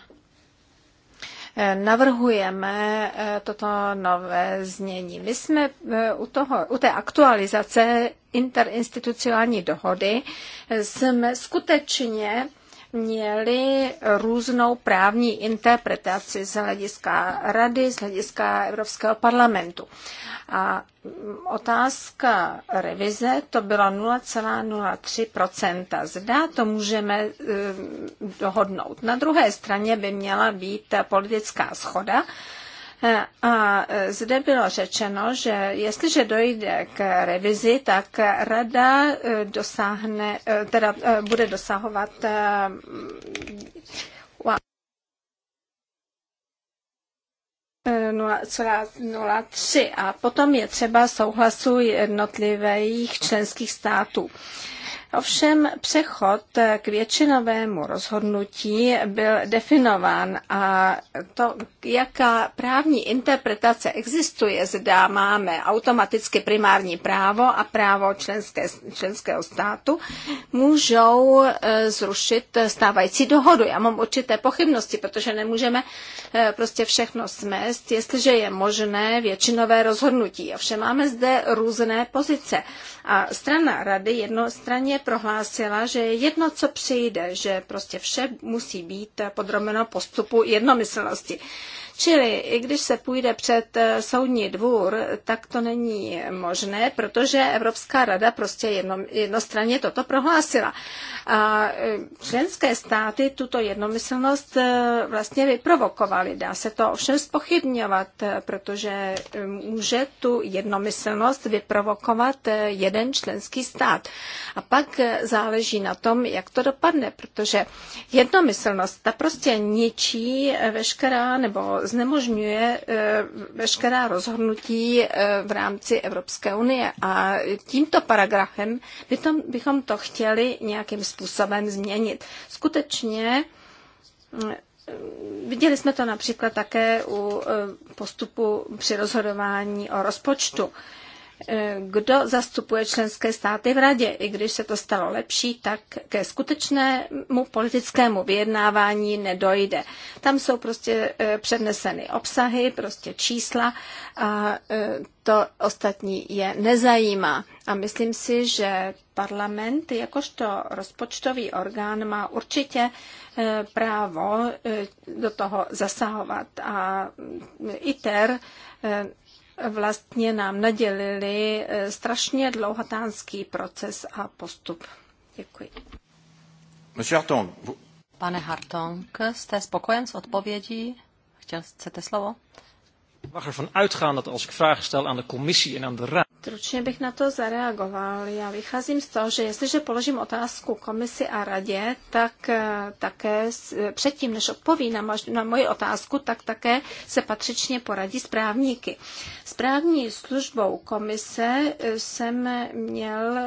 navrhujeme eh, toto nové znění. My jsme eh, u, toho, u té aktualizace interinstitucionální dohody eh, jsme skutečně měly různou právní interpretaci z hlediska Rady, z hlediska Evropského parlamentu. A otázka revize to byla 0,03%. zda. to můžeme eh, dohodnout. Na druhé straně by měla být politická schoda, a zde bylo řečeno, že jestliže dojde k revizi, tak rada eh, dosáhne, eh, teda eh, bude dosahovat wow. 0,03 a potom je třeba souhlasu jednotlivých členských států. Ovšem přechod k většinovému rozhodnutí byl definován a to, jaká právní interpretace existuje, zda máme automaticky primární právo a právo členské, členského státu, můžou e, zrušit stávající dohodu. Já mám určité pochybnosti, protože nemůžeme e, prostě všechno smést, jestliže je možné většinové rozhodnutí. Ovšem máme zde různé pozice. A strana rady jednostranně prohlásila, že jedno, co přijde, že prostě vše musí být podrobeno postupu jednomyslnosti. Čili i když se půjde před eh, soudní dvůr, tak to není možné, protože Evropská rada prostě jedno, jednostranně toto prohlásila. A eh, členské státy tuto jednomyslnost eh, vlastně vyprovokovaly. Dá se to ovšem spochybňovat, protože může tu jednomyslnost vyprovokovat jeden členský stát. A pak záleží na tom, jak to dopadne, protože jednomyslnost ta prostě ničí veškerá nebo znemožňuje eh, veškerá rozhodnutí eh, v rámci Evropské unie. A tímto paragrafem bychom to chtěli nějakým způsobem změnit. Skutečně eh, Viděli jsme to například také u postupu při rozhodování o rozpočtu. Eh, kdo zastupuje členské státy v radě. I když se to stalo lepší, tak ke skutečnému politickému vyjednávání nedojde. Tam jsou prostě eh, předneseny obsahy, prostě čísla a eh, to ostatní je nezajímá. A myslím si, že parlament jakožto rozpočtový orgán má určitě právo do toho zasahovat. A mm, ITER vlastně nám nadělili eh, strašně dlouhatánský proces a postup. Děkuji. Pane Hartong, jste spokojen s odpovědí? Chtěl, chcete slovo? Mag ervan uitgaan dat als ik vragen stel aan de commissie en aan de raad, Stručně bych na to zareagoval. Já vycházím z toho, že jestliže položím otázku komisi a radě, tak eh, také eh, předtím, než odpoví na, mož, na moji otázku, tak také se patřičně poradí s právníky. S právní službou komise eh, jsem, měl,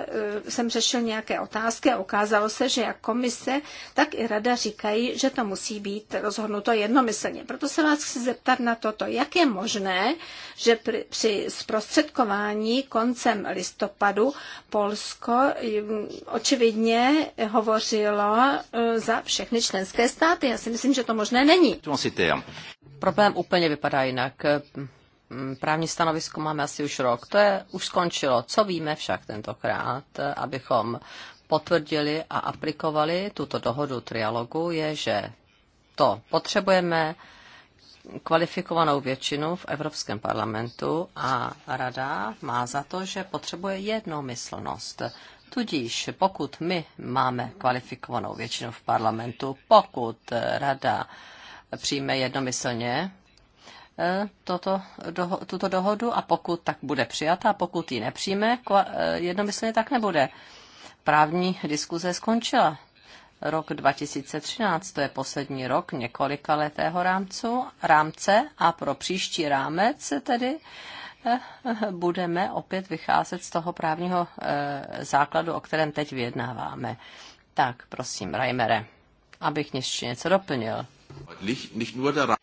jsem řešil nějaké otázky a ukázalo se, že jak komise, tak i rada říkají, že to musí být rozhodnuto jednomyslně. Proto se vás chci zeptat na toto, jak je možné, že při zprostředkování koncem listopadu Polsko očividně hovořilo e, za všechny členské státy. Já si myslím, že to možné není. Problém úplně vypadá jinak. E, právní stanovisko máme asi už rok. To je, už skončilo. Co víme však tentokrát, e, abychom potvrdili a aplikovali tuto dohodu trialogu, je, že to potřebujeme, kvalifikovanou většinu v Evropském parlamentu a rada má za to, že potřebuje jednomyslnost. Tudíž pokud my máme kvalifikovanou většinu v parlamentu, pokud rada přijme jednomyslně eh, toto, doho, tuto dohodu a pokud tak bude přijata, pokud ji nepřijme eh, jednomyslně, tak nebude. Právní diskuze skončila rok 2013, to je poslední rok několika letého rámcu, rámce a pro příští rámec tedy eh, budeme opět vycházet z toho právního eh, základu, o kterém teď vyjednáváme. Tak, prosím, Reimere, abych něco doplnil.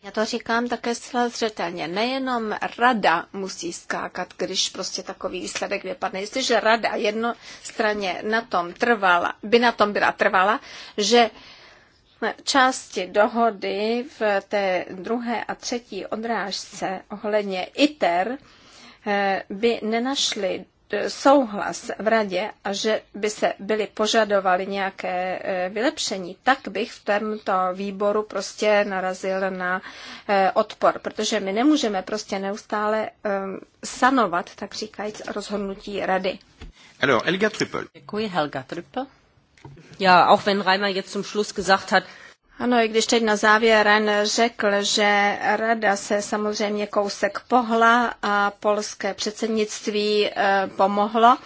Já to říkám také zcela zřetelně. Nejenom rada musí skákat, když prostě takový výsledek vypadne. Jestliže rada jednostranně na tom trvala, by na tom byla trvala, že části dohody v té druhé a třetí odrážce ohledně ITER eh, by nenašly souhlas v radě a že by se byly požadovaly nějaké eh, vylepšení, tak bych v tomto výboru prostě narazil na eh, odpor, protože my nemůžeme prostě neustále eh, sanovat, tak říkajíc, rozhodnutí rady. Alors, Helga Trüppel. Děkuji, Helga Trüppel. Ja, auch wenn Reimer jetzt zum Schluss gesagt hat, ano, i když teď na závěr Ren řekl, že rada se samozřejmě kousek pohla a polské předsednictví eh, pomohlo,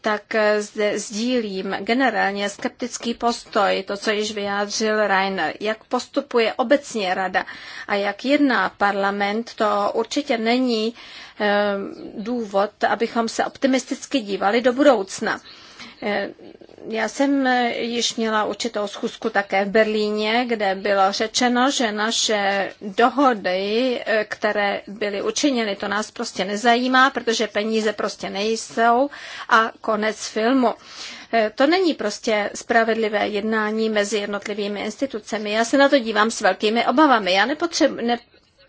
tak eh, zde sdílím generálně skeptický postoj, to, co již vyjádřil Rainer. Jak postupuje obecně rada a jak jedná parlament, to určitě není eh, důvod, abychom se optimisticky dívali do budoucna. Eh, já jsem eh, již měla určitou schůzku také v Berlíně, kde bylo řečeno, že naše dohody, eh, které byly učiněny, to nás prostě nezajímá, protože peníze prostě nejsou a konec filmu. To není prostě spravedlivé jednání mezi jednotlivými institucemi. Já se na to dívám s velkými obavami. Já nepotřebuji. ne,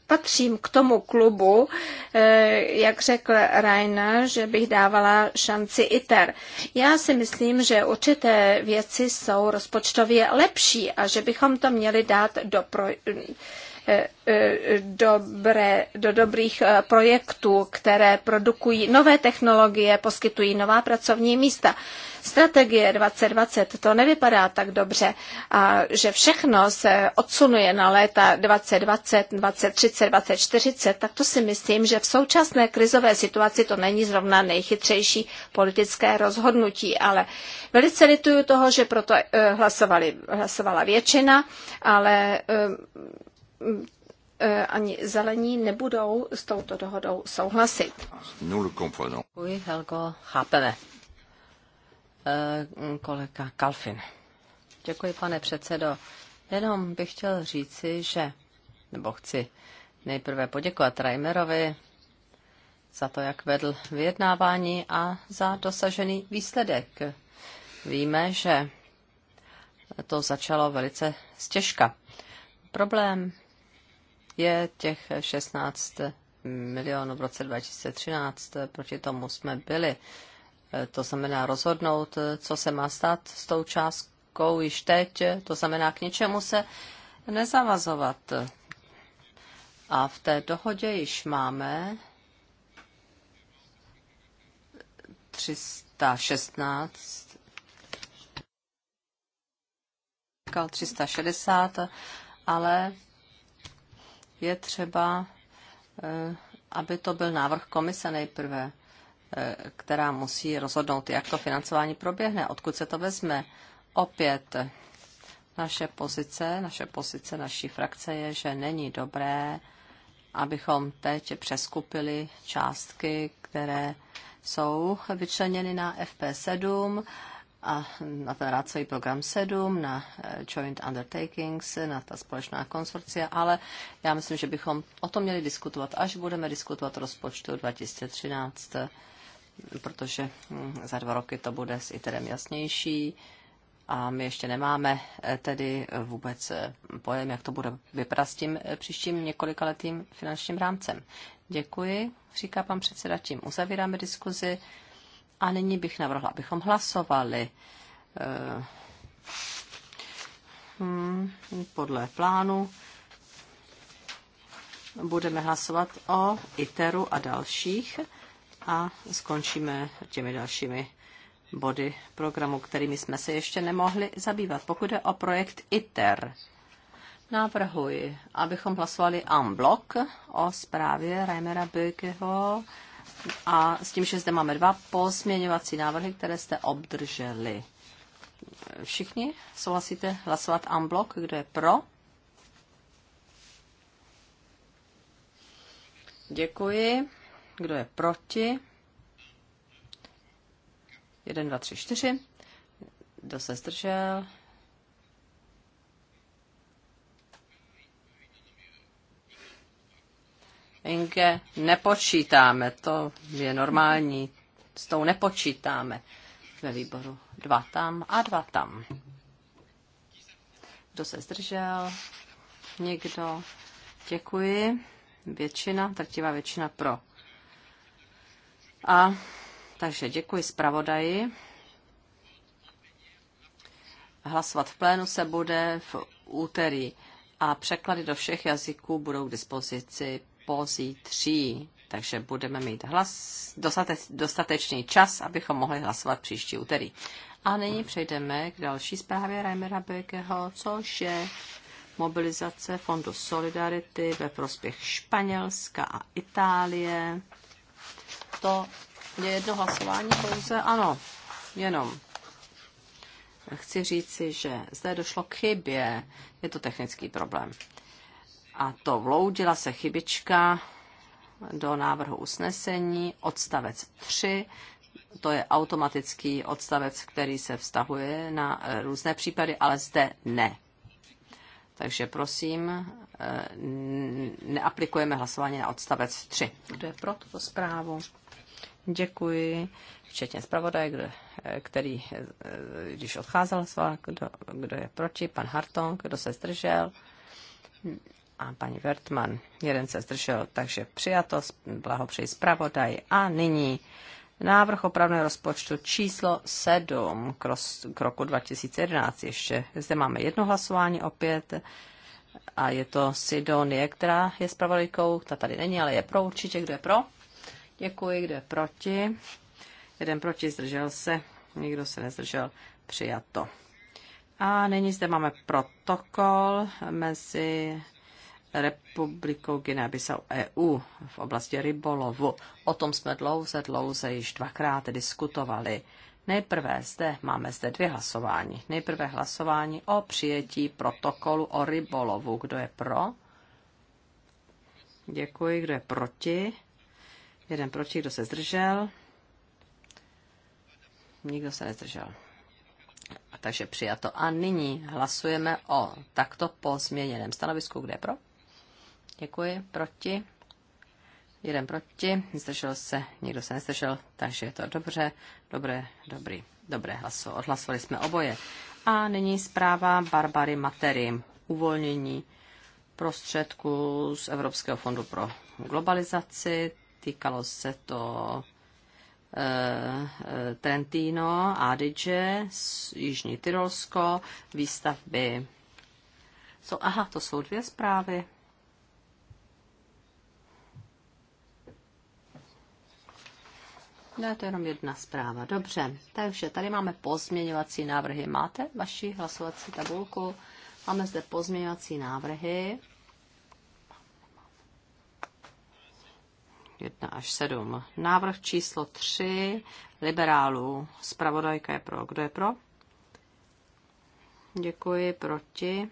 patřím k tomu klubu, eh, jak řekl Rainer, že bych dávala šanci ITER. Já si myslím, že určité věci jsou rozpočtově lepší a že bychom to měli dát do pro, eh, eh, dobré, do dobrých projektů, které produkují nové technologie, poskytují nová pracovní místa strategie 2020 to nevypadá tak dobře a že všechno se odsunuje na léta 2020, 2030, 2040, tak to si myslím, že v současné krizové situaci to není zrovna nejchytřejší politické rozhodnutí, ale velice lituju toho, že proto eh, hlasovali, hlasovala většina, ale eh, eh, ani zelení nebudou s touto dohodou souhlasit. Děkuji, Helgo, chápeme. Eh, kolega Kalfin. Děkuji, pane předsedo. Jenom bych chtěl říci, že, nebo chci nejprve poděkovat Reimerovi za to, jak vedl vyjednávání a za dosažený výsledek. Víme, že to začalo velice stěžka. Problém je těch 16 milionů v roce 2013, proti tomu jsme byli Eh, to znamená rozhodnout, eh, co se má stát s tou částkou již teď, to znamená k něčemu se nezavazovat. A v té dohodě již máme 316 360, ale je třeba, eh, aby to byl návrh komise nejprve která musí rozhodnout, jak to financování proběhne, odkud se to vezme. Opět naše pozice, naše pozice naší frakce je, že není dobré, abychom teď přeskupili částky, které jsou vyčleněny na FP7 a na ten rácový program 7, na eh, Joint Undertakings, na ta společná konsorcia, ale já myslím, že bychom o tom měli diskutovat, až budeme diskutovat rozpočtu 2013 protože hm, za dva roky to bude s ITERem jasnější a my ještě nemáme eh, tedy eh, vůbec eh, pojem, jak to bude vypadat s tím příštím několikaletým finančním rámcem. Děkuji, říká pan předseda, tím uzavíráme diskuzi a nyní bych navrhla, abychom hlasovali hmm, podle plánu. Budeme hlasovat o ITERu a dalších a skončíme těmi dalšími body programu, kterými jsme se ještě nemohli zabývat. Pokud je o projekt ITER, návrhuji, abychom hlasovali en bloc o zprávě Reimera Bögeho a s tím, že zde máme dva pozměňovací návrhy, které jste obdrželi. Všichni souhlasíte hlasovat en bloc? Kdo je pro? Děkuji. Kdo je proti? 1, 2, 3, 4. Kdo se zdržel? Inge, nepočítáme, to je normální. S tou nepočítáme ve výboru. Dva tam a dva tam. Kdo se zdržel? Někdo. Děkuji. Většina, trtivá většina pro. A takže děkuji zpravodaji. Hlasovat v plénu se bude v úterý a překlady do všech jazyků budou k dispozici pozítří. Takže budeme mít hlas, dostate, dostatečný čas, abychom mohli hlasovat příští úterý. A nyní přejdeme k další zprávě Reimera Bekeho, což je mobilizace Fondu Solidarity ve prospěch Španělska a Itálie to je jedno hlasování pouze? Ano, jenom. Chci říci, že zde došlo k chybě. Je to technický problém. A to vloudila se chybička do návrhu usnesení, odstavec 3, to je automatický odstavec, který se vztahuje na eh, různé případy, ale zde ne. Takže prosím, eh, neaplikujeme hlasování na odstavec 3. Kdo je pro tuto zprávu? Děkuji, včetně zpravodaje, kdo, který, když odcházel z kdo, kdo je proti, pan Harton, kdo se zdržel a paní Wertmann, jeden se zdržel, takže přijato, blahopřeji zpravodaj. A nyní návrh opravného rozpočtu číslo 7 k, roz, k roku 2011 ještě. Zde máme jedno hlasování opět a je to Sidonie, která je zpravodajkou, ta tady není, ale je pro určitě, kdo je pro? Děkuji, kdo je proti. Jeden proti, zdržel se, nikdo se nezdržel, přijato. A nyní zde máme protokol mezi Republikou Guinea-Bissau EU v oblasti rybolovu. O tom jsme dlouze, dlouze již dvakrát diskutovali. Nejprve zde máme zde dvě hlasování. Nejprve hlasování o přijetí protokolu o rybolovu. Kdo je pro? Děkuji. Kdo je proti? Jeden proti, kdo se zdržel? Nikdo se nezdržel. A takže přijato. A nyní hlasujeme o takto změněném stanovisku. Kde je pro? Děkuji. Proti? Jeden proti. Zdržel se. Nikdo se nezdržel. Takže je to dobře. Dobré, dobrý. Dobré hlaso. Odhlasovali jsme oboje. A nyní zpráva Barbary Matery. Uvolnění prostředků z Evropského fondu pro globalizaci týkalo se to eh, eh, Trentino, Adige, Jižní Tyrolsko, výstavby. So, aha, to jsou dvě zprávy. Ne, no, to je jenom jedna zpráva. Dobře, takže tady máme pozměňovací návrhy. Máte vaši hlasovací tabulku? Máme zde pozměňovací návrhy 1 až 7. Návrh číslo 3 liberálů. Spravodajka je pro. Kdo je pro? Děkuji. Proti?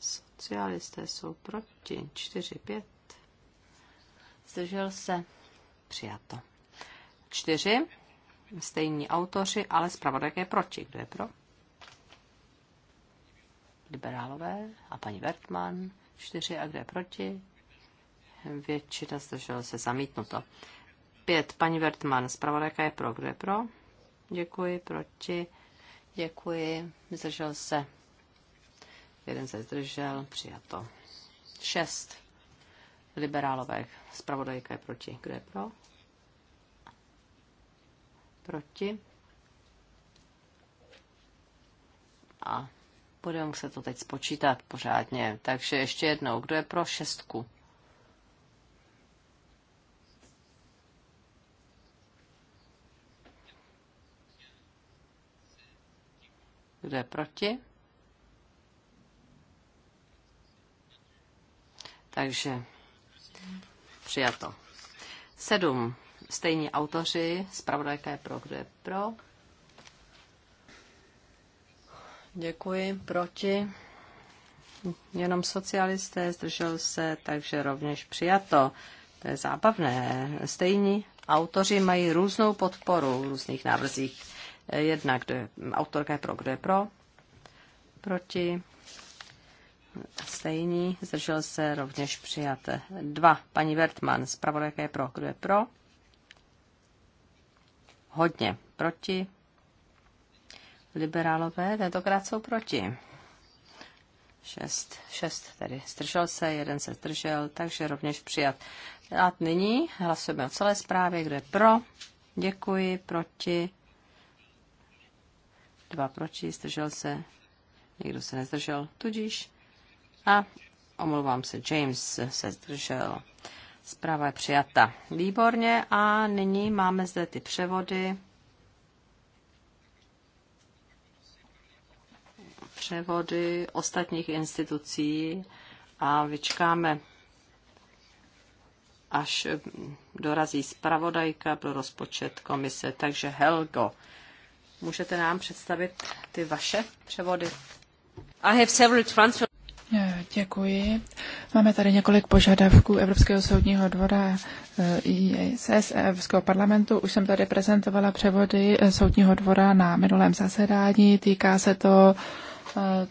Socialisté jsou proti. 4, 5. Zdržel se. Přijato. 4. Stejní autoři, ale zpravodajka je proti. Kdo je pro? Liberálové a paní Wertmann. 4 a kdo je proti? většina zdržela se zamítnuto. Pět, paní Vertman, zpravodajka je pro, kdo je pro? Děkuji, proti, děkuji, zdržel se. Jeden se zdržel, přijato. Šest, liberálové, zpravodajka je proti, kdo je pro? Proti. A budeme muset to teď spočítat pořádně. Takže ještě jednou, kdo je pro šestku? Kdo je proti? Takže přijato. Sedm. Stejní autoři. Spravodajka je pro. Kdo je pro? Děkuji. Proti? Jenom socialisté zdržel se, takže rovněž přijato. To je zábavné. Stejní autoři mají různou podporu v různých návrzích. Jedna, kdo je, autorka je pro, kdo je pro, proti, stejný, zdržel se rovněž přijat. Dva, paní Wertmann, zpravodajka je pro, kdo je pro, hodně proti, liberálové tentokrát jsou proti. Šest, šest tedy zdržel se, jeden se zdržel, takže rovněž přijat. A nyní hlasujeme o celé zprávě, kdo je pro, děkuji, proti, dva proti, zdržel se, někdo se nezdržel, tudíž a omlouvám se, James se zdržel. Zpráva je přijata. Výborně a nyní máme zde ty převody. Převody ostatních institucí a vyčkáme, až dorazí zpravodajka pro rozpočet komise. Takže Helgo, Můžete nám představit ty vaše převody? I have several transfer... Eh, děkuji. Máme tady několik požadavků Evropského soudního dvora eh, ISS Evropského parlamentu. Už jsem tady prezentovala převody eh, soudního dvora na minulém zasedání. Týká se to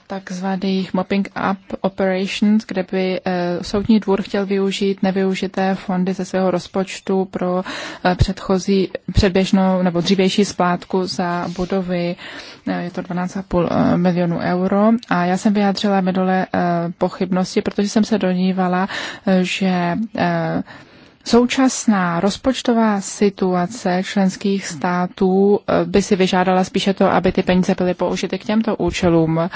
takzvaných mopping up operations, kde by eh, soudní dvůr chtěl využít nevyužité fondy ze svého rozpočtu pro eh, předchozí, předběžnou nebo dřívější splátku za budovy. Eh, je to 12,5 milionů euro. A já jsem vyjádřila minule pochybnosti, protože jsem se donívala, že Současná rozpočtová situace členských států eh, by si vyžádala spíše to, aby ty peníze byly použity k těmto účelům, eh,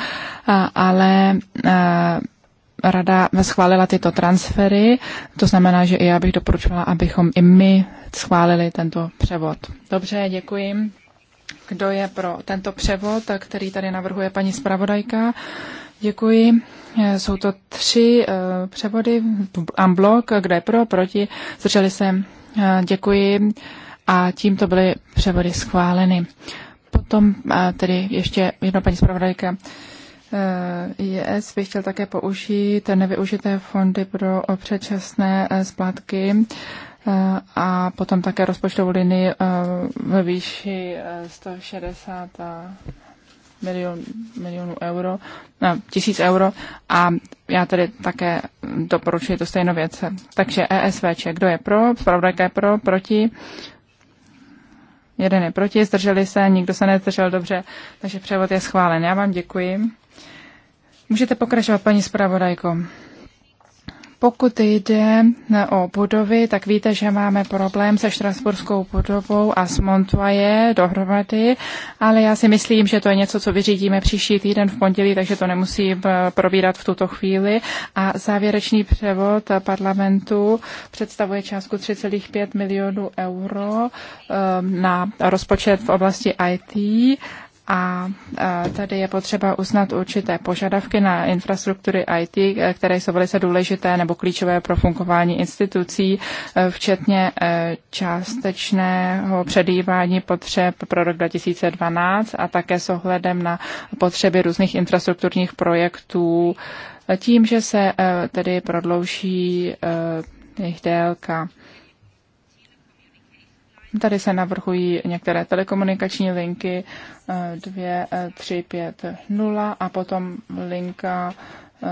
ale eh, rada schválila tyto transfery, to znamená, že i já bych doporučila, abychom i my schválili tento převod. Dobře, děkuji. Kdo je pro tento převod, který tady navrhuje paní zpravodajka? Děkuji. Jsou to tři eh, převody unblock, kde pro, proti, zdrželi se. Eh, děkuji. A tímto byly převody schváleny. Potom eh, tedy ještě jedna paní zpravodajka. IES bych chtěl také použít nevyužité fondy pro předčasné splátky a potom také rozpočtovou linii ve výši 160 milion, milionů euro, ne, tisíc euro a já tady také doporučuji to stejnou věc. Takže ESVČ, kdo je pro, zpravodajka je pro, proti, jeden je proti, zdrželi se, nikdo se nezdržel dobře, takže převod je schválen. Já vám děkuji. Můžete pokračovat, paní zpravodajko. Pokud jde o budovy, tak víte, že máme problém se Štrasburskou budovou a s Montoye dohromady, ale já si myslím, že to je něco, co vyřídíme příští týden v pondělí, takže to nemusí eh, probírat v tuto chvíli. A závěrečný převod parlamentu představuje částku 3,5 milionů euro eh, na rozpočet v oblasti IT a e, tady je potřeba uznat určité požadavky na infrastruktury IT, e, které jsou velice důležité nebo klíčové pro fungování institucí, e, včetně částečného předývání potřeb pro rok 2012 a také s ohledem na potřeby různých infrastrukturních projektů tím, že se tedy prodlouží jejich délka. Tady se navrhují některé telekomunikační linky 2, 3, 5, 0 a potom linka eh,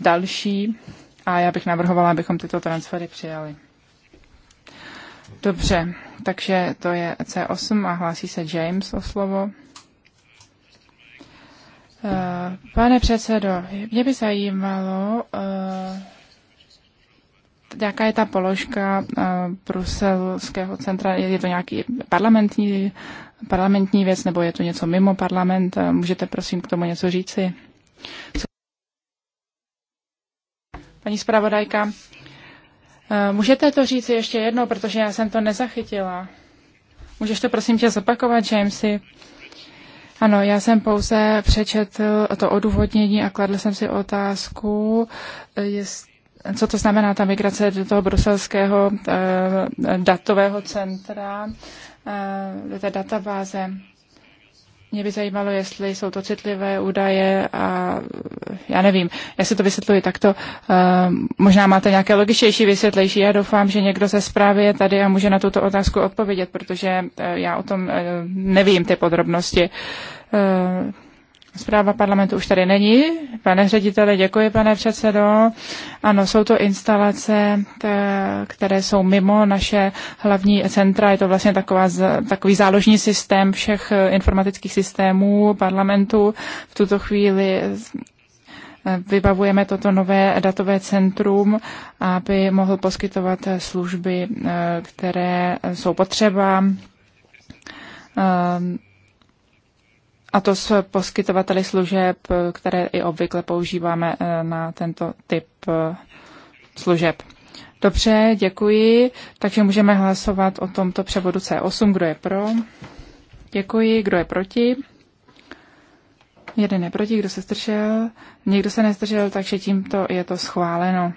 další. A já bych navrhovala, abychom tyto transfery přijali. Dobře, takže to je C8 a hlásí se James o slovo. Eh, pane předsedo, mě by zajímalo, eh, jaká je ta položka eh, Bruselského centra? Je to nějaký parlamentní, parlamentní věc nebo je to něco mimo parlament? Eh, můžete prosím k tomu něco říci? Paní zpravodajka, eh, můžete to říci ještě jednou, protože já jsem to nezachytila. Můžeš to prosím tě zopakovat, Jamesy? Ano, já jsem pouze přečetl to odůvodnění a kladl jsem si otázku, jestli co to znamená ta migrace do toho bruselského eh, datového centra, eh, do té databáze. Mě by zajímalo, jestli jsou to citlivé údaje a já nevím, já si to vysvětluji takto. Eh, možná máte nějaké logičtější, vysvětlejší. Já doufám, že někdo ze zprávy je tady a může na tuto otázku odpovědět, protože já o tom nevím ty podrobnosti. Zpráva parlamentu už tady není. Pane řediteli, děkuji, pane předsedo. Ano, jsou to instalace, které jsou mimo naše hlavní centra. Je to vlastně taková, takový záložní systém všech eh, informatických systémů parlamentu. V tuto chvíli eh, vybavujeme toto nové datové centrum, aby mohl poskytovat služby, eh, které jsou potřeba ehm, a to s poskytovateli služeb, které i obvykle používáme eh, na tento typ eh, služeb. Dobře, děkuji. Takže můžeme hlasovat o tomto převodu C8. Kdo je pro? Děkuji. Kdo je proti? Jeden je proti, kdo se zdržel? Někdo se nezdržel, takže tímto je to schváleno.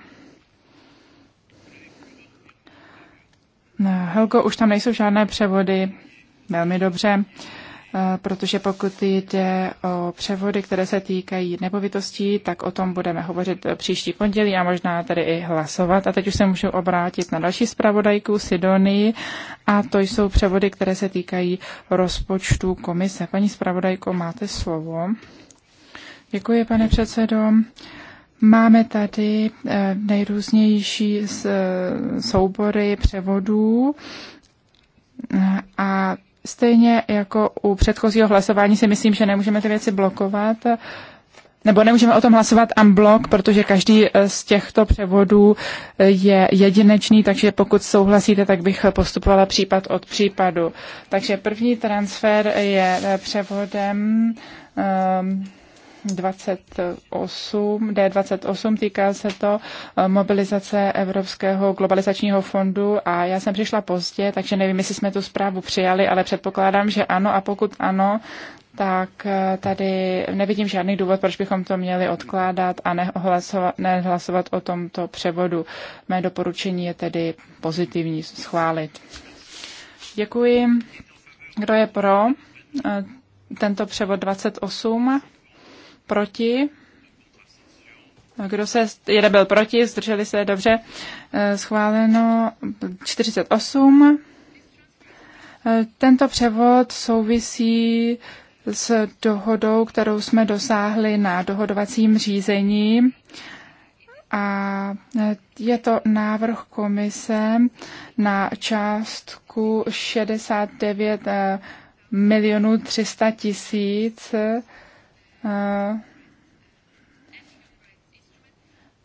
Eh, Helko, už tam nejsou žádné převody. Velmi dobře. Eh, protože pokud jde o převody, které se týkají nemovitostí, tak o tom budeme hovořit eh, příští pondělí a možná tady i hlasovat. A teď už se můžu obrátit na další zpravodajku Sidonii a to jsou převody, které se týkají rozpočtu komise. Paní zpravodajko, máte slovo. Děkuji, pane předsedo. Máme tady eh, nejrůznější soubory převodů a Stejně jako u předchozího hlasování si myslím, že nemůžeme ty věci blokovat, nebo nemůžeme o tom hlasovat unblock, protože každý eh, z těchto převodů eh, je jedinečný, takže pokud souhlasíte, tak bych postupovala případ od případu. Takže první transfer je eh, převodem um, D28, týká se to eh, mobilizace Evropského globalizačního fondu a já jsem přišla pozdě, takže nevím, jestli jsme tu zprávu přijali, ale předpokládám, že ano a pokud ano, tak eh, tady nevidím žádný důvod, proč bychom to měli odkládat a nehlasovat, nehlasovat o tomto převodu. Mé doporučení je tedy pozitivní schválit. Děkuji. Kdo je pro eh, tento převod 28? proti? Kdo se, jeden byl proti, zdrželi se, dobře, eh, schváleno 48. Eh, tento převod souvisí s dohodou, kterou jsme dosáhli na dohodovacím řízení. A eh, je to návrh komise na částku 69 milionů 300 tisíc Eh,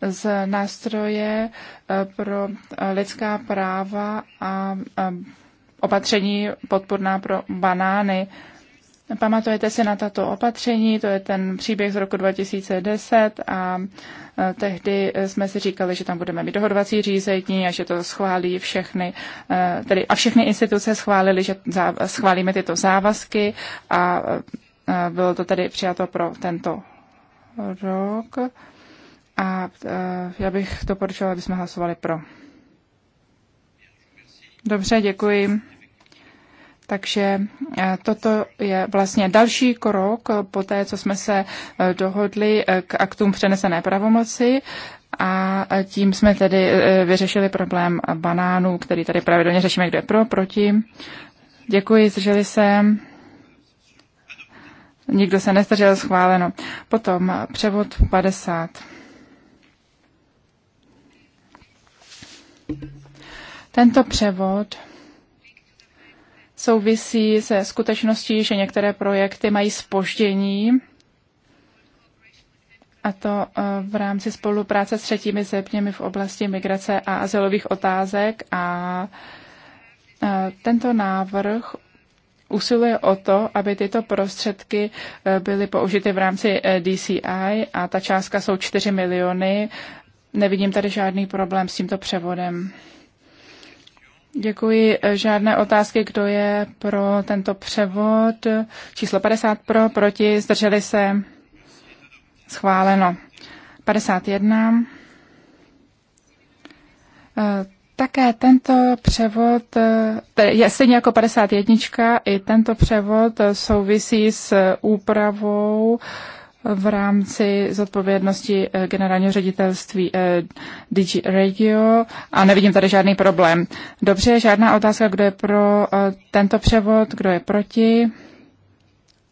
z nástroje eh, pro lidská práva a eh, opatření podporná pro banány. Pamatujete si na tato opatření, to je ten příběh z roku 2010 a tehdy jsme si říkali, že tam budeme mít dohodovací řízení a že to schválí všechny, tedy a všechny instituce schválili, že schválíme tyto závazky a Eh, bylo to tedy přijato pro tento rok a eh, já bych doporučila, aby jsme hlasovali pro. Dobře, děkuji. Takže eh, toto je vlastně další krok po té, co jsme se dohodli k aktům přenesené pravomoci a tím jsme tedy vyřešili problém banánů, který tady pravidelně řešíme, kde pro, proti. Děkuji, zřeli jsem. Nikdo se nestařil schváleno. Potom převod 50. Tento převod souvisí se skutečností, že některé projekty mají spoždění, a to e, v rámci spolupráce s třetími zeměmi v oblasti migrace a azylových otázek. A e, tento návrh usiluje o to, aby tyto prostředky eh, byly použity v rámci eh, DCI a ta částka jsou 4 miliony. Nevidím tady žádný problém s tímto převodem. Děkuji. Eh, žádné otázky, kdo je pro tento převod. Číslo 50 pro, proti, zdrželi se. Schváleno. 51. Také tento převod, eh, je stejně jako 51, i tento převod souvisí s úpravou v rámci zodpovědnosti eh, generálního ředitelství eh, DG Radio a nevidím tady žádný problém. Dobře, žádná otázka, kdo je pro tento převod, kdo je proti.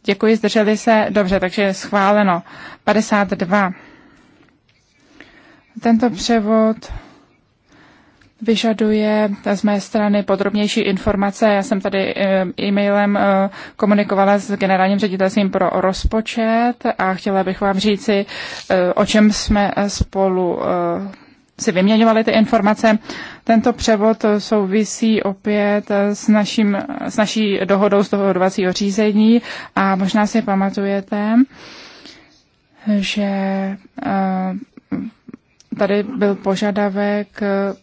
Děkuji, zdrželi se. Dobře, takže schváleno. 52. Tento převod vyžaduje z mé strany podrobnější informace. Já jsem tady eh, e-mailem eh, komunikovala s generálním ředitelstvím pro rozpočet a chtěla bych vám říci, eh, o čem jsme spolu si vyměňovali ty informace. Tento převod souvisí opět s, naším, s naší dohodou z dohodovacího řízení a možná si pamatujete, že tady byl požadavek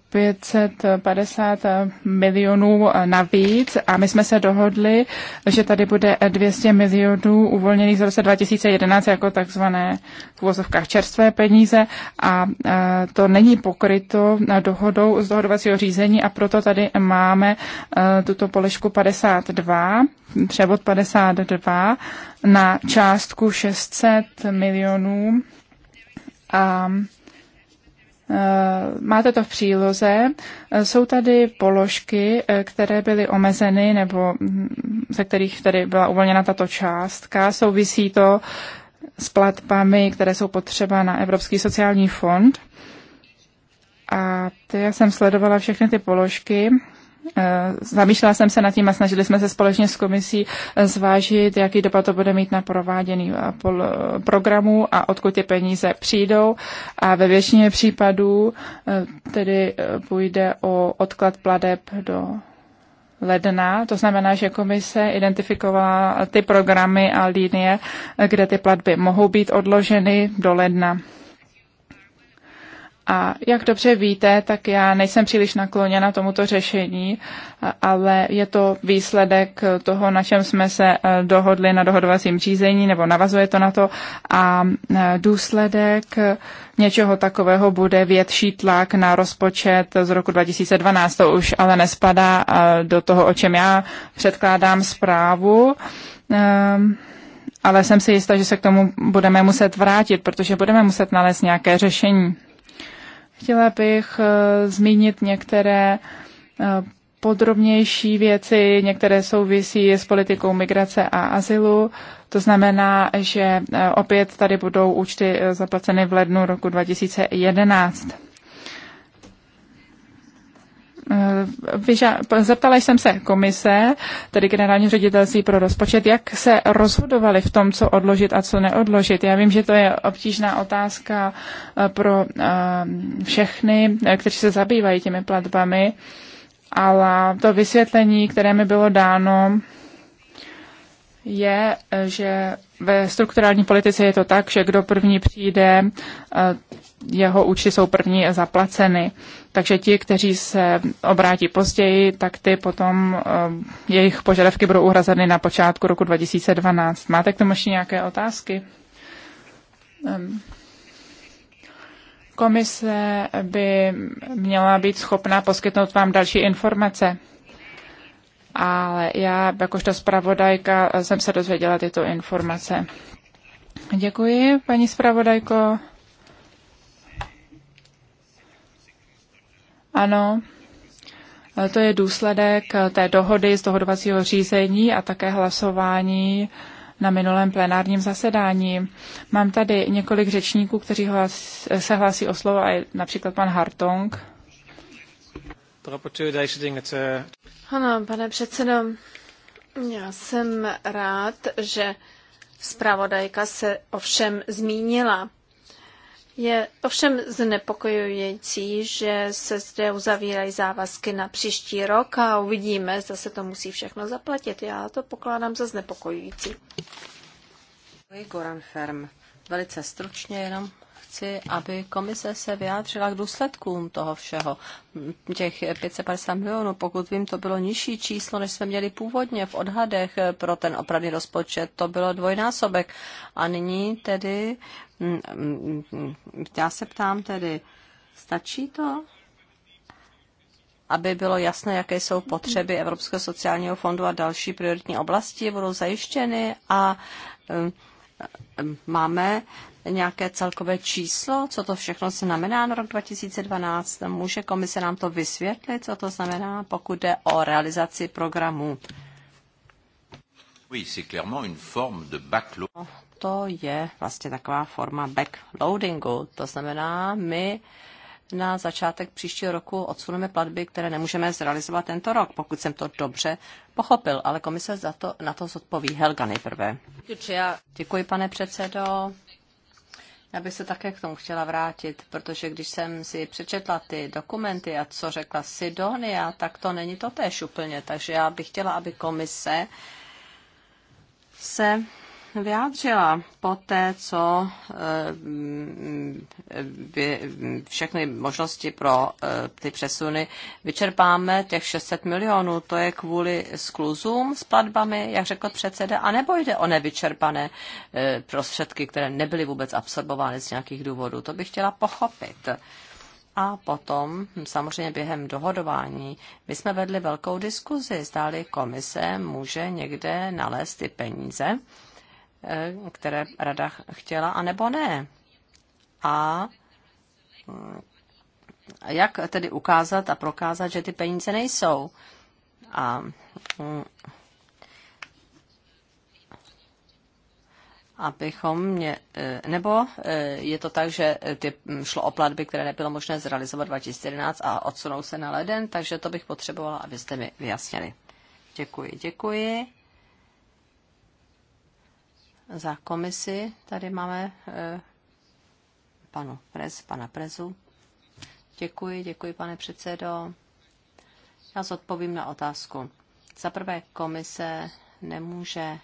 550 milionů navíc a my jsme se dohodli, že tady bude 200 milionů uvolněných z roce 2011 jako takzvané v úvozovkách čerstvé peníze a e, to není pokryto dohodou z dohodovacího řízení a proto tady máme e, tuto položku 52, převod 52 na částku 600 milionů a um, Eh, máte to v příloze. Eh, jsou tady položky, eh, které byly omezeny nebo mm, ze kterých tady byla uvolněna tato částka. Souvisí to s platbami, které jsou potřeba na Evropský sociální fond. A já jsem sledovala všechny ty položky Eh, zamýšlela jsem se nad tím a snažili jsme se společně s komisí eh, zvážit, jaký dopad to bude mít na provádění eh, programu a odkud ty peníze přijdou. A ve většině případů tedy půjde o odklad pladeb do ledna. To znamená, že komise identifikovala ty programy a linie, kde ty platby mohou být odloženy do ledna. A jak dobře víte, tak já nejsem příliš nakloněna tomuto řešení, ale je to výsledek toho, na čem jsme se eh, dohodli na dohodovacím řízení, nebo navazuje to na to. A eh, důsledek eh, něčeho takového bude větší tlak na rozpočet z roku 2012. To už ale nespadá do toho, o čem já předkládám zprávu ale jsem si jistá, že se k tomu budeme muset vrátit, protože budeme muset nalézt nějaké řešení. Chtěla bych eh, zmínit některé eh, podrobnější věci, některé souvisí s politikou migrace a azylu. To znamená, že eh, opět tady budou účty zaplaceny v lednu roku 2011 zeptala jsem se komise, tedy generální ředitelství pro rozpočet, jak se rozhodovali v tom, co odložit a co neodložit. Já vím, že to je obtížná otázka eh, pro eh, všechny, eh, kteří se zabývají těmi platbami, ale to vysvětlení, které mi bylo dáno, je, že ve strukturální politice je to tak, že kdo první přijde, eh, jeho účty jsou první zaplaceny. Takže ti, kteří se obrátí později, tak ty potom eh, jejich požadavky budou uhrazeny na počátku roku 2012. Máte k tomu ještě nějaké otázky? Ehm. Komise by měla být schopná poskytnout vám další informace ale já jakožto zpravodajka jsem se dozvěděla tyto informace. Děkuji, paní zpravodajko. Ano, to je důsledek té dohody z dohodovacího řízení a také hlasování na minulém plenárním zasedání. Mám tady několik řečníků, kteří se hlásí o slovo, a je například pan Hartong. Uh, ano, pane předsedo, já jsem rád, že zpravodajka se ovšem zmínila. Je ovšem znepokojující, že se zde uzavírají závazky na příští rok a uvidíme, zda se to musí všechno zaplatit. Já to pokládám za znepokojující. Goran Ferm. Velice stručně jenom chci, aby komise se vyjádřila k důsledkům toho všeho. Těch 550 milionů, pokud vím, to bylo nižší číslo, než jsme měli původně v odhadech pro ten opravný rozpočet. To bylo dvojnásobek. A nyní tedy, mm, mm, mm, já se ptám tedy, stačí to? aby bylo jasné, jaké jsou potřeby Evropského sociálního fondu a další prioritní oblasti budou zajištěny a máme nějaké celkové číslo, co to všechno znamená na rok 2012? Může komise nám to vysvětlit, co to znamená, pokud jde o realizaci programů? Oui, c'est clairement une forme de no, To je vlastně taková forma backloadingu, to znamená, my na začátek příštího roku odsuneme platby, které nemůžeme zrealizovat tento rok, pokud jsem to dobře pochopil, ale komise za to, na to zodpoví Helga nejprve. Děkuji, pane předsedo. Já bych se také k tomu chtěla vrátit, protože když jsem si přečetla ty dokumenty a co řekla Sidonia, tak to není to též úplně. Takže já bych chtěla, aby komise se vyjádřila po té, co eh, všechny možnosti pro eh, ty přesuny vyčerpáme, těch 600 milionů, to je kvůli skluzům s platbami, jak řekl předseda, anebo jde o nevyčerpané eh, prostředky, které nebyly vůbec absorbovány z nějakých důvodů. To bych chtěla pochopit. A potom, samozřejmě během dohodování, my jsme vedli velkou diskuzi, zdáli komise může někde nalézt ty peníze Eh, které rada chtěla, anebo ne. A mm, jak tedy ukázat a prokázat, že ty peníze nejsou. A, mm, abychom mě, eh, nebo eh, je to tak, že ty mm, šlo o platby, které nebylo možné zrealizovat 2011 a odsunou se na leden, takže to bych potřebovala, abyste mi vyjasnili. Děkuji, děkuji za komisi. Tady máme eh, panu Prez, pana Prezu. Děkuji, děkuji, pane předsedo. Já zodpovím na otázku. Za prvé, komise nemůže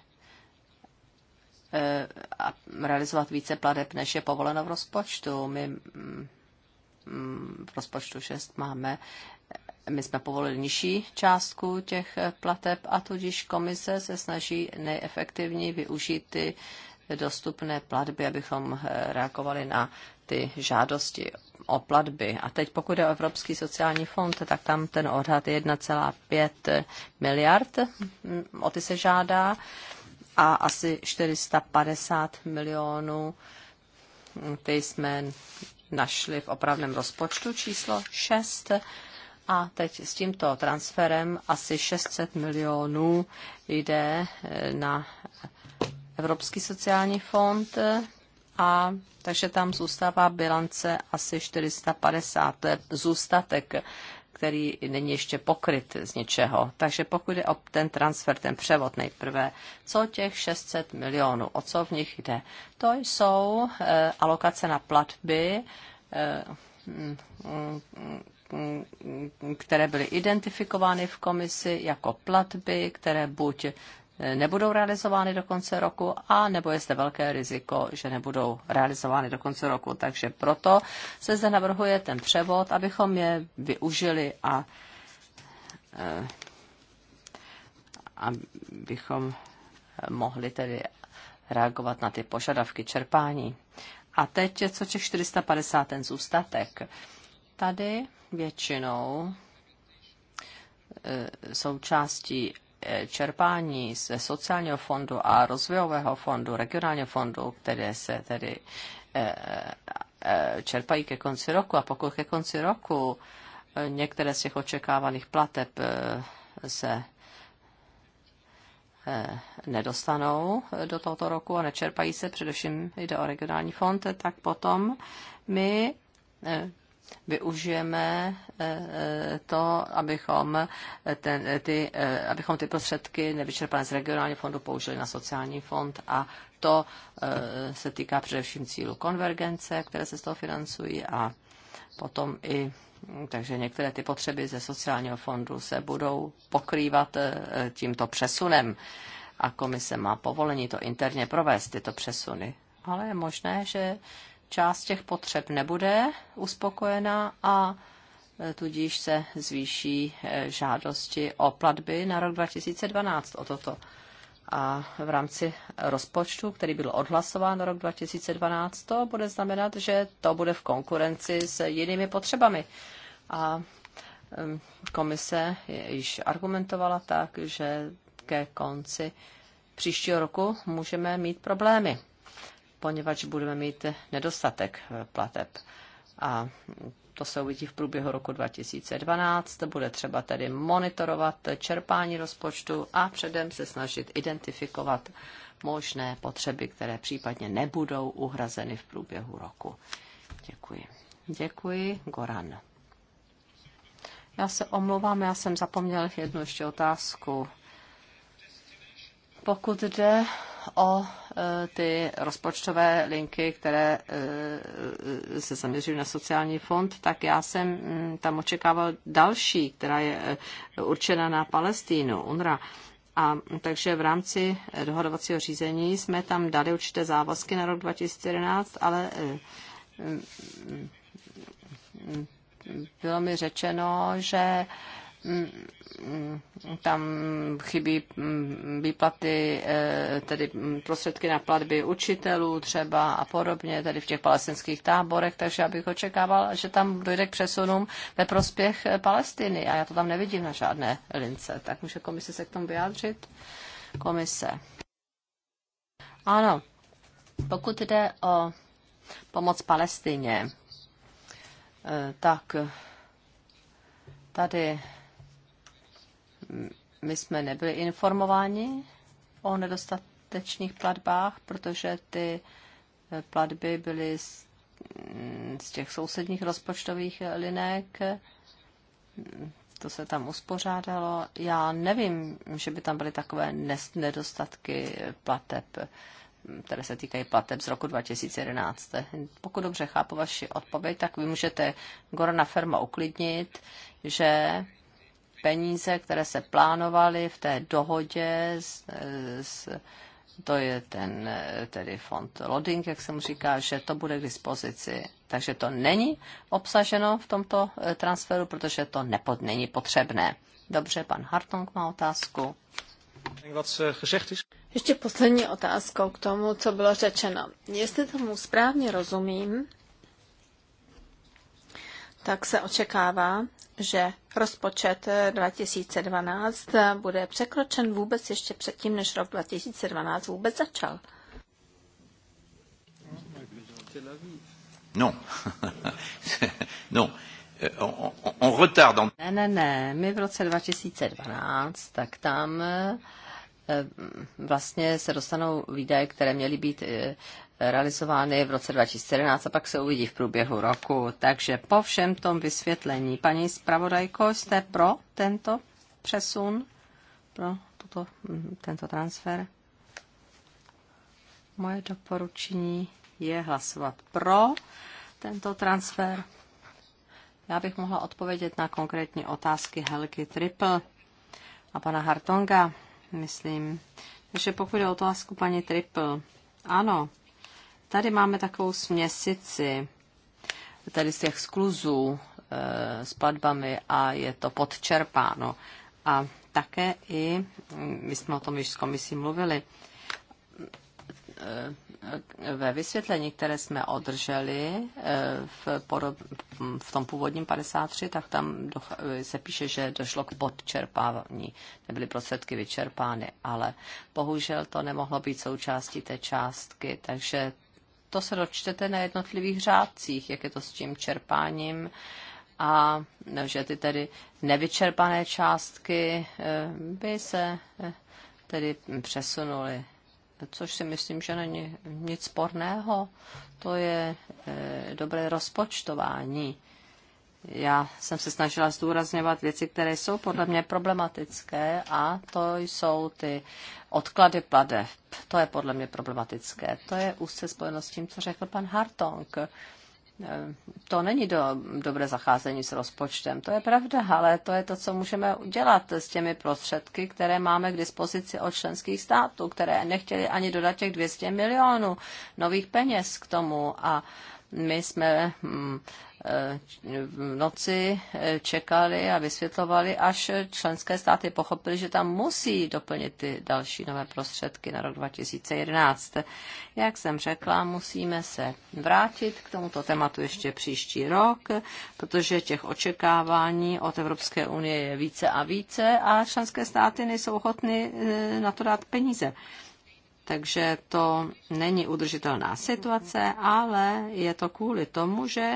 eh, realizovat více pladeb, než je povoleno v rozpočtu. My mm, mm, v rozpočtu 6 máme my jsme povolili nižší částku těch plateb a tudíž komise se snaží nejefektivněji využít ty dostupné platby, abychom eh, reagovali na ty žádosti o platby. A teď pokud je o Evropský sociální fond, tak tam ten odhad je 1,5 miliard, mm, o ty se žádá, a asi 450 milionů, mm, ty jsme našli v opravném rozpočtu číslo 6 a teď s tímto transferem asi 600 milionů jde eh, na Evropský sociální fond, a takže tam zůstává bilance asi 450 zůstatek, který není ještě pokryt z něčeho. Takže pokud je o ten transfer, ten převod nejprve, co těch 600 milionů, o co v nich jde? To jsou eh, alokace na platby, eh, mm, mm, Mm, které byly identifikovány v komisi jako platby, které buď e, nebudou realizovány do konce roku, a nebo je zde velké riziko, že nebudou realizovány do konce roku. Takže proto se zde navrhuje ten převod, abychom je využili a e, abychom mohli tedy reagovat na ty požadavky čerpání. A teď, co těch 450, ten zůstatek. Tady většinou eh, součástí eh, čerpání ze sociálního fondu a rozvojového fondu, regionálního fondu, které se tedy eh, čerpají ke konci roku. A pokud ke konci roku některé z těch očekávaných plateb se nedostanou do tohoto roku a nečerpají se, především jde o regionální fond, tak potom my využijeme eh, eh, to, abychom, ten, eh, ty, abychom ty prostředky nevyčerpané z regionálního fondu použili na sociální fond a to se týká především cílu konvergence, které se z toho financují a potom i hm, takže některé ty potřeby ze sociálního fondu se budou pokrývat tímto přesunem a komise má povolení to interně provést, tyto přesuny. Ale je možné, že část těch potřeb nebude uspokojena a e, tudíž se zvýší e, žádosti o platby na rok 2012 o toto. A v rámci rozpočtu, který byl odhlasován na rok 2012, to bude znamenat, že to bude v konkurenci s jinými potřebami. A komise již argumentovala tak, že ke konci příštího roku můžeme mít problémy poněvadž budeme mít nedostatek eh, plateb. A to se uvidí v průběhu roku 2012. Bude třeba tedy monitorovat čerpání rozpočtu a předem se snažit identifikovat možné potřeby, které případně nebudou uhrazeny v průběhu roku. Děkuji. Děkuji, Goran. Já se omlouvám, já jsem zapomněl jednu ještě otázku. Pokud jde o e, ty rozpočtové linky, které e, e, se zaměřují na sociální fond, tak já jsem mm, tam očekával další, která je určena na Palestínu, UNRA. A takže v rámci dohodovacího řízení jsme tam dali určité závazky na rok 2011, ale mm, mm, bylo mi řečeno, že Mm, tam chybí mm, výplaty, eh, tedy mm, prostředky na platby učitelů třeba a podobně, tedy v těch palestinských táborech, takže abych očekával, že tam dojde k přesunům ve prospěch eh, Palestiny a já to tam nevidím na žádné lince. Tak může komise se k tomu vyjádřit? Komise. Ano, pokud jde o pomoc Palestině, eh, tak tady my jsme nebyli informováni o nedostatečných platbách, protože ty eh, platby byly z, mm, z těch sousedních rozpočtových eh, linek. Mm, to se tam uspořádalo. Já nevím, že by tam byly takové nedostatky plateb, mm, které se týkají plateb z roku 2011. Pokud dobře chápu vaši odpověď, tak vy můžete Gorana Ferma uklidnit, že peníze, které se plánovaly v té dohodě, s, s, to je ten tedy fond Loding, jak jsem říká, že to bude k dispozici. Takže to není obsaženo v tomto eh, transferu, protože to nepod, není potřebné. Dobře, pan Hartong má otázku. Ještě poslední otázkou k tomu, co bylo řečeno. Jestli tomu správně rozumím, tak se očekává, že rozpočet 2012 eh, eh, bude překročen vůbec ještě předtím, než rok 2012 vůbec začal. No, no, eh, On, on Ne, ne, ne. My v roce 2012, tak tam vlastně se dostanou výdaje, které měly být realizovány v roce 2014 a pak se uvidí v průběhu roku. Takže po všem tom vysvětlení, paní zpravodajko, jste pro tento přesun, pro tuto, mm, tento transfer? Moje doporučení je hlasovat pro tento transfer. Já bych mohla odpovědět na konkrétní otázky Helky Triple a pana Hartonga, myslím. Takže pokud je otázku paní Triple, ano, Tady máme takovou směsici, tady z těch skluzů e, s platbami a je to podčerpáno. A také i, mm, my jsme o tom již s komisí mluvili, eh, ve vysvětlení, které jsme održeli eh, v, porob, v tom původním 53, tak tam do, se píše, že došlo k podčerpávání. Nebyly prostředky vyčerpány, ale bohužel to nemohlo být součástí té částky, takže to se dočtete na jednotlivých řádcích, jak je to s tím čerpáním a že ty tedy nevyčerpané částky eh, by se eh, tedy přesunuly. Což si myslím, že není nic sporného. To je eh, dobré rozpočtování já jsem se snažila zdůrazňovat věci, které jsou podle mě problematické a to jsou ty odklady pladeb. To je podle mě problematické. To je úzce spojeno s tím, co řekl pan Hartong. E, to není do, dobré zacházení s rozpočtem, to je pravda, ale to je to, co můžeme udělat s těmi prostředky, které máme k dispozici od členských států, které nechtěli ani dodat těch 200 milionů nových peněz k tomu. A my jsme hm, v noci eh, čekali a vysvětlovali, až členské státy pochopili, že tam musí doplnit ty další nové prostředky na rok 2011. Jak jsem řekla, musíme se vrátit k tomuto tématu ještě příští rok, protože těch očekávání od Evropské unie je více a více a členské státy nejsou ochotny eh, na to dát peníze. Takže to není udržitelná situace, ale je to kvůli tomu, že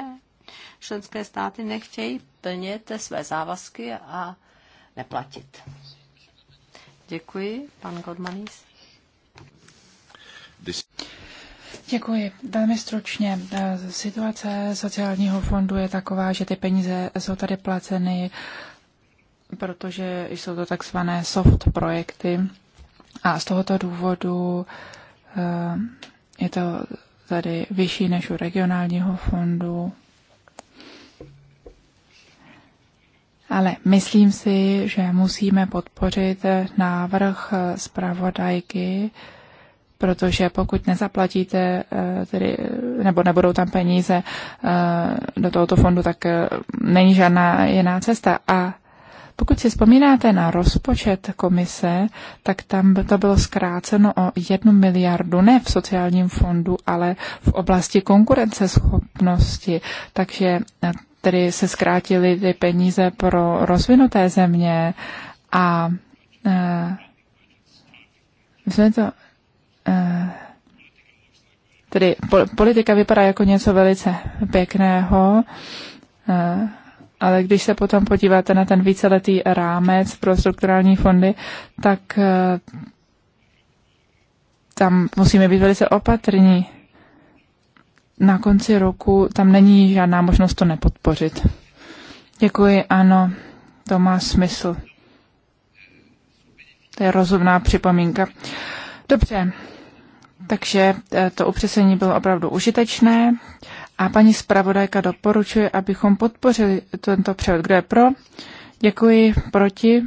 Členské státy nechtějí plnit své závazky a neplatit. Děkuji, pan Godmanis. Děkuji. Velmi stručně. Situace sociálního fondu je taková, že ty peníze jsou tady placeny, protože jsou to takzvané soft projekty. A z tohoto důvodu eh, je to tady vyšší než u regionálního fondu Ale myslím si, že musíme podpořit návrh zpravodajky, protože pokud nezaplatíte, eh, tedy, nebo nebudou tam peníze eh, do tohoto fondu, tak eh, není žádná jiná cesta. A pokud si vzpomínáte na rozpočet komise, tak tam to bylo zkráceno o jednu miliardu, ne v sociálním fondu, ale v oblasti konkurenceschopnosti. Takže tedy se zkrátily ty peníze pro rozvinuté země a eh, my jsme to eh, tedy politika vypadá jako něco velice pěkného, eh, ale když se potom podíváte na ten víceletý rámec pro strukturální fondy, tak tam musíme být velice opatrní na konci roku tam není žádná možnost to nepodpořit. Děkuji, ano, to má smysl. To je rozumná připomínka. Dobře, takže eh, to upřesení bylo opravdu užitečné a paní zpravodajka doporučuje, abychom podpořili tento převod. Kdo je pro? Děkuji. Proti?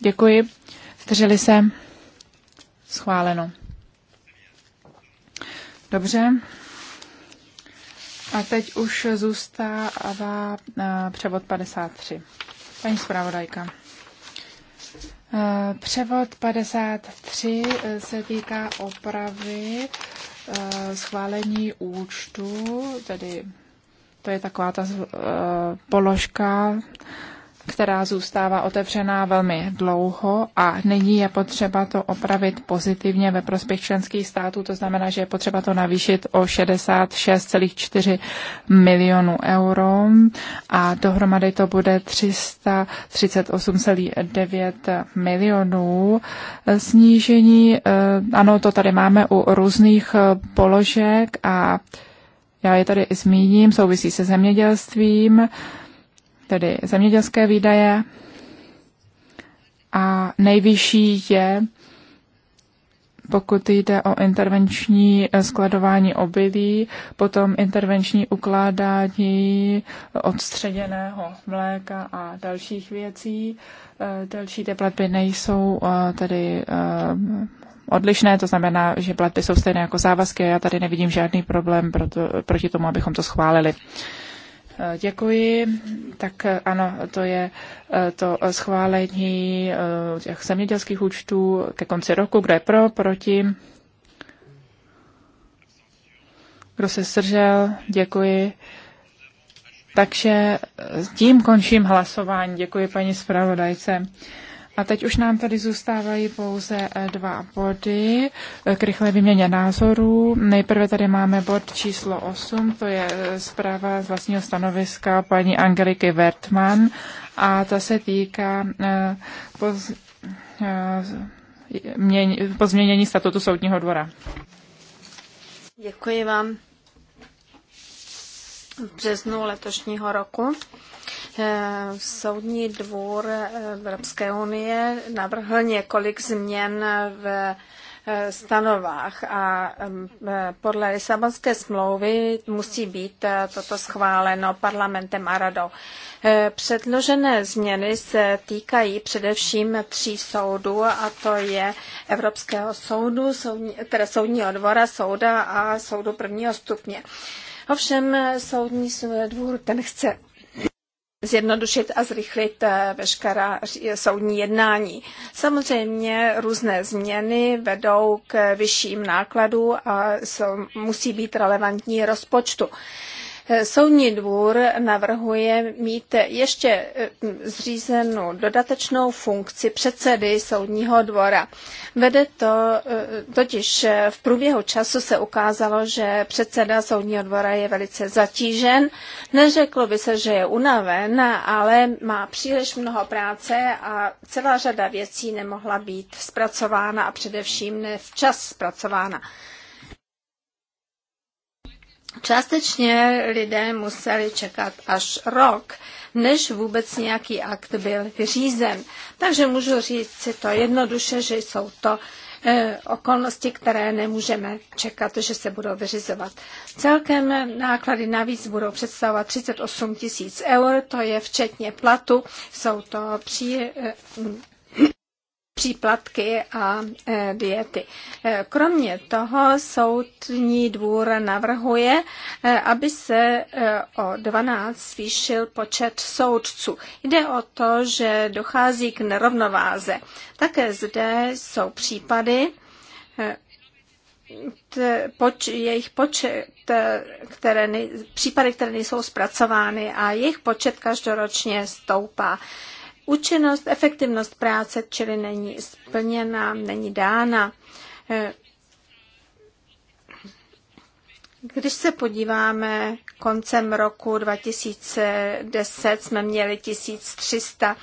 Děkuji. Zdrželi se? Schváleno. Dobře. A teď už zůstává eh, převod 53. Paní zpravodajka. Eh, převod 53 eh, se týká opravy schválení účtu, tedy to je taková ta položka která zůstává otevřená velmi dlouho a nyní je potřeba to opravit pozitivně ve prospěch členských států, to znamená, že je potřeba to navýšit o 66,4 milionů euro a dohromady to bude 338,9 milionů. Snížení, eh, ano, to tady máme u různých eh, položek a já je tady zmíním, souvisí se zemědělstvím, tedy zemědělské výdaje a nejvyšší je, pokud jde o intervenční eh, skladování obilí, potom intervenční ukládání eh, odstředěného mléka a dalších věcí. Eh, další ty platby nejsou tedy odlišné, to znamená, že platby jsou stejné jako závazky a já tady nevidím žádný problém proti tomu, abychom to schválili. Děkuji. Tak eh, ano, to je eh, to schválení eh, těch zemědělských účtů ke konci roku. Kdo je pro, proti? Kdo se zdržel? Děkuji. Takže tím končím hlasování. Děkuji paní zpravodajce. A teď už nám tady zůstávají pouze eh, dva body eh, k rychlé výměně názorů. Nejprve tady máme bod číslo 8, to je eh, zpráva z vlastního stanoviska paní Angeliky Wertmann a ta se týká poz, pozměnění statutu soudního dvora. Děkuji vám v březnu letošního roku. Eh, soudní dvůr Evropské unie navrhl několik změn v eh, stanovách a eh, podle Lisabonské smlouvy musí být toto schváleno parlamentem a radou. Předložené změny se týkají především tří soudů, a to je Evropského soudu, soudní, teda soudního dvora, souda a soudu prvního stupně. Ovšem soudní dvůr ten chce zjednodušit a zrychlit eh, veškerá soudní jednání. Samozřejmě různé změny vedou k vyšším nákladům a musí být relevantní rozpočtu. Eh, soudní dvůr navrhuje mít ještě eh, zřízenou dodatečnou funkci předsedy soudního dvora. Vede to, eh, totiž v průběhu času se ukázalo, že předseda soudního dvora je velice zatížen. Neřeklo by se, že je unaven, ale má příliš mnoho práce a celá řada věcí nemohla být zpracována a především ne včas zpracována. Částečně lidé museli čekat až rok, než vůbec nějaký akt byl vyřízen. Takže můžu říct si to jednoduše, že jsou to eh, okolnosti, které nemůžeme čekat, že se budou vyřizovat. Celkem náklady navíc budou představovat 38 tisíc eur, to je včetně platu, jsou to při, eh, příplatky a e, diety. E, kromě toho soudní dvůr navrhuje, e, aby se o 12 zvýšil počet soudců. Jde o to, že dochází k nerovnováze. Také zde jsou případy, poč, jejich počet, které případy, které nejsou zpracovány a jejich počet každoročně stoupá účinnost, efektivnost práce, čili není splněna, není dána. Eh, když se podíváme, koncem roku 2010 jsme měli 1300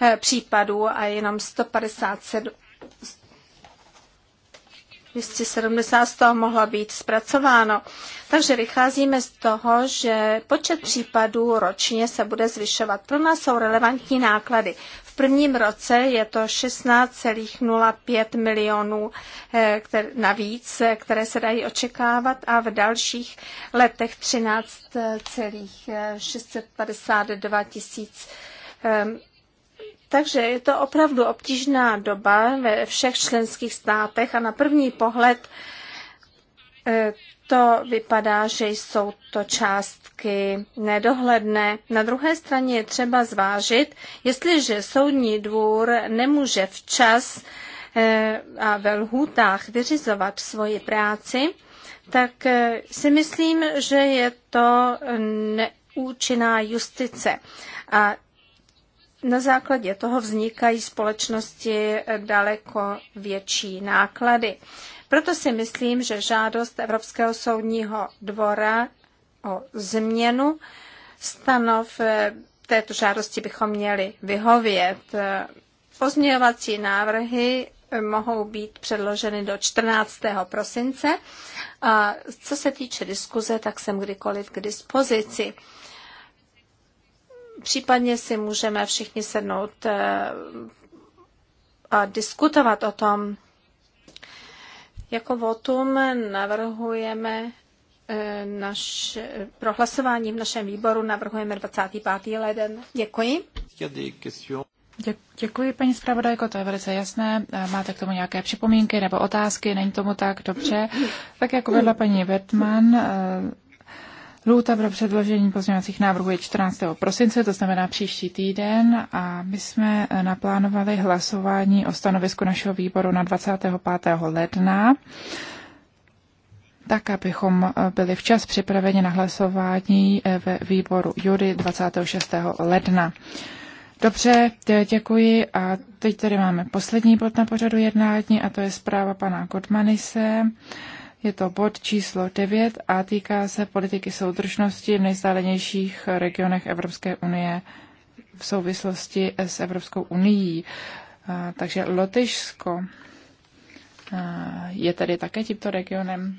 eh, případů a jenom 157 270 z toho mohlo být zpracováno. Takže vycházíme z toho, že počet případů ročně se bude zvyšovat. Pro nás jsou relevantní náklady. V prvním roce je to 16,05 milionů eh, které, navíc, eh, které se dají očekávat a v dalších letech 13,652 eh, tisíc takže je to opravdu obtížná doba ve všech členských státech a na první pohled eh, to vypadá, že jsou to částky nedohledné. Na druhé straně je třeba zvážit, jestliže soudní dvůr nemůže včas eh, a ve lhůtách vyřizovat svoji práci, tak eh, si myslím, že je to neúčinná justice. A na základě toho vznikají společnosti daleko větší náklady. Proto si myslím, že žádost Evropského soudního dvora o změnu stanov eh, této žádosti bychom měli vyhovět. Pozměňovací návrhy eh, mohou být předloženy do 14. prosince. A co se týče diskuze, tak jsem kdykoliv k dispozici. Případně si můžeme všichni sednout eh, a diskutovat o tom. Jako votum navrhujeme eh, naš, pro hlasování v našem výboru navrhujeme 25. leden. Děkuji. děkuji, paní zpravodajko, to je velice jasné. Máte k tomu nějaké připomínky nebo otázky? Není tomu tak dobře. Tak jako vedla paní Wertmann, eh, Lůta pro předložení pozměňovacích návrhů je 14. prosince, to znamená příští týden a my jsme eh, naplánovali hlasování o stanovisku našeho výboru na 25. ledna tak, abychom eh, byli včas připraveni na hlasování eh, ve výboru Jury 26. ledna. Dobře, děkuji a teď tady máme poslední bod na pořadu jednání a to je zpráva pana Godmanise je to bod číslo 9 a týká se politiky soudržnosti v nejzdálenějších regionech Evropské unie v souvislosti s Evropskou unii. Takže Lotyšsko je tedy také tímto regionem.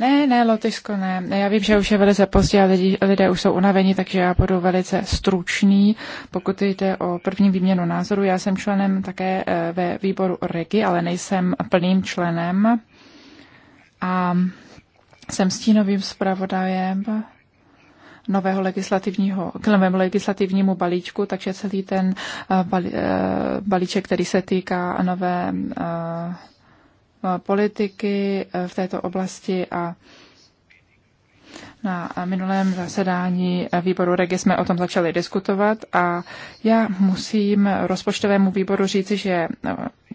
Ne, ne, Lotyšsko ne. Já vím, že už je velice pozdě a lidi, lidé už jsou unavení, takže já budu velice stručný. Pokud jde o první výměnu názoru, já jsem členem také e, ve výboru REGI, ale nejsem plným členem a jsem stínovým zpravodajem nového legislativního, k novému legislativnímu balíčku, takže celý ten eh, eh, balíček, který se týká nové eh, politiky v této oblasti a na minulém zasedání výboru Regi jsme o tom začali diskutovat a já musím rozpočtovému výboru říci, že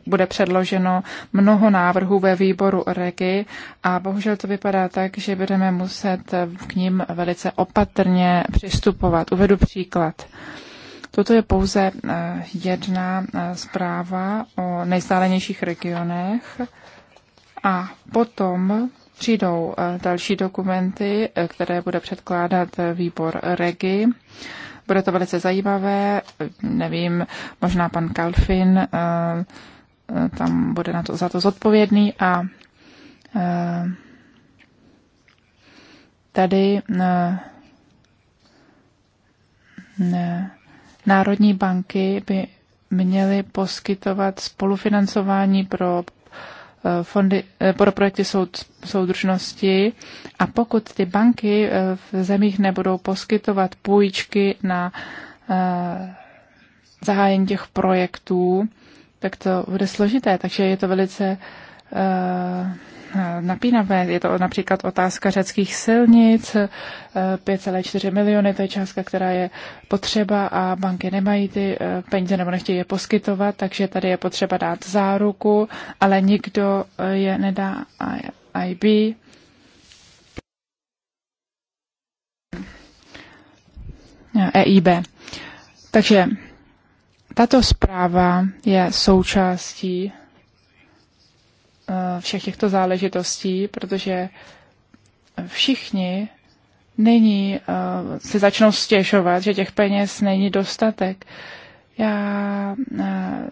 bude předloženo mnoho návrhů ve výboru REGI a bohužel to vypadá tak, že budeme muset k ním velice opatrně přistupovat. Uvedu příklad. Toto je pouze eh, jedna eh, zpráva o nejzdálenějších regionech a potom přijdou eh, další dokumenty, které bude předkládat výbor REGI. Bude to velice zajímavé, nevím, možná pan Kalfin Eh, tam bude na to, za to zodpovědný a eh, tady eh, národní banky by měly poskytovat spolufinancování pro fondy, pro projekty soud, soudržnosti a pokud ty banky v zemích nebudou poskytovat půjčky na zahájení těch projektů, tak to bude složité. Takže je to velice eh, napínavé. Je to například otázka řeckých silnic, 5,4 eh, miliony, to je částka, která je potřeba a banky nemají ty eh, peníze nebo nechtějí je poskytovat, takže tady je potřeba dát záruku, ale nikdo je nedá IB. EIB. E takže tato zpráva je součástí eh, všech těchto záležitostí, protože všichni nyní se eh, si začnou stěžovat, že těch peněz není dostatek. Já eh,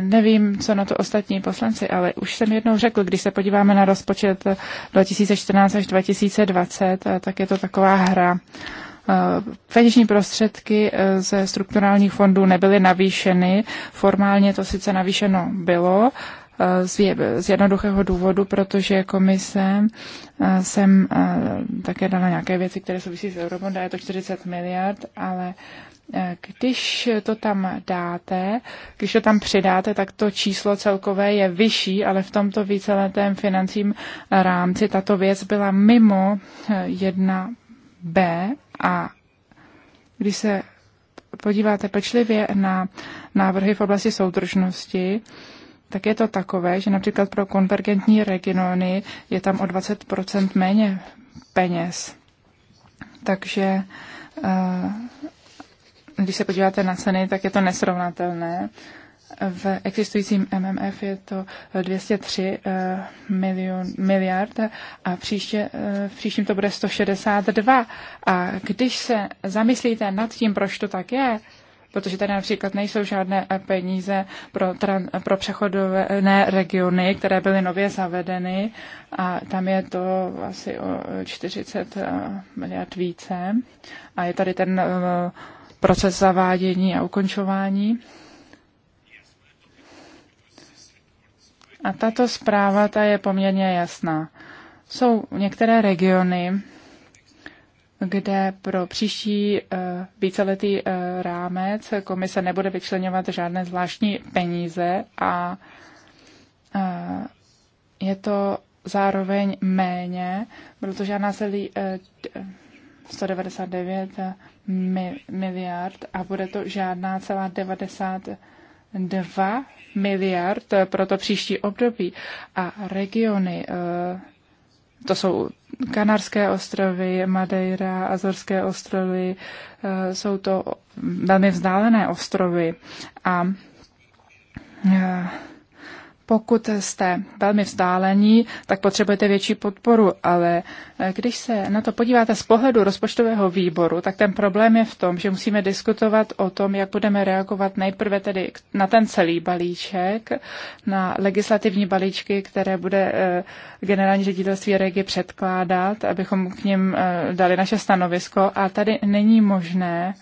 nevím, co na to ostatní poslanci, ale už jsem jednou řekl, když se podíváme na rozpočet 2014 až 2020, tak je to taková hra. Eh, peněžní prostředky eh, ze strukturálních fondů nebyly navýšeny. Formálně to sice navýšeno bylo, eh, z jednoduchého důvodu, protože komise jsem také dala nějaké věci, které souvisí s eurobondem, je to 40 miliard, ale když to tam dáte, když to tam přidáte, tak to číslo celkové je vyšší, ale v tomto víceletém financím rámci tato věc byla mimo jedna B a když se podíváte pečlivě na návrhy v oblasti soudržnosti, tak je to takové, že například pro konvergentní regiony je tam o 20 méně peněz. Takže eh, když se podíváte na ceny, tak je to nesrovnatelné v existujícím MMF je to 203 eh, milion, miliard a příště, eh, v příštím to bude 162. A když se zamyslíte nad tím, proč to tak je, protože tady například nejsou žádné peníze pro, tran, pro přechodové regiony, které byly nově zavedeny a tam je to asi o 40 eh, miliard více a je tady ten proces zavádění a ukončování A tato zpráva ta je poměrně jasná. Jsou některé regiony, kde pro příští eh, víceletý eh, rámec komise nebude vyčlenovat žádné zvláštní peníze a eh, je to zároveň méně, protože já násilí 199 miliard a bude to žádná celá 90 2 miliard pro to příští období. A regiony, eh, to jsou Kanarské ostrovy, Madeira, Azorské ostrovy, eh, jsou to velmi vzdálené ostrovy. A eh, pokud jste velmi vzdálení, tak potřebujete větší podporu, ale eh, když se na to podíváte z pohledu rozpočtového výboru, tak ten problém je v tom, že musíme diskutovat o tom, jak budeme reagovat nejprve tedy na ten celý balíček, na legislativní balíčky, které bude eh, generální ředitelství regi předkládat, abychom k ním eh, dali naše stanovisko a tady není možné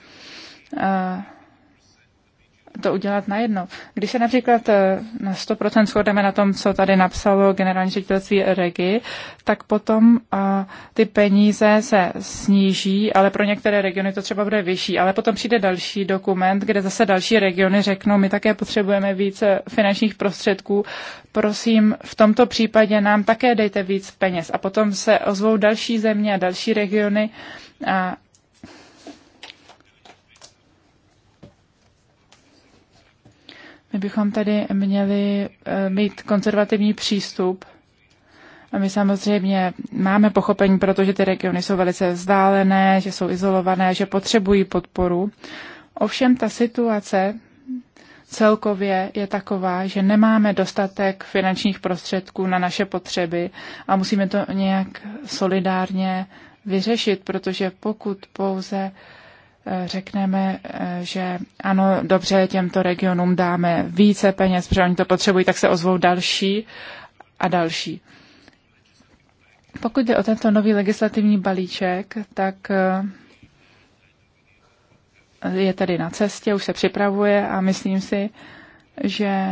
to udělat najednou. Když se například eh, na 100% shodeme na tom, co tady napsalo generální ředitelství Regi, tak potom eh, ty peníze se sníží, ale pro některé regiony to třeba bude vyšší. Ale potom přijde další dokument, kde zase další regiony řeknou, my také potřebujeme více eh, finančních prostředků, prosím, v tomto případě nám také dejte víc peněz. A potom se ozvou další země a další regiony a My bychom tady měli eh, mít konzervativní přístup. A my samozřejmě máme pochopení, protože ty regiony jsou velice vzdálené, že jsou izolované, že potřebují podporu. Ovšem ta situace celkově je taková, že nemáme dostatek finančních prostředků na naše potřeby a musíme to nějak solidárně vyřešit, protože pokud pouze uh, řekneme, že ano, dobře, těmto regionům dáme více peněz, protože oni to potřebují, tak se ozvou další a další. Pokud jde o tento nový legislativní balíček, tak eh, je tady na cestě, už se připravuje a myslím si, že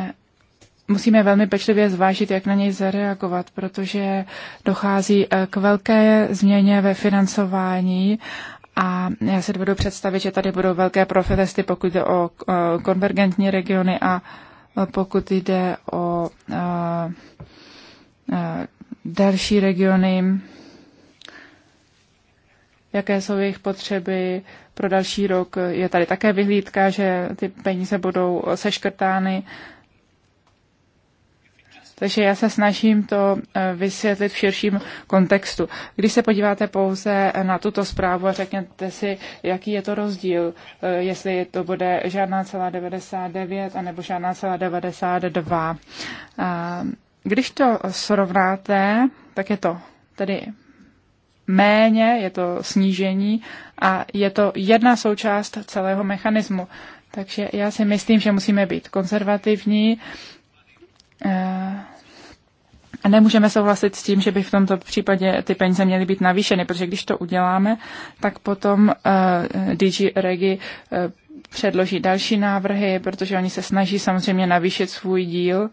musíme velmi pečlivě zvážit, jak na něj zareagovat, protože dochází eh, k velké změně ve financování a já si dovedu představit, že tady budou velké profilesty, pokud jde o eh, konvergentní regiony a eh, pokud jde o eh, další regiony, jaké jsou jejich potřeby pro další rok. Je tady také vyhlídka, že ty peníze budou seškrtány takže já se snažím to eh, vysvětlit v širším kontextu. Když se podíváte pouze na tuto zprávu a řekněte si, jaký je to rozdíl, eh, jestli to bude žádná celá 99 anebo žádná celá 92. Eh, když to srovnáte, tak je to tedy méně, je to snížení a je to jedna součást celého mechanismu. Takže já si myslím, že musíme být konzervativní nemůžeme souhlasit s tím, že by v tomto případě ty peníze měly být navýšeny, protože když to uděláme, tak potom uh, eh, DG Regi uh, předloží další návrhy, protože oni se snaží samozřejmě navýšit svůj díl.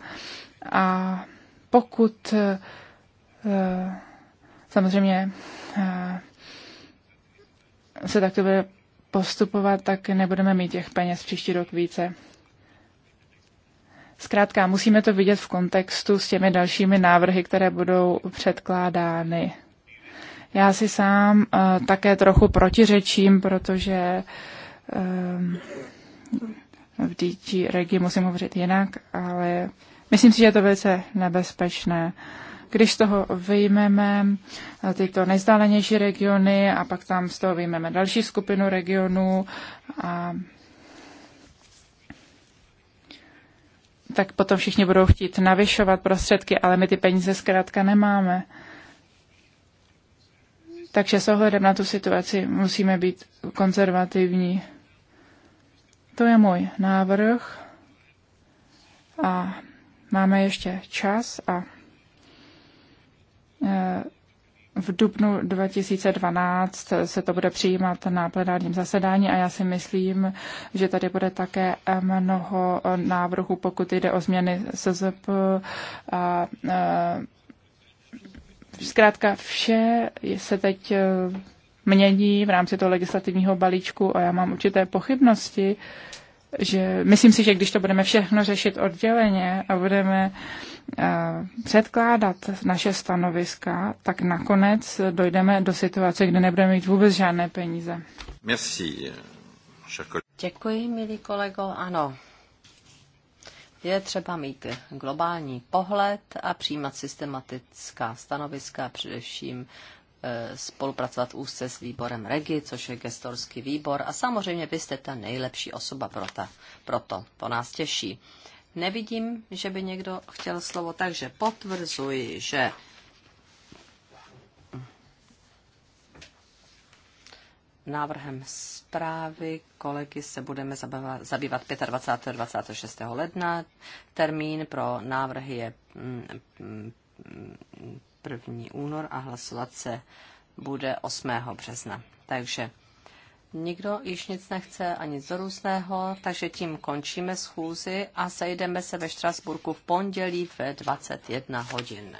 A pokud uh, samozřejmě uh, se takto bude postupovat, tak nebudeme mít těch peněz příští rok více. Zkrátka, musíme to vidět v kontextu s těmi dalšími návrhy, které budou předkládány. Já si sám uh, také trochu protiřečím, protože uh, v DG regi musím hovořit jinak, ale myslím si, že je to velice nebezpečné. Když z toho vyjmeme eh, tyto nejzdálenější regiony a pak tam z toho vyjmeme další skupinu regionů a tak potom všichni budou chtít navyšovat prostředky, ale my ty peníze zkrátka nemáme. Takže s ohledem na tu situaci musíme být konzervativní. To je můj návrh a máme ještě čas a v dubnu 2012 se to bude přijímat na plenárním zasedání a já si myslím, že tady bude také mnoho návrhů, pokud jde o změny SZP a zkrátka vše se teď e, mění v rámci toho legislativního balíčku a já mám určité pochybnosti, že myslím si, že když to budeme všechno řešit odděleně a budeme eh, předkládat naše stanoviska, tak nakonec dojdeme do situace, kde nebudeme mít vůbec žádné peníze. Merci. Děkuji, milí kolego. Ano, je třeba mít globální pohled a přijímat systematická stanoviska, především Eh, spolupracovat úzce s výborem REGI, což je gestorský výbor a samozřejmě vy jste ta nejlepší osoba pro, ta, pro to. To nás těší. Nevidím, že by někdo chtěl slovo, takže potvrzuji, že návrhem zprávy kolegy se budeme zabývat 25. a 26. ledna. Termín pro návrhy je mm, mm, 1. únor a hlasovat se bude 8. března. Takže nikdo již nic nechce a nic různého, takže tím končíme schůzi a sejdeme se ve Štrasburku v pondělí ve 21 hodin.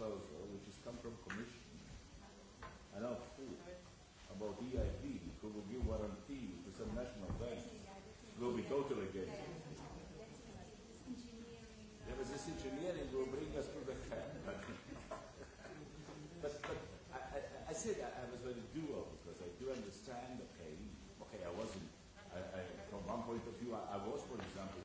proposal, which has come from Commission, and our food, about EIB, who will give warranty to some national banks, will be totally